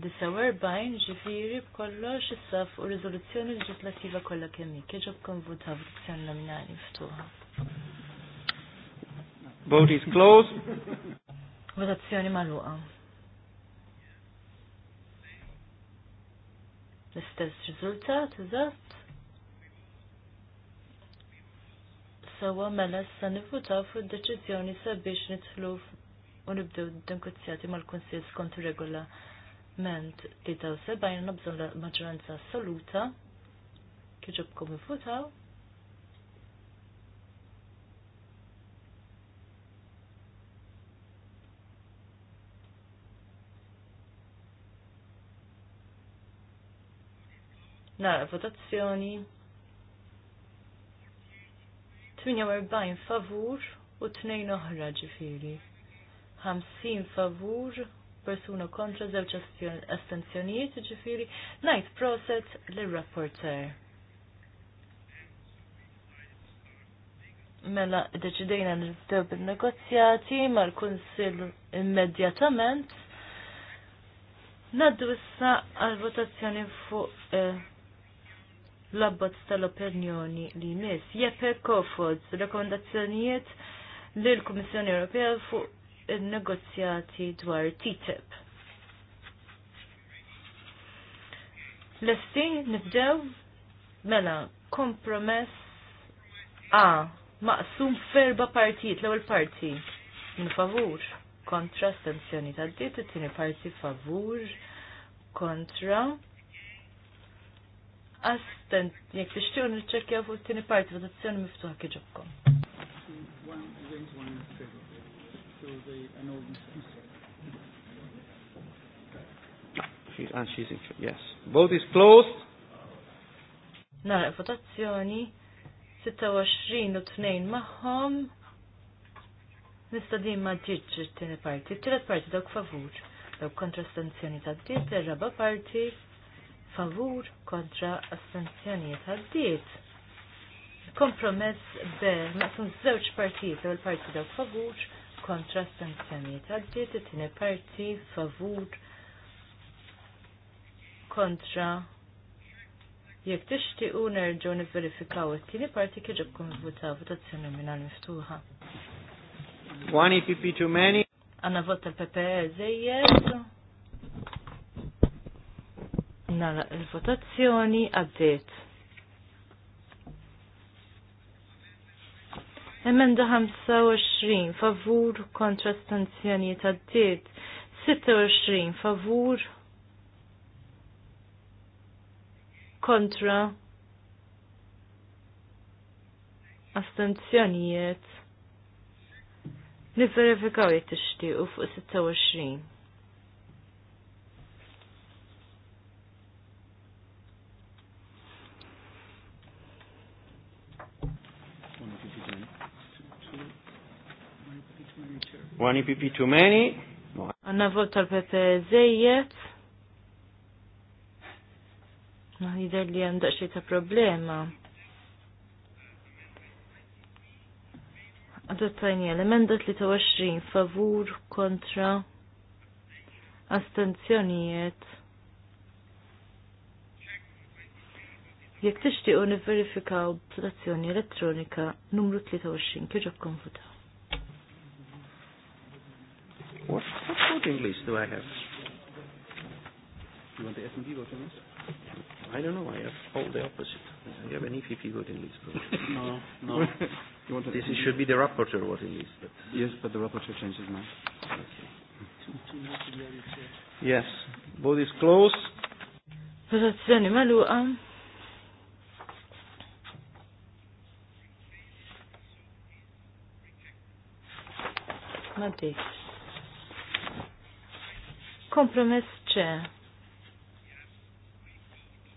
49 ġifiri b'kollox issa u riżoluzzjoni leġislattiva kollha kemm hi kieġob konvuta votazzjoni nominali ftuħa. Vote is closed. Votazzjoni magħluqa. L-istess riżultat eżatt. sewa mela s nivvutaw fuq id-deċiżjoni sabiex nidħlu u nibdew negozjati mal-Kunsill skont regolament li taw sebajn nabżon maġġoranza assoluta kieġobkom ivvutaw. Nara votazzjoni. 48 favur u 2 oħra ġifiri. 50 favur, persuna kontra żewġ astenzjonijiet ġifiri, najt proset l-rapporter. Mela deċidejna nibdew bil-negozjati mal-Kunsill immedjatament. Naddu issa għal votazzjoni fuq eh, l-abbozz tal-opinjoni li jmiss. Jeppe Kofod, rekomendazzjonijiet lill-Kummissjoni Ewropea fuq il-negozjati dwar TTIP. Lesti, nibdew? Mela, kompromess A, maqsum ferba partijiet, l-ewwel parti. In favur, kontra stenzjoni tal diet it-tieni parti favur, kontra astent, jek t-ixtiju nil-ċekja fuq t-tini parti, votazzjoni miftuħa kħiġobkom. yes. Vote is closed. Nara votazzjoni 26 u 2 maħħom. Nista din ma ġiġ t-tini parti, t tini parti dawk favur, dawk kontrastanzjoni ta' d-diet, raba parti, favur kontra astenzjonijiet għaddiet. Kompromess B, maqsum zewċ partijiet, l parti daw favur kontra astenzjonijiet għaddiet, it-tieni parti favur kontra Jek tixtiqu nerġgħu nivverifikaw it-tieni parti kieġibkom votaw votazzjoni l miftuħa. One EPP too many. Għanna vot tal-PPE zejjed. Nara il-votazzjoni għaddiet. Emenda 25 favur kontra stanzjonijiet għaddiet. 26 favur kontra astenzjonijiet. Niverifikaw jittishti u fuq 26. One EPP too many. Għanna vot tal-Pepe Ma Jider li hemm xie ta' problema. Adottajni l-emenda 23 favur kontra astenzjonijiet. Jek tixtiqu niverifikaw votazzjoni elettronika numru 23 kieġob konfuta. English do I have? You want the S&D voting list? I don't know. I have all the opposite. Do you have an EPP voting e English? no, no. you want this should be the rapporteur voting list. But yes, but the rapporteur changes now. Okay. Yes. both is closed. Votazzjoni maluqa. Ma Kompromess ċe.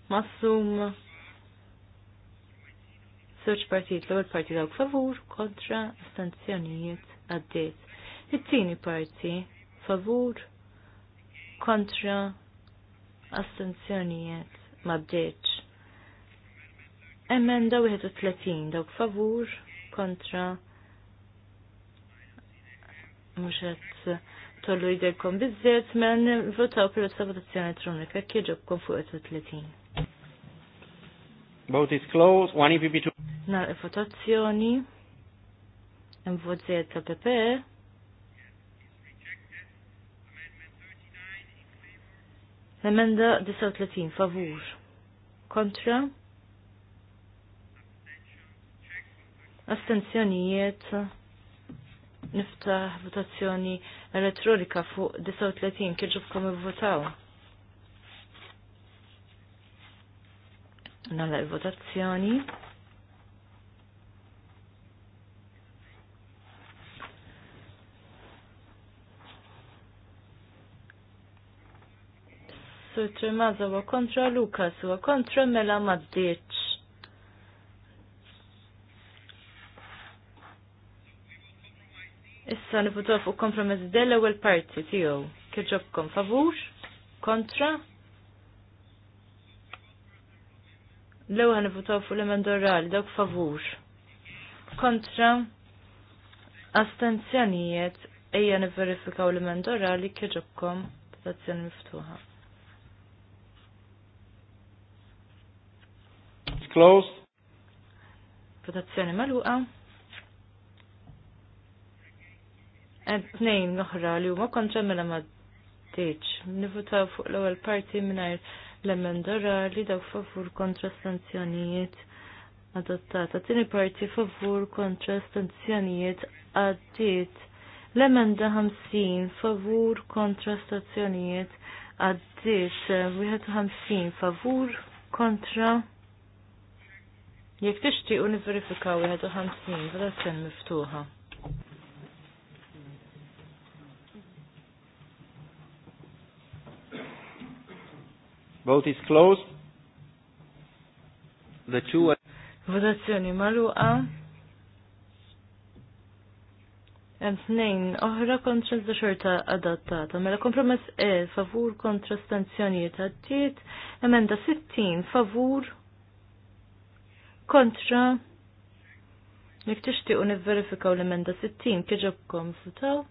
Massum. Soċ partijiet l-ewwel partit dawk favur, kontra, astanzjonijiet, għaddit. It-tieni parti favur, kontra, astenzjonijiet, maddiċ. Emenda 31 dawk favur kontra muxet tollu jderkom bizzet, men mela votaw per ta' votazzjoni elettronika kon fuq 30. Vote is closed, 1 EPP2. Nar votazzjoni, mvot zed ta' PP. Emenda 39, favur. Kontra. Astenzjonijiet niftaħ votazzjoni elettronika fuq 39 kieġobkom votaw. Nalla il-votazzjoni. Sur Tremaza wa kontra Lukas wa kontra mela maddiċ. Ta nifutaw fuq kompromess dell ewwel parti tiegħu. Kirġobkom favur? Kontra? Lew ewwel nifutaw fuq l-emend orali dawk favur. Kontra? Astenzjonijiet ejja niverifikaw l-emend orali kirġobkom votazzjoni miftuħa. Closed. Votazione maluqa. tnejn oħra li huma kontra mela ma tiċ. Nivutaw fuq l-ewwel parti mingħajr l-emenda li daw favur kontra stanzjonijiet adottata. Tieni parti favur kontra stanzjonijiet għaddiet. L-emenda 50 favur kontra stazzjonijiet għaddiet ħamsin favur kontra Jek tixtiequ niverifikaw 51 votazzjoni miftuħa. Vote is closed. The two... Votazzjoni maluqa. Hemm tnejn oħra kontra l adattata. Mela kompromess E favur kontra stanzjonijiet għaddiet, emenda 60 favur kontra Jek tixtiequ nivverifikaw l-emenda 60 kieġobkom futaw.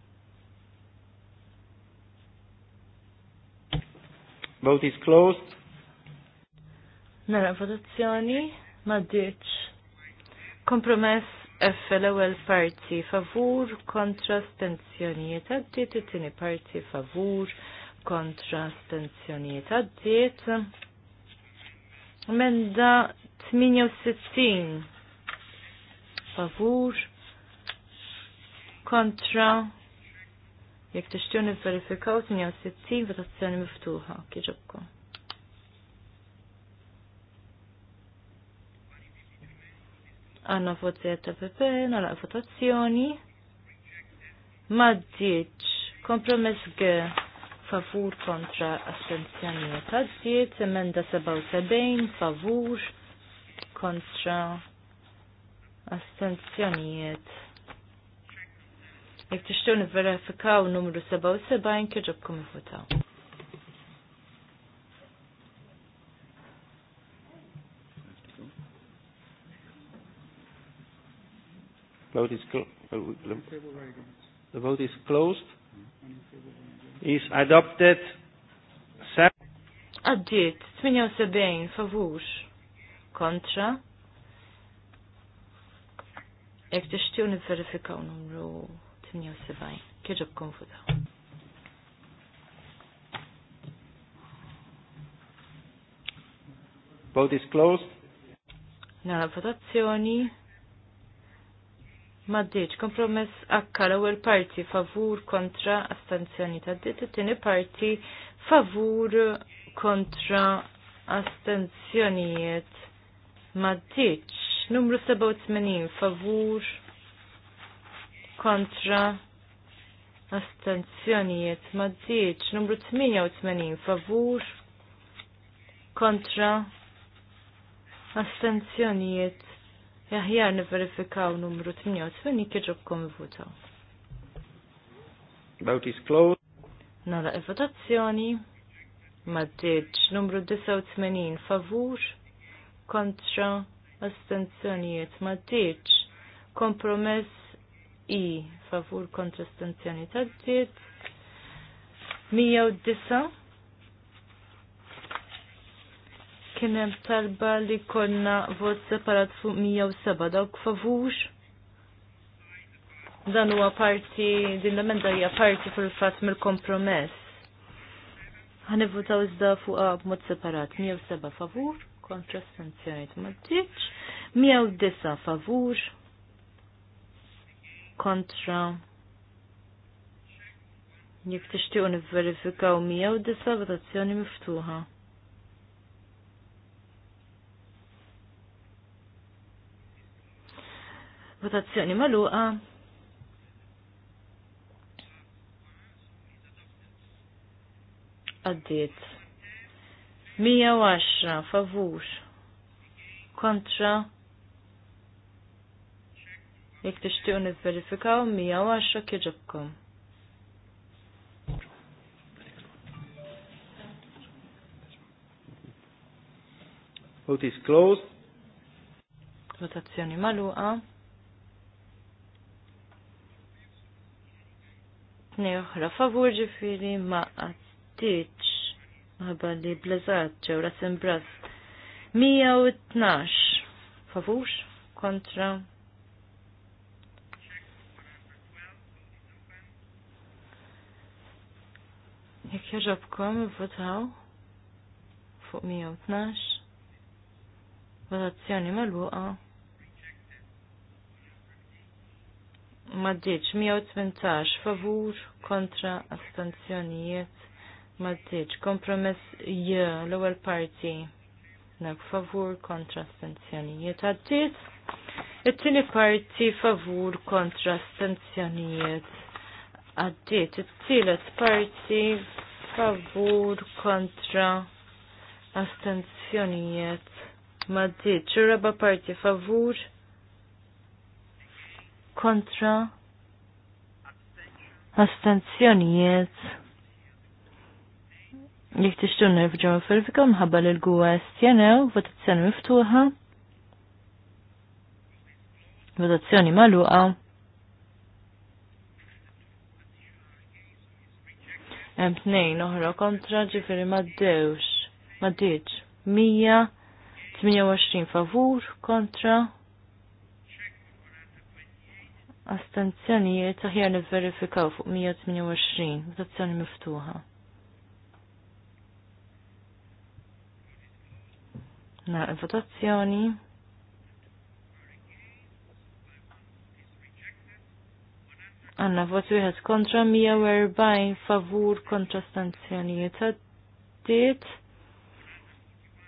Vote is closed. Nara votazzjoni ma ditx. Kompromess F l-ewwel parti favur kontra stenzjonijiet għaddiet, it-tieni parti favur kontra stenzjonijiet għaddiet. Menda 68 favur kontra Jek tixtiju nifverifikaw sittin votazzjoni miftuħa, kieġobkom. Għanna votazzjoni ta' PP, nalaq votazzjoni. Maddiċ, kompromess G, favur kontra astenzjonijiet għaddiet, emenda 77, favur kontra astenzjonijiet Jek tishtu nivverifikaw numru 77 kieġobkom ifutaw. Vote is uh, the vote is closed. Is adopted. Addit, 78 favur kontra. Jek tishtu nivverifikaw numru Sivaj. Kieġob konfutaw. Vote is closed. la votazzjoni. Maddeċ, kompromess akka l-ewwel parti favur kontra astenzjoni ta' dit, it-tieni parti favur kontra astenzjonijiet. Maddeċ, numru 87 favur kontra astenzjonijiet ma ddiċ. Numru 88 favur kontra astenzjonijiet. Jaħjar niverifikaw numru 88 kieġobkom votaw. Vote is closed. Nara votazzjoni. Maddiċ numru 89 favur kontra astenzjonijiet. Maddiċ kompromess i favur kontra stanzjoni taddit. 109 kien hemm talba li konna vot separat fuq 107 dawk favur. Dan huwa parti din l-emenda hija parti fil-fatt mill-kompromess. Ħanivvutaw iżda fuq mod separat 107 favur kontra stanzjoni tmaddiċ, 109 favur kontra jek tixtiqu nivverifikaw disa votazzjoni miftuħa. Votazzjoni maluqa. Għaddiet. 110 favur kontra Jek tixtiqu nivverifikaw 110 kieġobkom. Vote is closed. Votazzjoni maluqa. Tnej oħra favur ġifiri ma għattiċ. Għabba li blazat ġewra sembras. 112 favur kontra Jekk jaġabkom votaw fuq 112 votazzjoni mal-buqa maddiċ 118 favur kontra astanzjonijiet maddiċ kompromess j l-ewwel parti nek favur kontra astanzjonijiet Għaddiċ it-tieni parti favur kontra astanzjonijiet Għaddiċ it-tielet parti favur kontra astenzjonijiet maddit ċurraba parti favur kontra astenzjonijiet jek tixtun nerfġu verifika mħabba l gwa estjenew votazzjoni miftuħa votazzjoni maluqa hemm tnejn oħra kontra ġifieri m'għaddewx. M'għaddiġ. 128 favur kontra astenzjonijiet aħjar nivverifikaw fuq 128 votazzjoni miftuħa. Nara votazzjoni. Għanna vot wieħed kontra 140 favur kontra stanzjonijiet għaddit.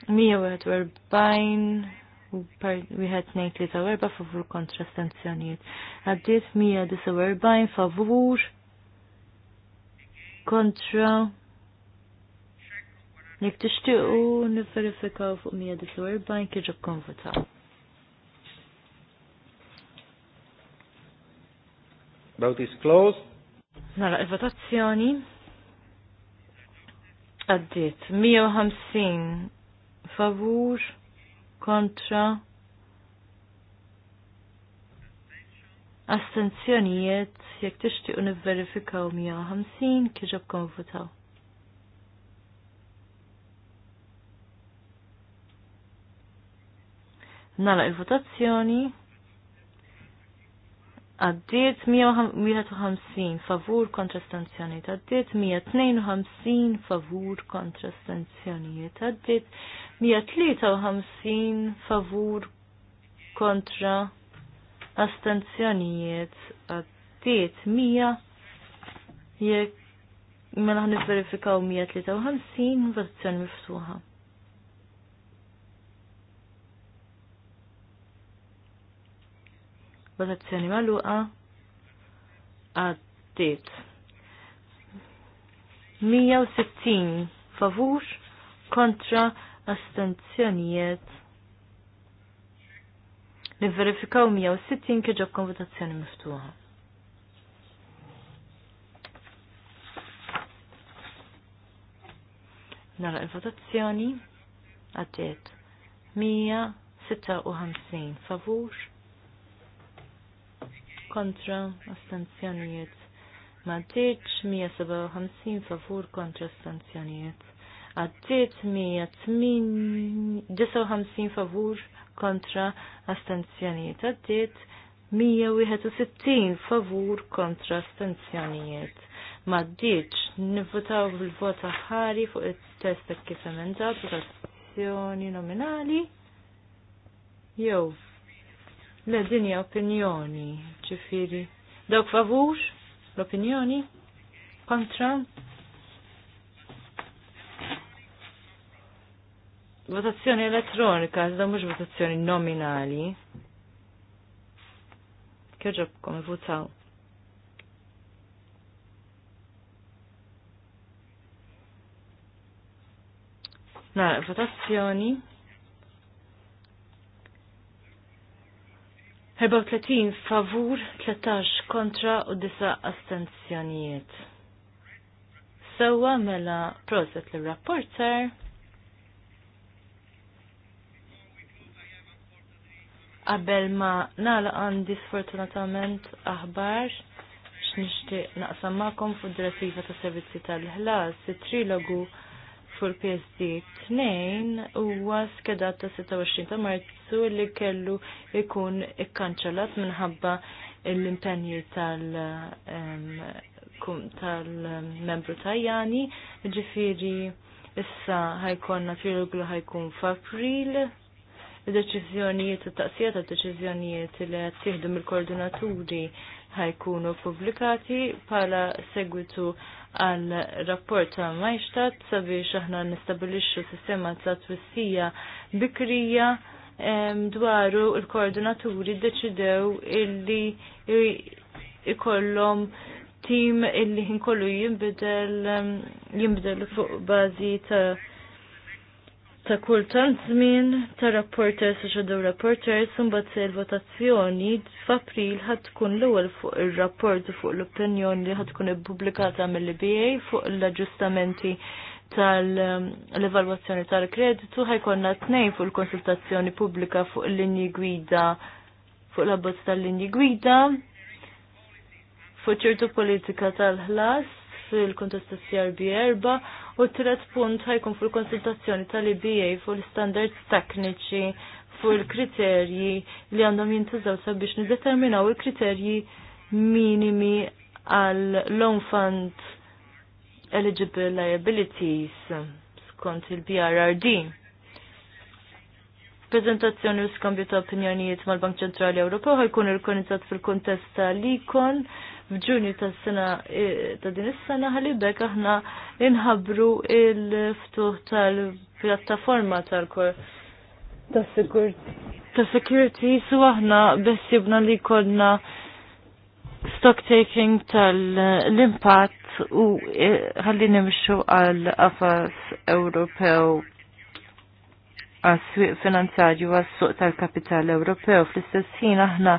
140 wieħed ngħid li tawerba favur kontra stanzjonijiet. għaddit 149 favur kontra Nik tixtiequ niverifikaw fuq 149 kieġu konvotaw. Vote is closed. Nara il-votazzjoni. Għaddit. 150 favur kontra astenzjonijiet jekk tixtiequ nivverifikaw 150 kieġab konvotaw. Nara il-votazzjoni għaddiet 151 favur kontra stanzjoniet, għaddiet 152 favur kontra stanzjoniet, għaddiet 153 favur kontra astanzjonijiet, għaddiet 100 jek mela ħan verifikaw 153 votazzjoni miftuħa. votazzjoni maluqa għaddit. 160 favur kontra astenzjonijiet. Niverifikaw 160 kieġob konvotazzjoni miftuħa. Nara il-votazzjoni għaddit. 156 favur kontra astenzjonijiet. Maddiċ 157 favur kontra astenzjonijiet. Għaddiet 159 favur kontra astenzjonijiet. Għaddiet 161 favur kontra astenzjonijiet. Maddiċ nivvotaw bil-vot ħari fuq il-test kif emendat votazzjoni nominali. Jew Le dinja opinjoni, ċifiri. Dawk favur? L-opinjoni? Kontra? Votazzjoni elettronika, da mux votazzjoni nominali. Kjoġobkom, votaw. Na, votazzjoni. 30 favur, 13 kontra u 9 astenzjonijiet. Sewa mela proset l-rapporter. Qabel ma nala għandi sfortunatament aħbar x'nixtieq naqsam magħkom fuq direttiva ta' servizzi tal-ħlas, it-trilogu fuq PSD 2 huwa skedat ta' 26 ta' Marzu ħossu li kellu ikun ikkanċellat minħabba l impenju tal-membru tajjani, ġifiri issa ħajkonna firuglu ħajkun f'April, id-deċizjonijiet u taqsija ta' deċizjonijiet li qed tieħdu mill-koordinaturi ħajkunu publikati bħala segwitu għal rapport ta' Majstat sabiex aħna nistabilixxu sistema ta' twissija bikrija dwaru il-koordinaturi deċidew illi ikollhom tim illi kollu jimbidel jimbidel fuq bażi ta' ta' kultant żmien ta' rapporters u xadow rapporters imbagħad se l-votazzjoni f'April ħad tkun l-ewwel fuq ir-rapport fuq l-opinjoni li ħad tkun ippubblikata mill-BA fuq l-aġġustamenti tal-evalwazzjoni tal-kreditu ħajkonna t-tnejn fuq il-konsultazzjoni pubblika fuq l-linji gwida fuq l-abbozz tal-linji gwida fuq ċertu politika tal-ħlas fil kontestazzja CRB erba u t-tret punt ħajkun il konsultazzjoni tal-IBA fuq l-standards tekniċi fuq il-kriterji li għandhom jintużaw sabiex niddeterminaw il-kriterji minimi għal loan fund eligible liabilities skont il-BRRD. Prezentazzjoni u skambju ta' opinjonijiet mal-Bank Ċentrali Ewropew ħajkun organizzat fil-kontest ta' Likon ikon f'Ġunju tas-sena e, ta' din is-sena ħalibek aħna inħabru il-ftuħ tal-pjattaforma tal-kor ta' security su aħna bessibna li kodna stock taking tal-impatt u e, ħalli nimxu għal afas Ewropew għas-swieq finanzarju għas-suq tal-kapital Ewropew fl-istess ħin aħna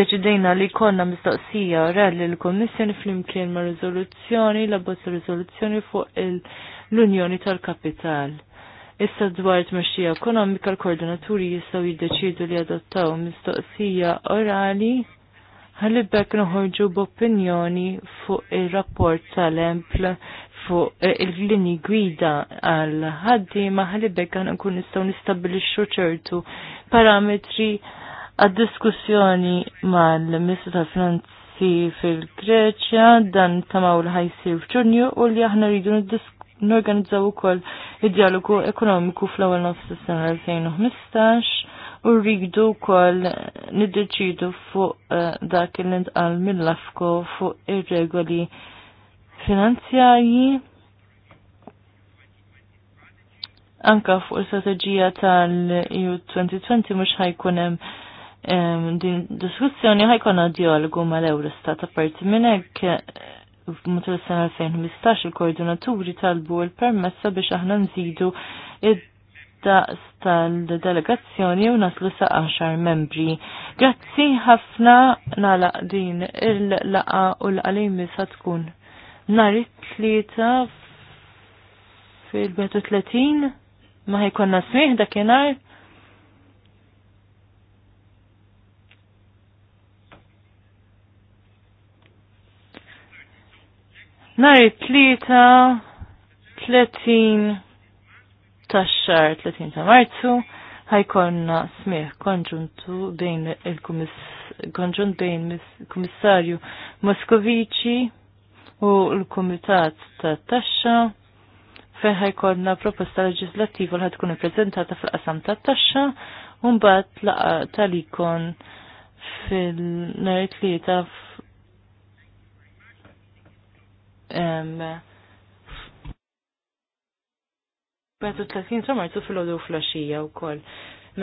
deċidejna li konna mistoqsija orali l-Kommissjoni fl-imkien ma' rizoluzzjoni, la bozz rizoluzzjoni fuq l-Unjoni tal-Kapital. Issa dwar t-mexxija ekonomika l-koordinaturi jistaw jiddeċidu li adottaw mistoqsija orali Għalli bekk noħorġu b'opinjoni fuq il-rapport tal-empl fuq eh, il-lini gwida għal ħaddi ma għalli bekk għan nkun nistaw nistabilixxu ċertu parametri għad diskussjoni mal-Ministru ta' Franzi fil-Greċja dan tamaw l-ħajsir f'ġunju u li aħna rridu norganizzaw ukoll id-dialogu ekonomiku fl-ewwel nofs sena 2015 u rridu wkoll niddeċidu fuq eh, dak il intqal mill lafko fuq ir-regoli finanzjarji anka fuq il-strategija tal-EU 2020 mux hemm din diskussjoni ħajkonna dialogu mal eurostat apparti hekk mutil sena 2015 il-koordinaturi talbu il-permessa biex aħna nżidu id daqs tal-delegazzjoni u naslu sa' 10 membri. Grazzi ħafna nalaq din il-laqa u l għalimi sa' tkun nhar it-tlieta fil-31 ma ħajkonna smih dakinhar. Nar it-tlieta 30 tax-xar 30 ta' Marzu ħajkonna smieħ konġuntu bejn il-konġunt bejn il-Kummissarju Moskovici u l-Kumitat ta' Taxxa fejn ħajkonna proposta leġislattiva li ħadkun ippreżentata fil-qasam ta' taxxa u mbagħad laqa tal-ikon fil-nhar 30 ta' marzu fil-ħodu fl-axija u koll.